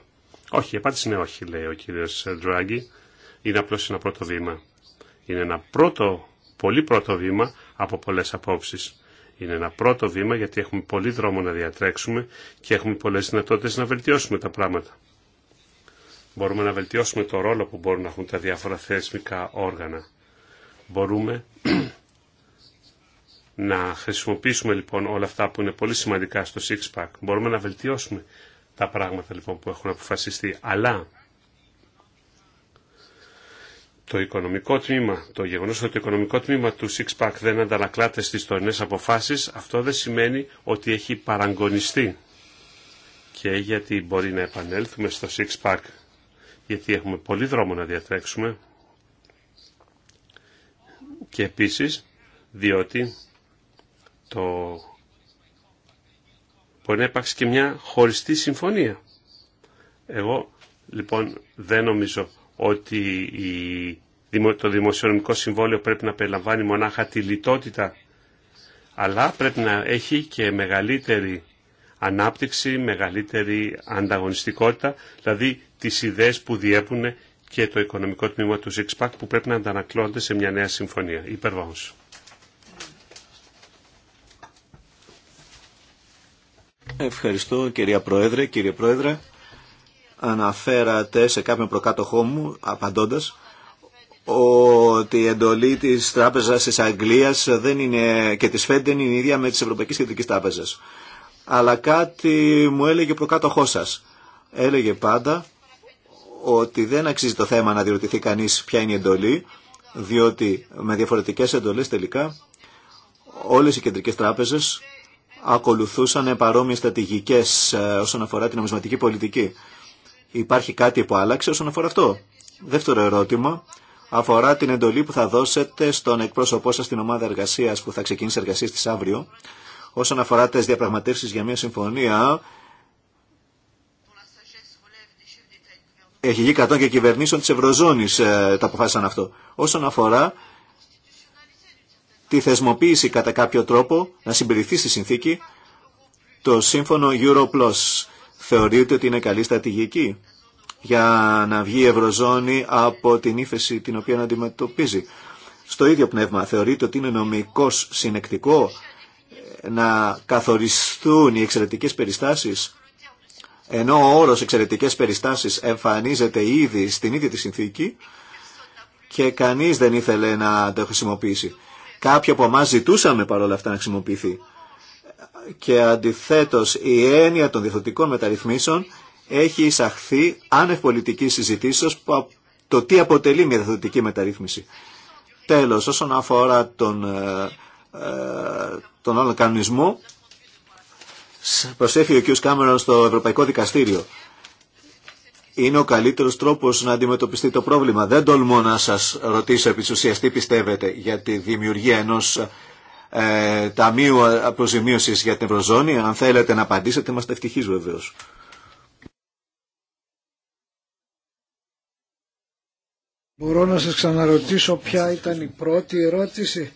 Όχι, η απάντηση είναι όχι, λέει ο κύριος Ντράγκη. Είναι απλώς ένα πρώτο βήμα. Είναι ένα πρώτο, πολύ πρώτο βήμα από πολλές απόψεις. Είναι ένα πρώτο βήμα γιατί έχουμε πολύ δρόμο να διατρέξουμε και έχουμε πολλές δυνατότητες να βελτιώσουμε τα πράγματα. Μπορούμε να βελτιώσουμε το ρόλο που μπορούν να έχουν τα διάφορα θεσμικά όργανα. Μπορούμε να χρησιμοποιήσουμε λοιπόν όλα αυτά που είναι πολύ σημαντικά στο six Μπορούμε να βελτιώσουμε τα πράγματα λοιπόν που έχουν αποφασιστεί. Αλλά το οικονομικό τμήμα, το γεγονός ότι το οικονομικό τμήμα του six δεν αντανακλάται στις τωρινέ αποφάσεις, αυτό δεν σημαίνει ότι έχει παραγκονιστεί. Και γιατί μπορεί να επανέλθουμε στο six γιατί έχουμε πολύ δρόμο να διατρέξουμε και επίσης διότι το... μπορεί να υπάρξει και μια χωριστή συμφωνία. Εγώ λοιπόν δεν νομίζω ότι η... το δημοσιονομικό συμβόλαιο πρέπει να περιλαμβάνει μονάχα τη λιτότητα αλλά πρέπει να έχει και μεγαλύτερη ανάπτυξη, μεγαλύτερη ανταγωνιστικότητα, δηλαδή τις ιδέες που διέπουν και το οικονομικό τμήμα του ΖΙΚΣΠΑΚ που πρέπει να αντανακλώνται σε μια νέα συμφωνία. Υπερβάμος. Ευχαριστώ κυρία Πρόεδρε. Κύριε Πρόεδρε, αναφέρατε σε κάποιον προκάτοχό μου, απαντώντας, ότι η εντολή της Τράπεζας της Αγγλίας δεν είναι, και της ΦΕΝΤΕΝ δεν είναι η ίδια με της Ευρωπαϊκής Κεντρικής Τράπεζας. Αλλά κάτι μου έλεγε ο προκάτοχός Έλεγε πάντα ότι δεν αξίζει το θέμα να διερωτηθεί κανείς ποια είναι η εντολή, διότι με διαφορετικές εντολές τελικά όλες οι κεντρικές τράπεζες ακολουθούσαν παρόμοιες στρατηγικές ε, όσον αφορά την νομισματική πολιτική. Υπάρχει κάτι που άλλαξε όσον αφορά αυτό. Δεύτερο ερώτημα αφορά την εντολή που θα δώσετε στον εκπρόσωπό σας στην ομάδα εργασίας που θα ξεκινήσει εργασίες της αύριο όσον αφορά τις διαπραγματεύσεις για μια συμφωνία αρχηγοί κρατών και κυβερνήσεων της Ευρωζώνης ε, τα αποφάσισαν αυτό. Όσον αφορά τη θεσμοποίηση κατά κάποιο τρόπο να συμπεριληφθεί στη συνθήκη το σύμφωνο Europlus θεωρείται ότι είναι καλή στρατηγική για να βγει η Ευρωζώνη από την ύφεση την οποία αντιμετωπίζει. Στο ίδιο πνεύμα θεωρείται ότι είναι νομικός συνεκτικό να καθοριστούν οι εξαιρετικές περιστάσεις ενώ ο όρος εξαιρετικές περιστάσεις εμφανίζεται ήδη στην ίδια τη συνθήκη και κανείς δεν ήθελε να το χρησιμοποιήσει. Κάποιοι από εμά ζητούσαμε παρόλα αυτά να χρησιμοποιηθεί. Και αντιθέτως η έννοια των διεθνωτικών μεταρρυθμίσεων έχει εισαχθεί άνευ πολιτικής συζητήσεως το τι αποτελεί μια διεθνωτική μεταρρύθμιση. Τέλος, όσον αφορά τον, ε, ε, τον άλλο κανονισμό, προσέχει ο κ. Κάμερον στο Ευρωπαϊκό Δικαστήριο. Είναι ο καλύτερος τρόπος να αντιμετωπιστεί το πρόβλημα. Δεν τολμώ να σας ρωτήσω επί τι πιστεύετε για τη δημιουργία ενός ε, Ταμείου Αποζημίωσης για την Ευρωζώνη. Αν θέλετε να απαντήσετε, είμαστε ευτυχείς βεβαίω. Μπορώ να σας ξαναρωτήσω ποια ήταν η πρώτη ερώτηση.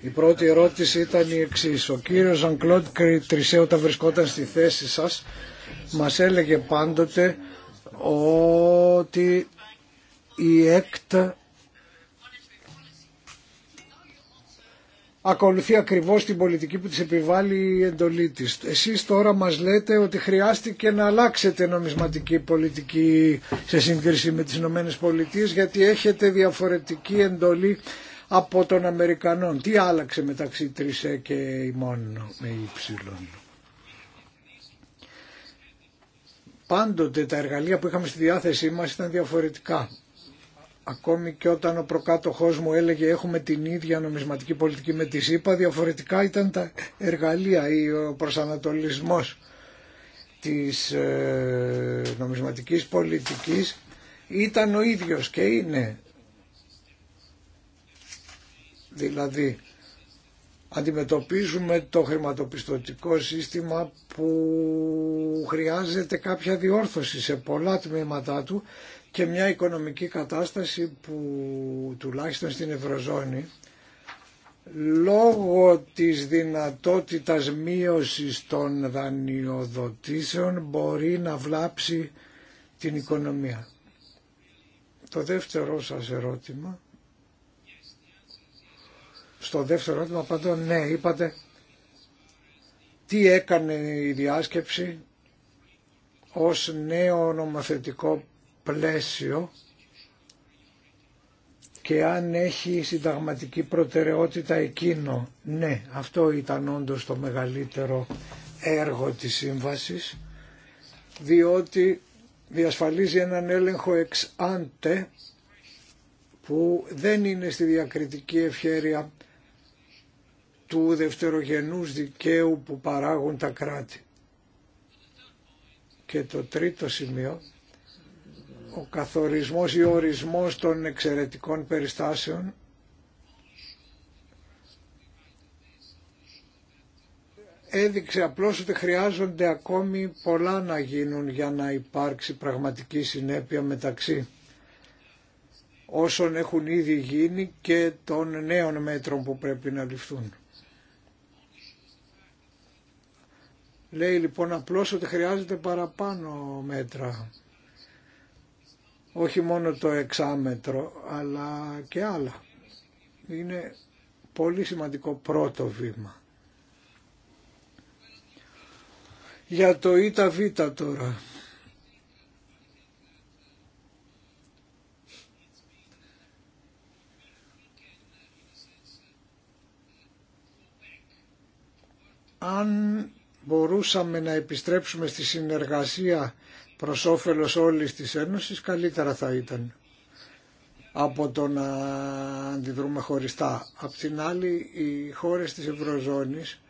Η πρώτη ερώτηση ήταν η εξή. Ο κύριος Ζανκλόντ Τρισέ όταν βρισκόταν στη θέση σας μας έλεγε πάντοτε ότι η ΕΚΤ ακολουθεί ακριβώς την πολιτική που της επιβάλλει η εντολή της. Εσείς τώρα μας λέτε ότι χρειάστηκε να αλλάξετε νομισματική πολιτική σε σύγκριση με τις Ηνωμένες Πολιτείες γιατί έχετε διαφορετική εντολή από των Αμερικανών. Τι άλλαξε μεταξύ τρισέ ε και ημών με ύψιλον. Πάντοτε τα εργαλεία που είχαμε στη διάθεσή μας ήταν διαφορετικά. Ακόμη και όταν ο προκάτοχός μου έλεγε έχουμε την ίδια νομισματική πολιτική με τη ΣΥΠΑ, διαφορετικά ήταν τα εργαλεία ή ο προσανατολισμός της ε, νομισματικής πολιτικής ήταν ο ίδιος και είναι Δηλαδή, αντιμετωπίζουμε το χρηματοπιστωτικό σύστημα που χρειάζεται κάποια διόρθωση σε πολλά τμήματά του και μια οικονομική κατάσταση που τουλάχιστον στην Ευρωζώνη λόγω της δυνατότητας μείωσης των δανειοδοτήσεων μπορεί να βλάψει την οικονομία. Το δεύτερο σας ερώτημα στο δεύτερο ερώτημα απαντώ ναι, είπατε τι έκανε η διάσκεψη ως νέο νομοθετικό πλαίσιο και αν έχει συνταγματική προτεραιότητα εκείνο. Ναι, αυτό ήταν όντως το μεγαλύτερο έργο της σύμβασης, διότι διασφαλίζει έναν έλεγχο εξάντε που δεν είναι στη διακριτική ευχέρεια του δευτερογενούς δικαίου που παράγουν τα κράτη. Και το τρίτο σημείο, ο καθορισμός ή ορισμός των εξαιρετικών περιστάσεων έδειξε απλώς ότι χρειάζονται ακόμη πολλά να γίνουν για να υπάρξει πραγματική συνέπεια μεταξύ όσων έχουν ήδη γίνει και των νέων μέτρων που πρέπει να ληφθούν. Λέει λοιπόν απλώς ότι χρειάζεται παραπάνω μέτρα. Όχι μόνο το εξάμετρο, αλλά και άλλα. Είναι πολύ σημαντικό πρώτο βήμα. Για το ΙΤΑΒ τώρα. Αν μπορούσαμε να επιστρέψουμε στη συνεργασία προς όφελος όλης της Ένωσης, καλύτερα θα ήταν από το να αντιδρούμε χωριστά. Απ' την άλλη, οι χώρες της Ευρωζώνης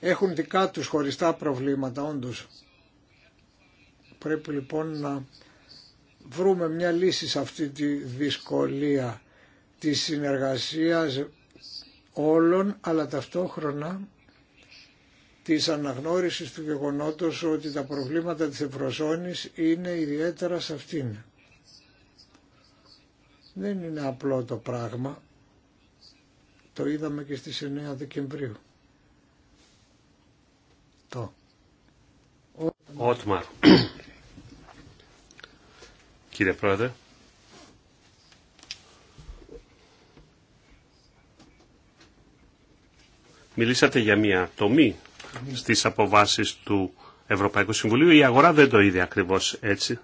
έχουν δικά τους χωριστά προβλήματα, όντως. Πρέπει λοιπόν να βρούμε μια λύση σε αυτή τη δυσκολία της συνεργασίας όλων, αλλά ταυτόχρονα της αναγνώρισης του γεγονότος ότι τα προβλήματα της Ευρωζώνης είναι ιδιαίτερα σε αυτήν. Δεν είναι απλό το πράγμα. Το είδαμε και στις 9 Δεκεμβρίου. Το. Ότμαρ. Κύριε Πρόεδρε. Μιλήσατε για μια τομή στις αποβάσεις του Ευρωπαϊκού Συμβουλίου. Η αγορά δεν το είδε ακριβώς έτσι.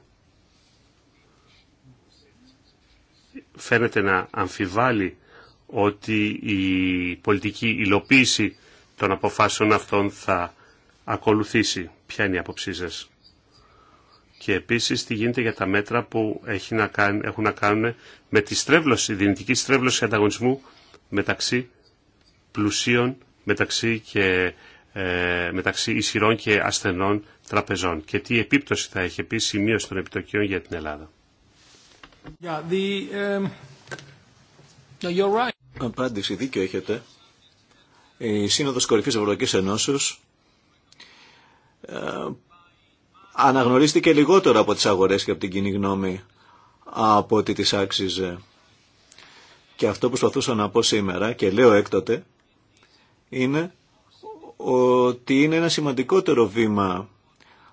Φαίνεται να αμφιβάλλει ότι η πολιτική υλοποίηση των αποφάσεων αυτών θα ακολουθήσει. Ποια είναι η άποψή σας. Και επίσης τι γίνεται για τα μέτρα που έχει να έχουν να κάνουν με τη στρέβλωση, δυνητική στρέβλωση ανταγωνισμού μεταξύ πλουσίων μεταξύ και ε, μεταξύ ισχυρών και ασθενών τραπεζών και τι επίπτωση θα έχει επίσης η μείωση των επιτοκίων για την Ελλάδα. Yeah, the, um... you're right. Απάντηση, δίκιο έχετε. Η Σύνοδος Κορυφής Ευρωπαϊκής Ενώσεως ε, αναγνωρίστηκε λιγότερο από τις αγορές και από την κοινή γνώμη από ότι τις άξιζε. Και αυτό που προσπαθούσα να πω σήμερα και λέω έκτοτε είναι ότι είναι ένα σημαντικότερο βήμα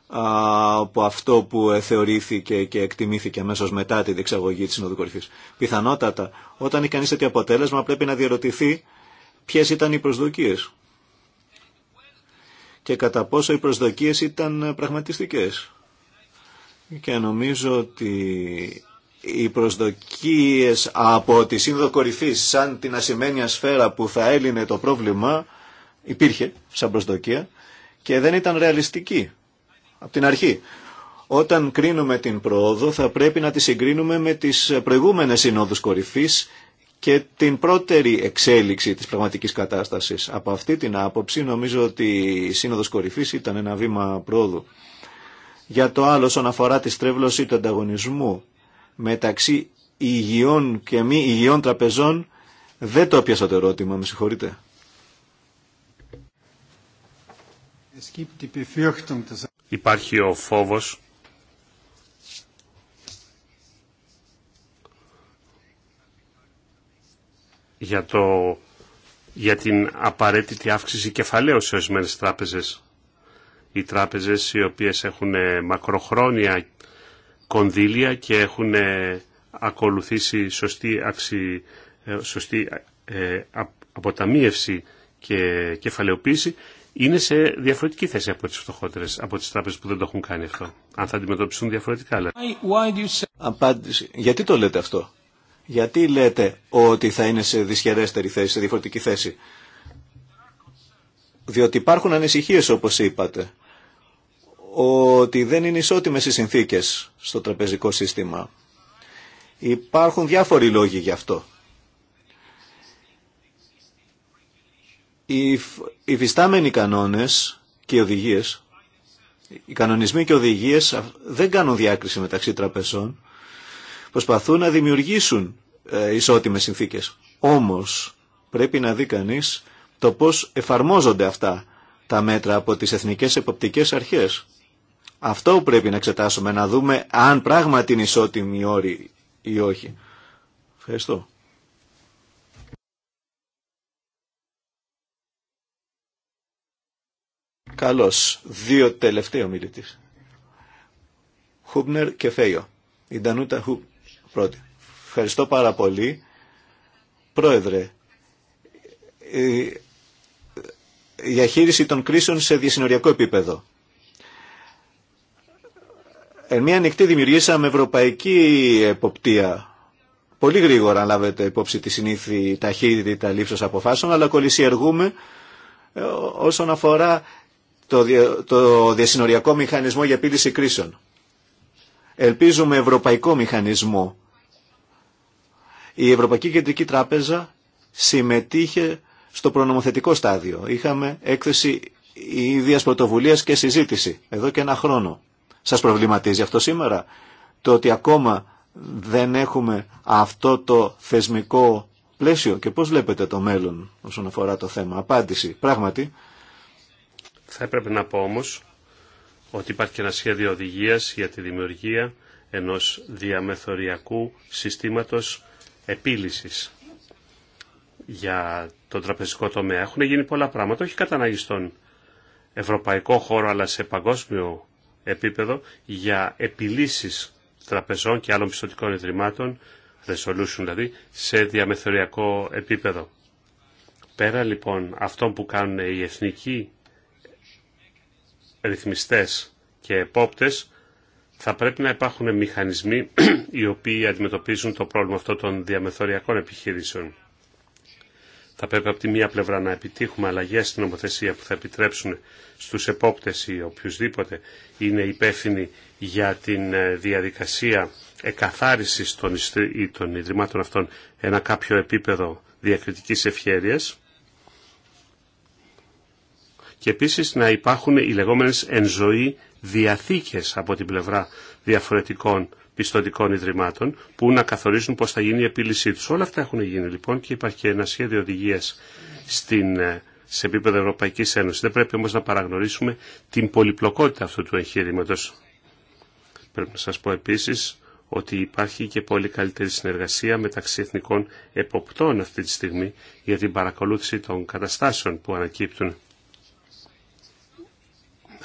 από αυτό που θεωρήθηκε και εκτιμήθηκε αμέσω μετά τη διεξαγωγή τη Συνόδου Κορυφή. Πιθανότατα, όταν έχει κανεί τέτοιο αποτέλεσμα, πρέπει να διαρωτηθεί ποιε ήταν οι προσδοκίε και κατά πόσο οι προσδοκίε ήταν πραγματιστικέ. Και νομίζω ότι οι προσδοκίες από τη Σύνοδο Κορυφής σαν την ασημένια σφαίρα που θα έλυνε το πρόβλημα υπήρχε σαν προσδοκία και δεν ήταν ρεαλιστική από την αρχή. Όταν κρίνουμε την πρόοδο θα πρέπει να τη συγκρίνουμε με τις προηγούμενες συνόδους κορυφής και την πρώτερη εξέλιξη της πραγματικής κατάστασης. Από αυτή την άποψη νομίζω ότι η Σύνοδος Κορυφής ήταν ένα βήμα πρόοδου. Για το άλλο, όσον αφορά τη στρέβλωση του ανταγωνισμού μεταξύ υγιών και μη υγιών τραπεζών, δεν το έπιασα το ερώτημα, με συγχωρείτε. Υπάρχει ο φόβος για, το, για την απαραίτητη αύξηση κεφαλαίου σε ορισμένε τράπεζες. Οι τράπεζες οι οποίες έχουν ε, μακροχρόνια κονδύλια και έχουν ε, ακολουθήσει σωστή, αξι, ε, σωστή αποταμίευση και κεφαλαιοποίηση είναι σε διαφορετική θέση από τις φτωχότερες, από τις τράπεζες που δεν το έχουν κάνει αυτό. Αν θα αντιμετωπιστούν διαφορετικά. Γιατί το λέτε αυτό. Γιατί λέτε ότι θα είναι σε δυσχερέστερη θέση, σε διαφορετική θέση. Διότι υπάρχουν ανησυχίες όπως είπατε. Ότι δεν είναι ισότιμες οι συνθήκες στο τραπεζικό σύστημα. Υπάρχουν διάφοροι λόγοι γι' αυτό. Οι φυστάμενοι κανόνες και οι οδηγίες, οι κανονισμοί και οδηγίες δεν κάνουν διάκριση μεταξύ τραπεζών. Προσπαθούν να δημιουργήσουν ε, ισότιμες συνθήκες. Όμως πρέπει να δει κανεί το πώς εφαρμόζονται αυτά τα μέτρα από τις εθνικές εποπτικές αρχές. Αυτό πρέπει να εξετάσουμε, να δούμε αν πράγματι είναι ισότιμοι όροι ή όχι. Ευχαριστώ. Καλώς. Δύο τελευταίοι ομιλητής. Χούμπνερ και Φέιο. Η Ντανούτα Χούμπ. πρώτη. Ευχαριστώ πάρα πολύ. Πρόεδρε, η διαχείριση των κρίσεων σε διασυνοριακό επίπεδο. Εν μία νυχτή δημιουργήσαμε ευρωπαϊκή εποπτεία. Πολύ γρήγορα λάβετε υπόψη τη συνήθη ταχύτητα λήψης αποφάσεων, αλλά κολλησιεργούμε ε, όσον αφορά το, το διασυνοριακό μηχανισμό για επίλυση κρίσεων. Ελπίζουμε ευρωπαϊκό μηχανισμό. Η Ευρωπαϊκή Κεντρική Τράπεζα συμμετείχε στο προνομοθετικό στάδιο. Είχαμε έκθεση ίδιας πρωτοβουλίας και συζήτηση εδώ και ένα χρόνο. Σας προβληματίζει αυτό σήμερα το ότι ακόμα δεν έχουμε αυτό το θεσμικό πλαίσιο και πώς βλέπετε το μέλλον όσον αφορά το θέμα. Απάντηση. Πράγματι, θα έπρεπε να πω όμως ότι υπάρχει και ένα σχέδιο οδηγίας για τη δημιουργία ενός διαμεθοριακού συστήματος επίλυσης για τον τραπεζικό τομέα. Έχουν γίνει πολλά πράγματα, όχι κατά ανάγκη στον ευρωπαϊκό χώρο, αλλά σε παγκόσμιο επίπεδο για επιλύσεις τραπεζών και άλλων πιστοτικών ιδρυμάτων, resolution δηλαδή, σε διαμεθοριακό επίπεδο. Πέρα λοιπόν αυτό που κάνουν οι εθνικοί ρυθμιστές και επόπτες θα πρέπει να υπάρχουν μηχανισμοί οι οποίοι αντιμετωπίζουν το πρόβλημα αυτό των διαμεθοριακών επιχειρήσεων. Θα πρέπει από τη μία πλευρά να επιτύχουμε αλλαγέ στην νομοθεσία που θα επιτρέψουν στους επόπτες ή οποιουσδήποτε είναι υπεύθυνοι για την ε, διαδικασία εκαθάρισης των, των ιδρυμάτων αυτών ένα κάποιο επίπεδο διακριτικής ευχέρειας και επίσης να υπάρχουν οι λεγόμενες εν ζωή διαθήκες από την πλευρά διαφορετικών πιστοτικών ιδρυμάτων που να καθορίζουν πώς θα γίνει η επίλυσή τους. Όλα αυτά έχουν γίνει λοιπόν και υπάρχει και ένα σχέδιο οδηγίας ε, σε επίπεδο Ευρωπαϊκής Ένωσης. Δεν πρέπει όμως να παραγνωρίσουμε την πολυπλοκότητα αυτού του εγχείρηματο. Πρέπει να σας πω επίσης ότι υπάρχει και πολύ καλύτερη συνεργασία μεταξύ εθνικών εποπτών αυτή τη στιγμή για την παρακολούθηση των καταστάσεων που ανακύπτουν.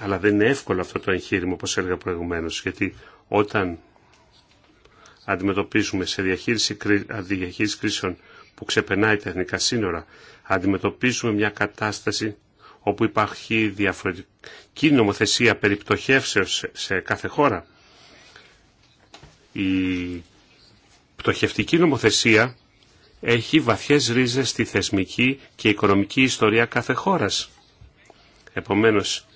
Αλλά δεν είναι εύκολο αυτό το εγχείρημα, όπως έλεγα προηγουμένως, γιατί όταν αντιμετωπίζουμε σε διαχείριση, διαχείριση κρίσεων που ξεπερνάει τα εθνικά σύνορα, αντιμετωπίζουμε μια κατάσταση όπου υπάρχει διαφορετική νομοθεσία περιπτωχεύσεως σε κάθε χώρα. Η πτωχευτική νομοθεσία έχει βαθιές ρίζες στη θεσμική και οικονομική ιστορία κάθε χώρας. Επομένως,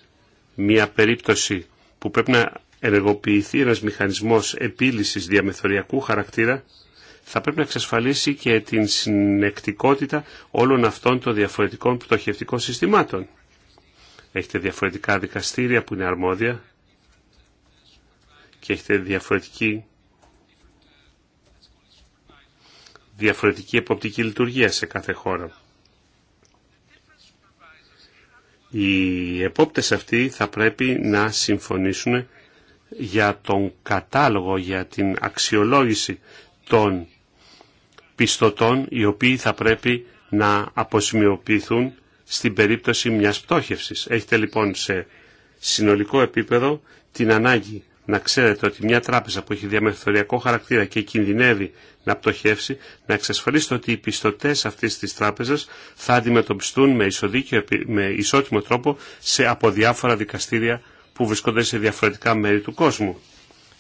μια περίπτωση που πρέπει να ενεργοποιηθεί ένας μηχανισμός επίλυσης διαμεθοριακού χαρακτήρα, θα πρέπει να εξασφαλίσει και την συνεκτικότητα όλων αυτών των διαφορετικών πτωχευτικών συστημάτων. Έχετε διαφορετικά δικαστήρια που είναι αρμόδια και έχετε διαφορετική, διαφορετική εποπτική λειτουργία σε κάθε χώρα οι επόπτες αυτοί θα πρέπει να συμφωνήσουν για τον κατάλογο, για την αξιολόγηση των πιστωτών οι οποίοι θα πρέπει να αποσημειοποιηθούν στην περίπτωση μιας πτώχευσης. Έχετε λοιπόν σε συνολικό επίπεδο την ανάγκη να ξέρετε ότι μια τράπεζα που έχει διαμεθοριακό χαρακτήρα και κινδυνεύει να πτωχεύσει, να εξασφαλίσετε ότι οι πιστωτές αυτής της τράπεζας θα αντιμετωπιστούν με, με ισότιμο τρόπο σε, από διάφορα δικαστήρια που βρισκόνται σε διαφορετικά μέρη του κόσμου.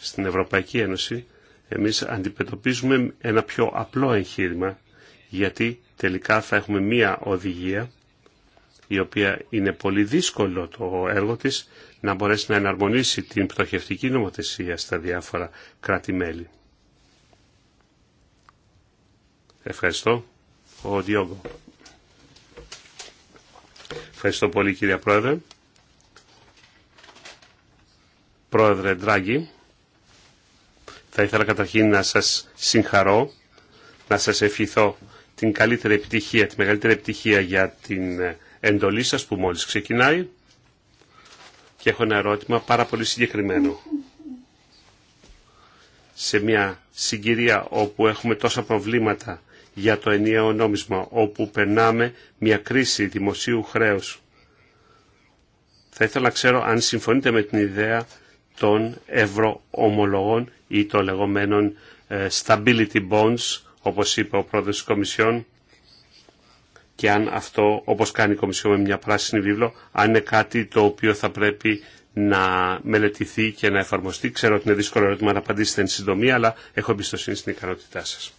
Στην Ευρωπαϊκή Ένωση εμείς αντιμετωπίζουμε ένα πιο απλό εγχείρημα γιατί τελικά θα έχουμε μία οδηγία η οποία είναι πολύ δύσκολο το έργο της να μπορέσει να εναρμονίσει την πτωχευτική νομοθεσία στα διάφορα κράτη-μέλη. Ευχαριστώ. Ο Διόγκο. Ευχαριστώ πολύ κύριε Πρόεδρε. Πρόεδρε Ντράγκη, θα ήθελα καταρχήν να σας συγχαρώ, να σας ευχηθώ την καλύτερη επιτυχία, τη μεγαλύτερη επιτυχία για την εντολή σας που μόλις ξεκινάει. Και έχω ένα ερώτημα πάρα πολύ συγκεκριμένο. Σε μια συγκυρία όπου έχουμε τόσα προβλήματα για το ενιαίο νόμισμα, όπου περνάμε μια κρίση δημοσίου χρέους, θα ήθελα να ξέρω αν συμφωνείτε με την ιδέα των ευρωομολογών ή των λεγόμενων ε, stability bonds, όπως είπε ο πρόεδρος της Κομισιόν, και αν αυτό, όπως κάνει η Κομισιόν με μια πράσινη βίβλο, αν είναι κάτι το οποίο θα πρέπει να μελετηθεί και να εφαρμοστεί. Ξέρω ότι είναι δύσκολο ερώτημα να απαντήσετε εν συντομία, αλλά έχω εμπιστοσύνη στην ικανότητά σας.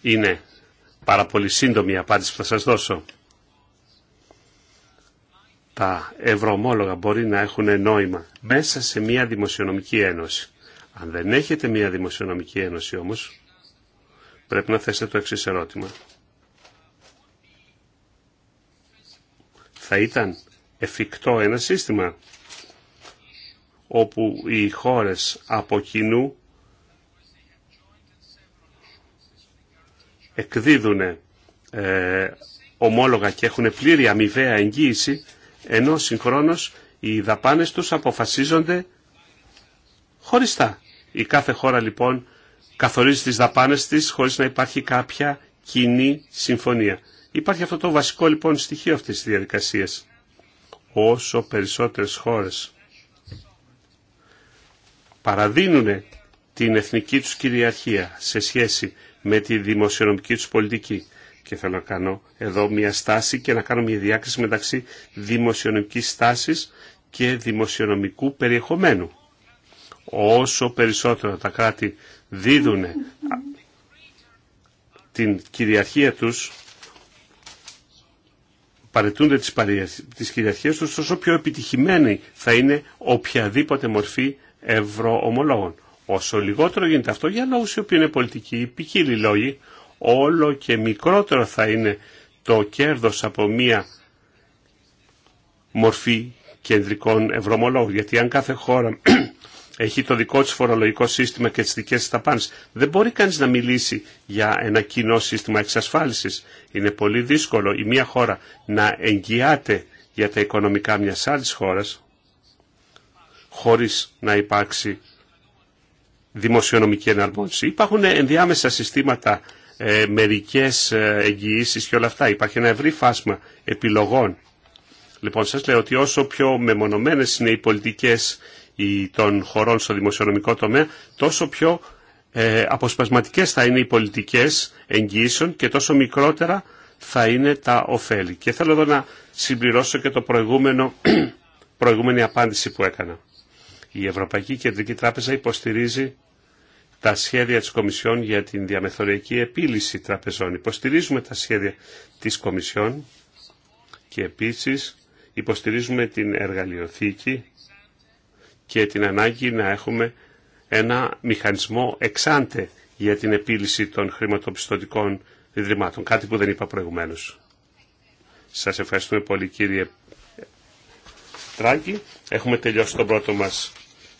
Είναι πάρα πολύ σύντομη η απάντηση που θα σας δώσω. Τα ευρωομόλογα μπορεί να έχουν νόημα μέσα σε μια δημοσιονομική ένωση. Αν δεν έχετε μια δημοσιονομική ένωση όμως, πρέπει να θέσετε το εξής ερώτημα. Θα ήταν εφικτό ένα σύστημα όπου οι χώρες από κοινού εκδίδουν ε, ομόλογα και έχουν πλήρη αμοιβαία εγγύηση, ενώ συγχρόνως οι δαπάνες τους αποφασίζονται χωριστά η κάθε χώρα λοιπόν καθορίζει τις δαπάνες της χωρίς να υπάρχει κάποια κοινή συμφωνία. Υπάρχει αυτό το βασικό λοιπόν στοιχείο αυτής της διαδικασίας. Όσο περισσότερες χώρες παραδίνουν την εθνική τους κυριαρχία σε σχέση με τη δημοσιονομική τους πολιτική και θέλω να κάνω εδώ μια στάση και να κάνω μια διάκριση μεταξύ δημοσιονομικής στάσης και δημοσιονομικού περιεχομένου. Όσο περισσότερο τα κράτη δίδουν την κυριαρχία τους, παρετούνται τις, τις κυριαρχίες τους, τόσο πιο επιτυχημένη θα είναι οποιαδήποτε μορφή ευρωομολόγων. Όσο λιγότερο γίνεται αυτό, για λόγους οι οποίοι είναι πολιτικοί, ποικίλοι λόγοι, όλο και μικρότερο θα είναι το κέρδος από μία μορφή κεντρικών ευρωομολόγων. Γιατί αν κάθε χώρα έχει το δικό της φορολογικό σύστημα και τις δικές της ταπάνες. Δεν μπορεί κανείς να μιλήσει για ένα κοινό σύστημα εξασφάλισης. Είναι πολύ δύσκολο η μία χώρα να εγγυάται για τα οικονομικά μιας άλλης χώρας χωρίς να υπάρξει δημοσιονομική εναρμόνιση. Υπάρχουν ενδιάμεσα συστήματα, ε, μερικές ε, εγγυήσεις και όλα αυτά. Υπάρχει ένα ευρύ φάσμα επιλογών. Λοιπόν, σας λέω ότι όσο πιο μεμονωμένες είναι οι πολιτικές των χωρών στο δημοσιονομικό τομέα, τόσο πιο ε, αποσπασματικές θα είναι οι πολιτικές εγγύησεων και τόσο μικρότερα θα είναι τα ωφέλη. Και θέλω εδώ να συμπληρώσω και το προηγούμενο, προηγούμενη απάντηση που έκανα. Η Ευρωπαϊκή Κεντρική Τράπεζα υποστηρίζει τα σχέδια της Κομισιόν για την διαμεθοριακή επίλυση τραπεζών. Υποστηρίζουμε τα σχέδια της Κομισιόν και επίσης υποστηρίζουμε την εργαλειοθήκη και την ανάγκη να έχουμε ένα μηχανισμό εξάντε για την επίλυση των χρηματοπιστωτικών ιδρυμάτων, κάτι που δεν είπα προηγουμένως. Σας ευχαριστούμε πολύ κύριε Τράγκη. Έχουμε τελειώσει τον πρώτο μας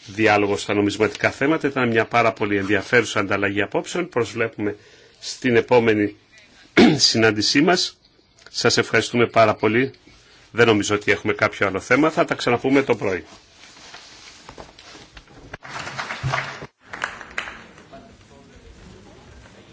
διάλογο στα νομισματικά θέματα. Ήταν μια πάρα πολύ ενδιαφέρουσα ανταλλαγή απόψεων. Προσβλέπουμε στην επόμενη συνάντησή μας. Σας ευχαριστούμε πάρα πολύ. Δεν νομίζω ότι έχουμε κάποιο άλλο θέμα. Θα τα ξαναπούμε το πρωί.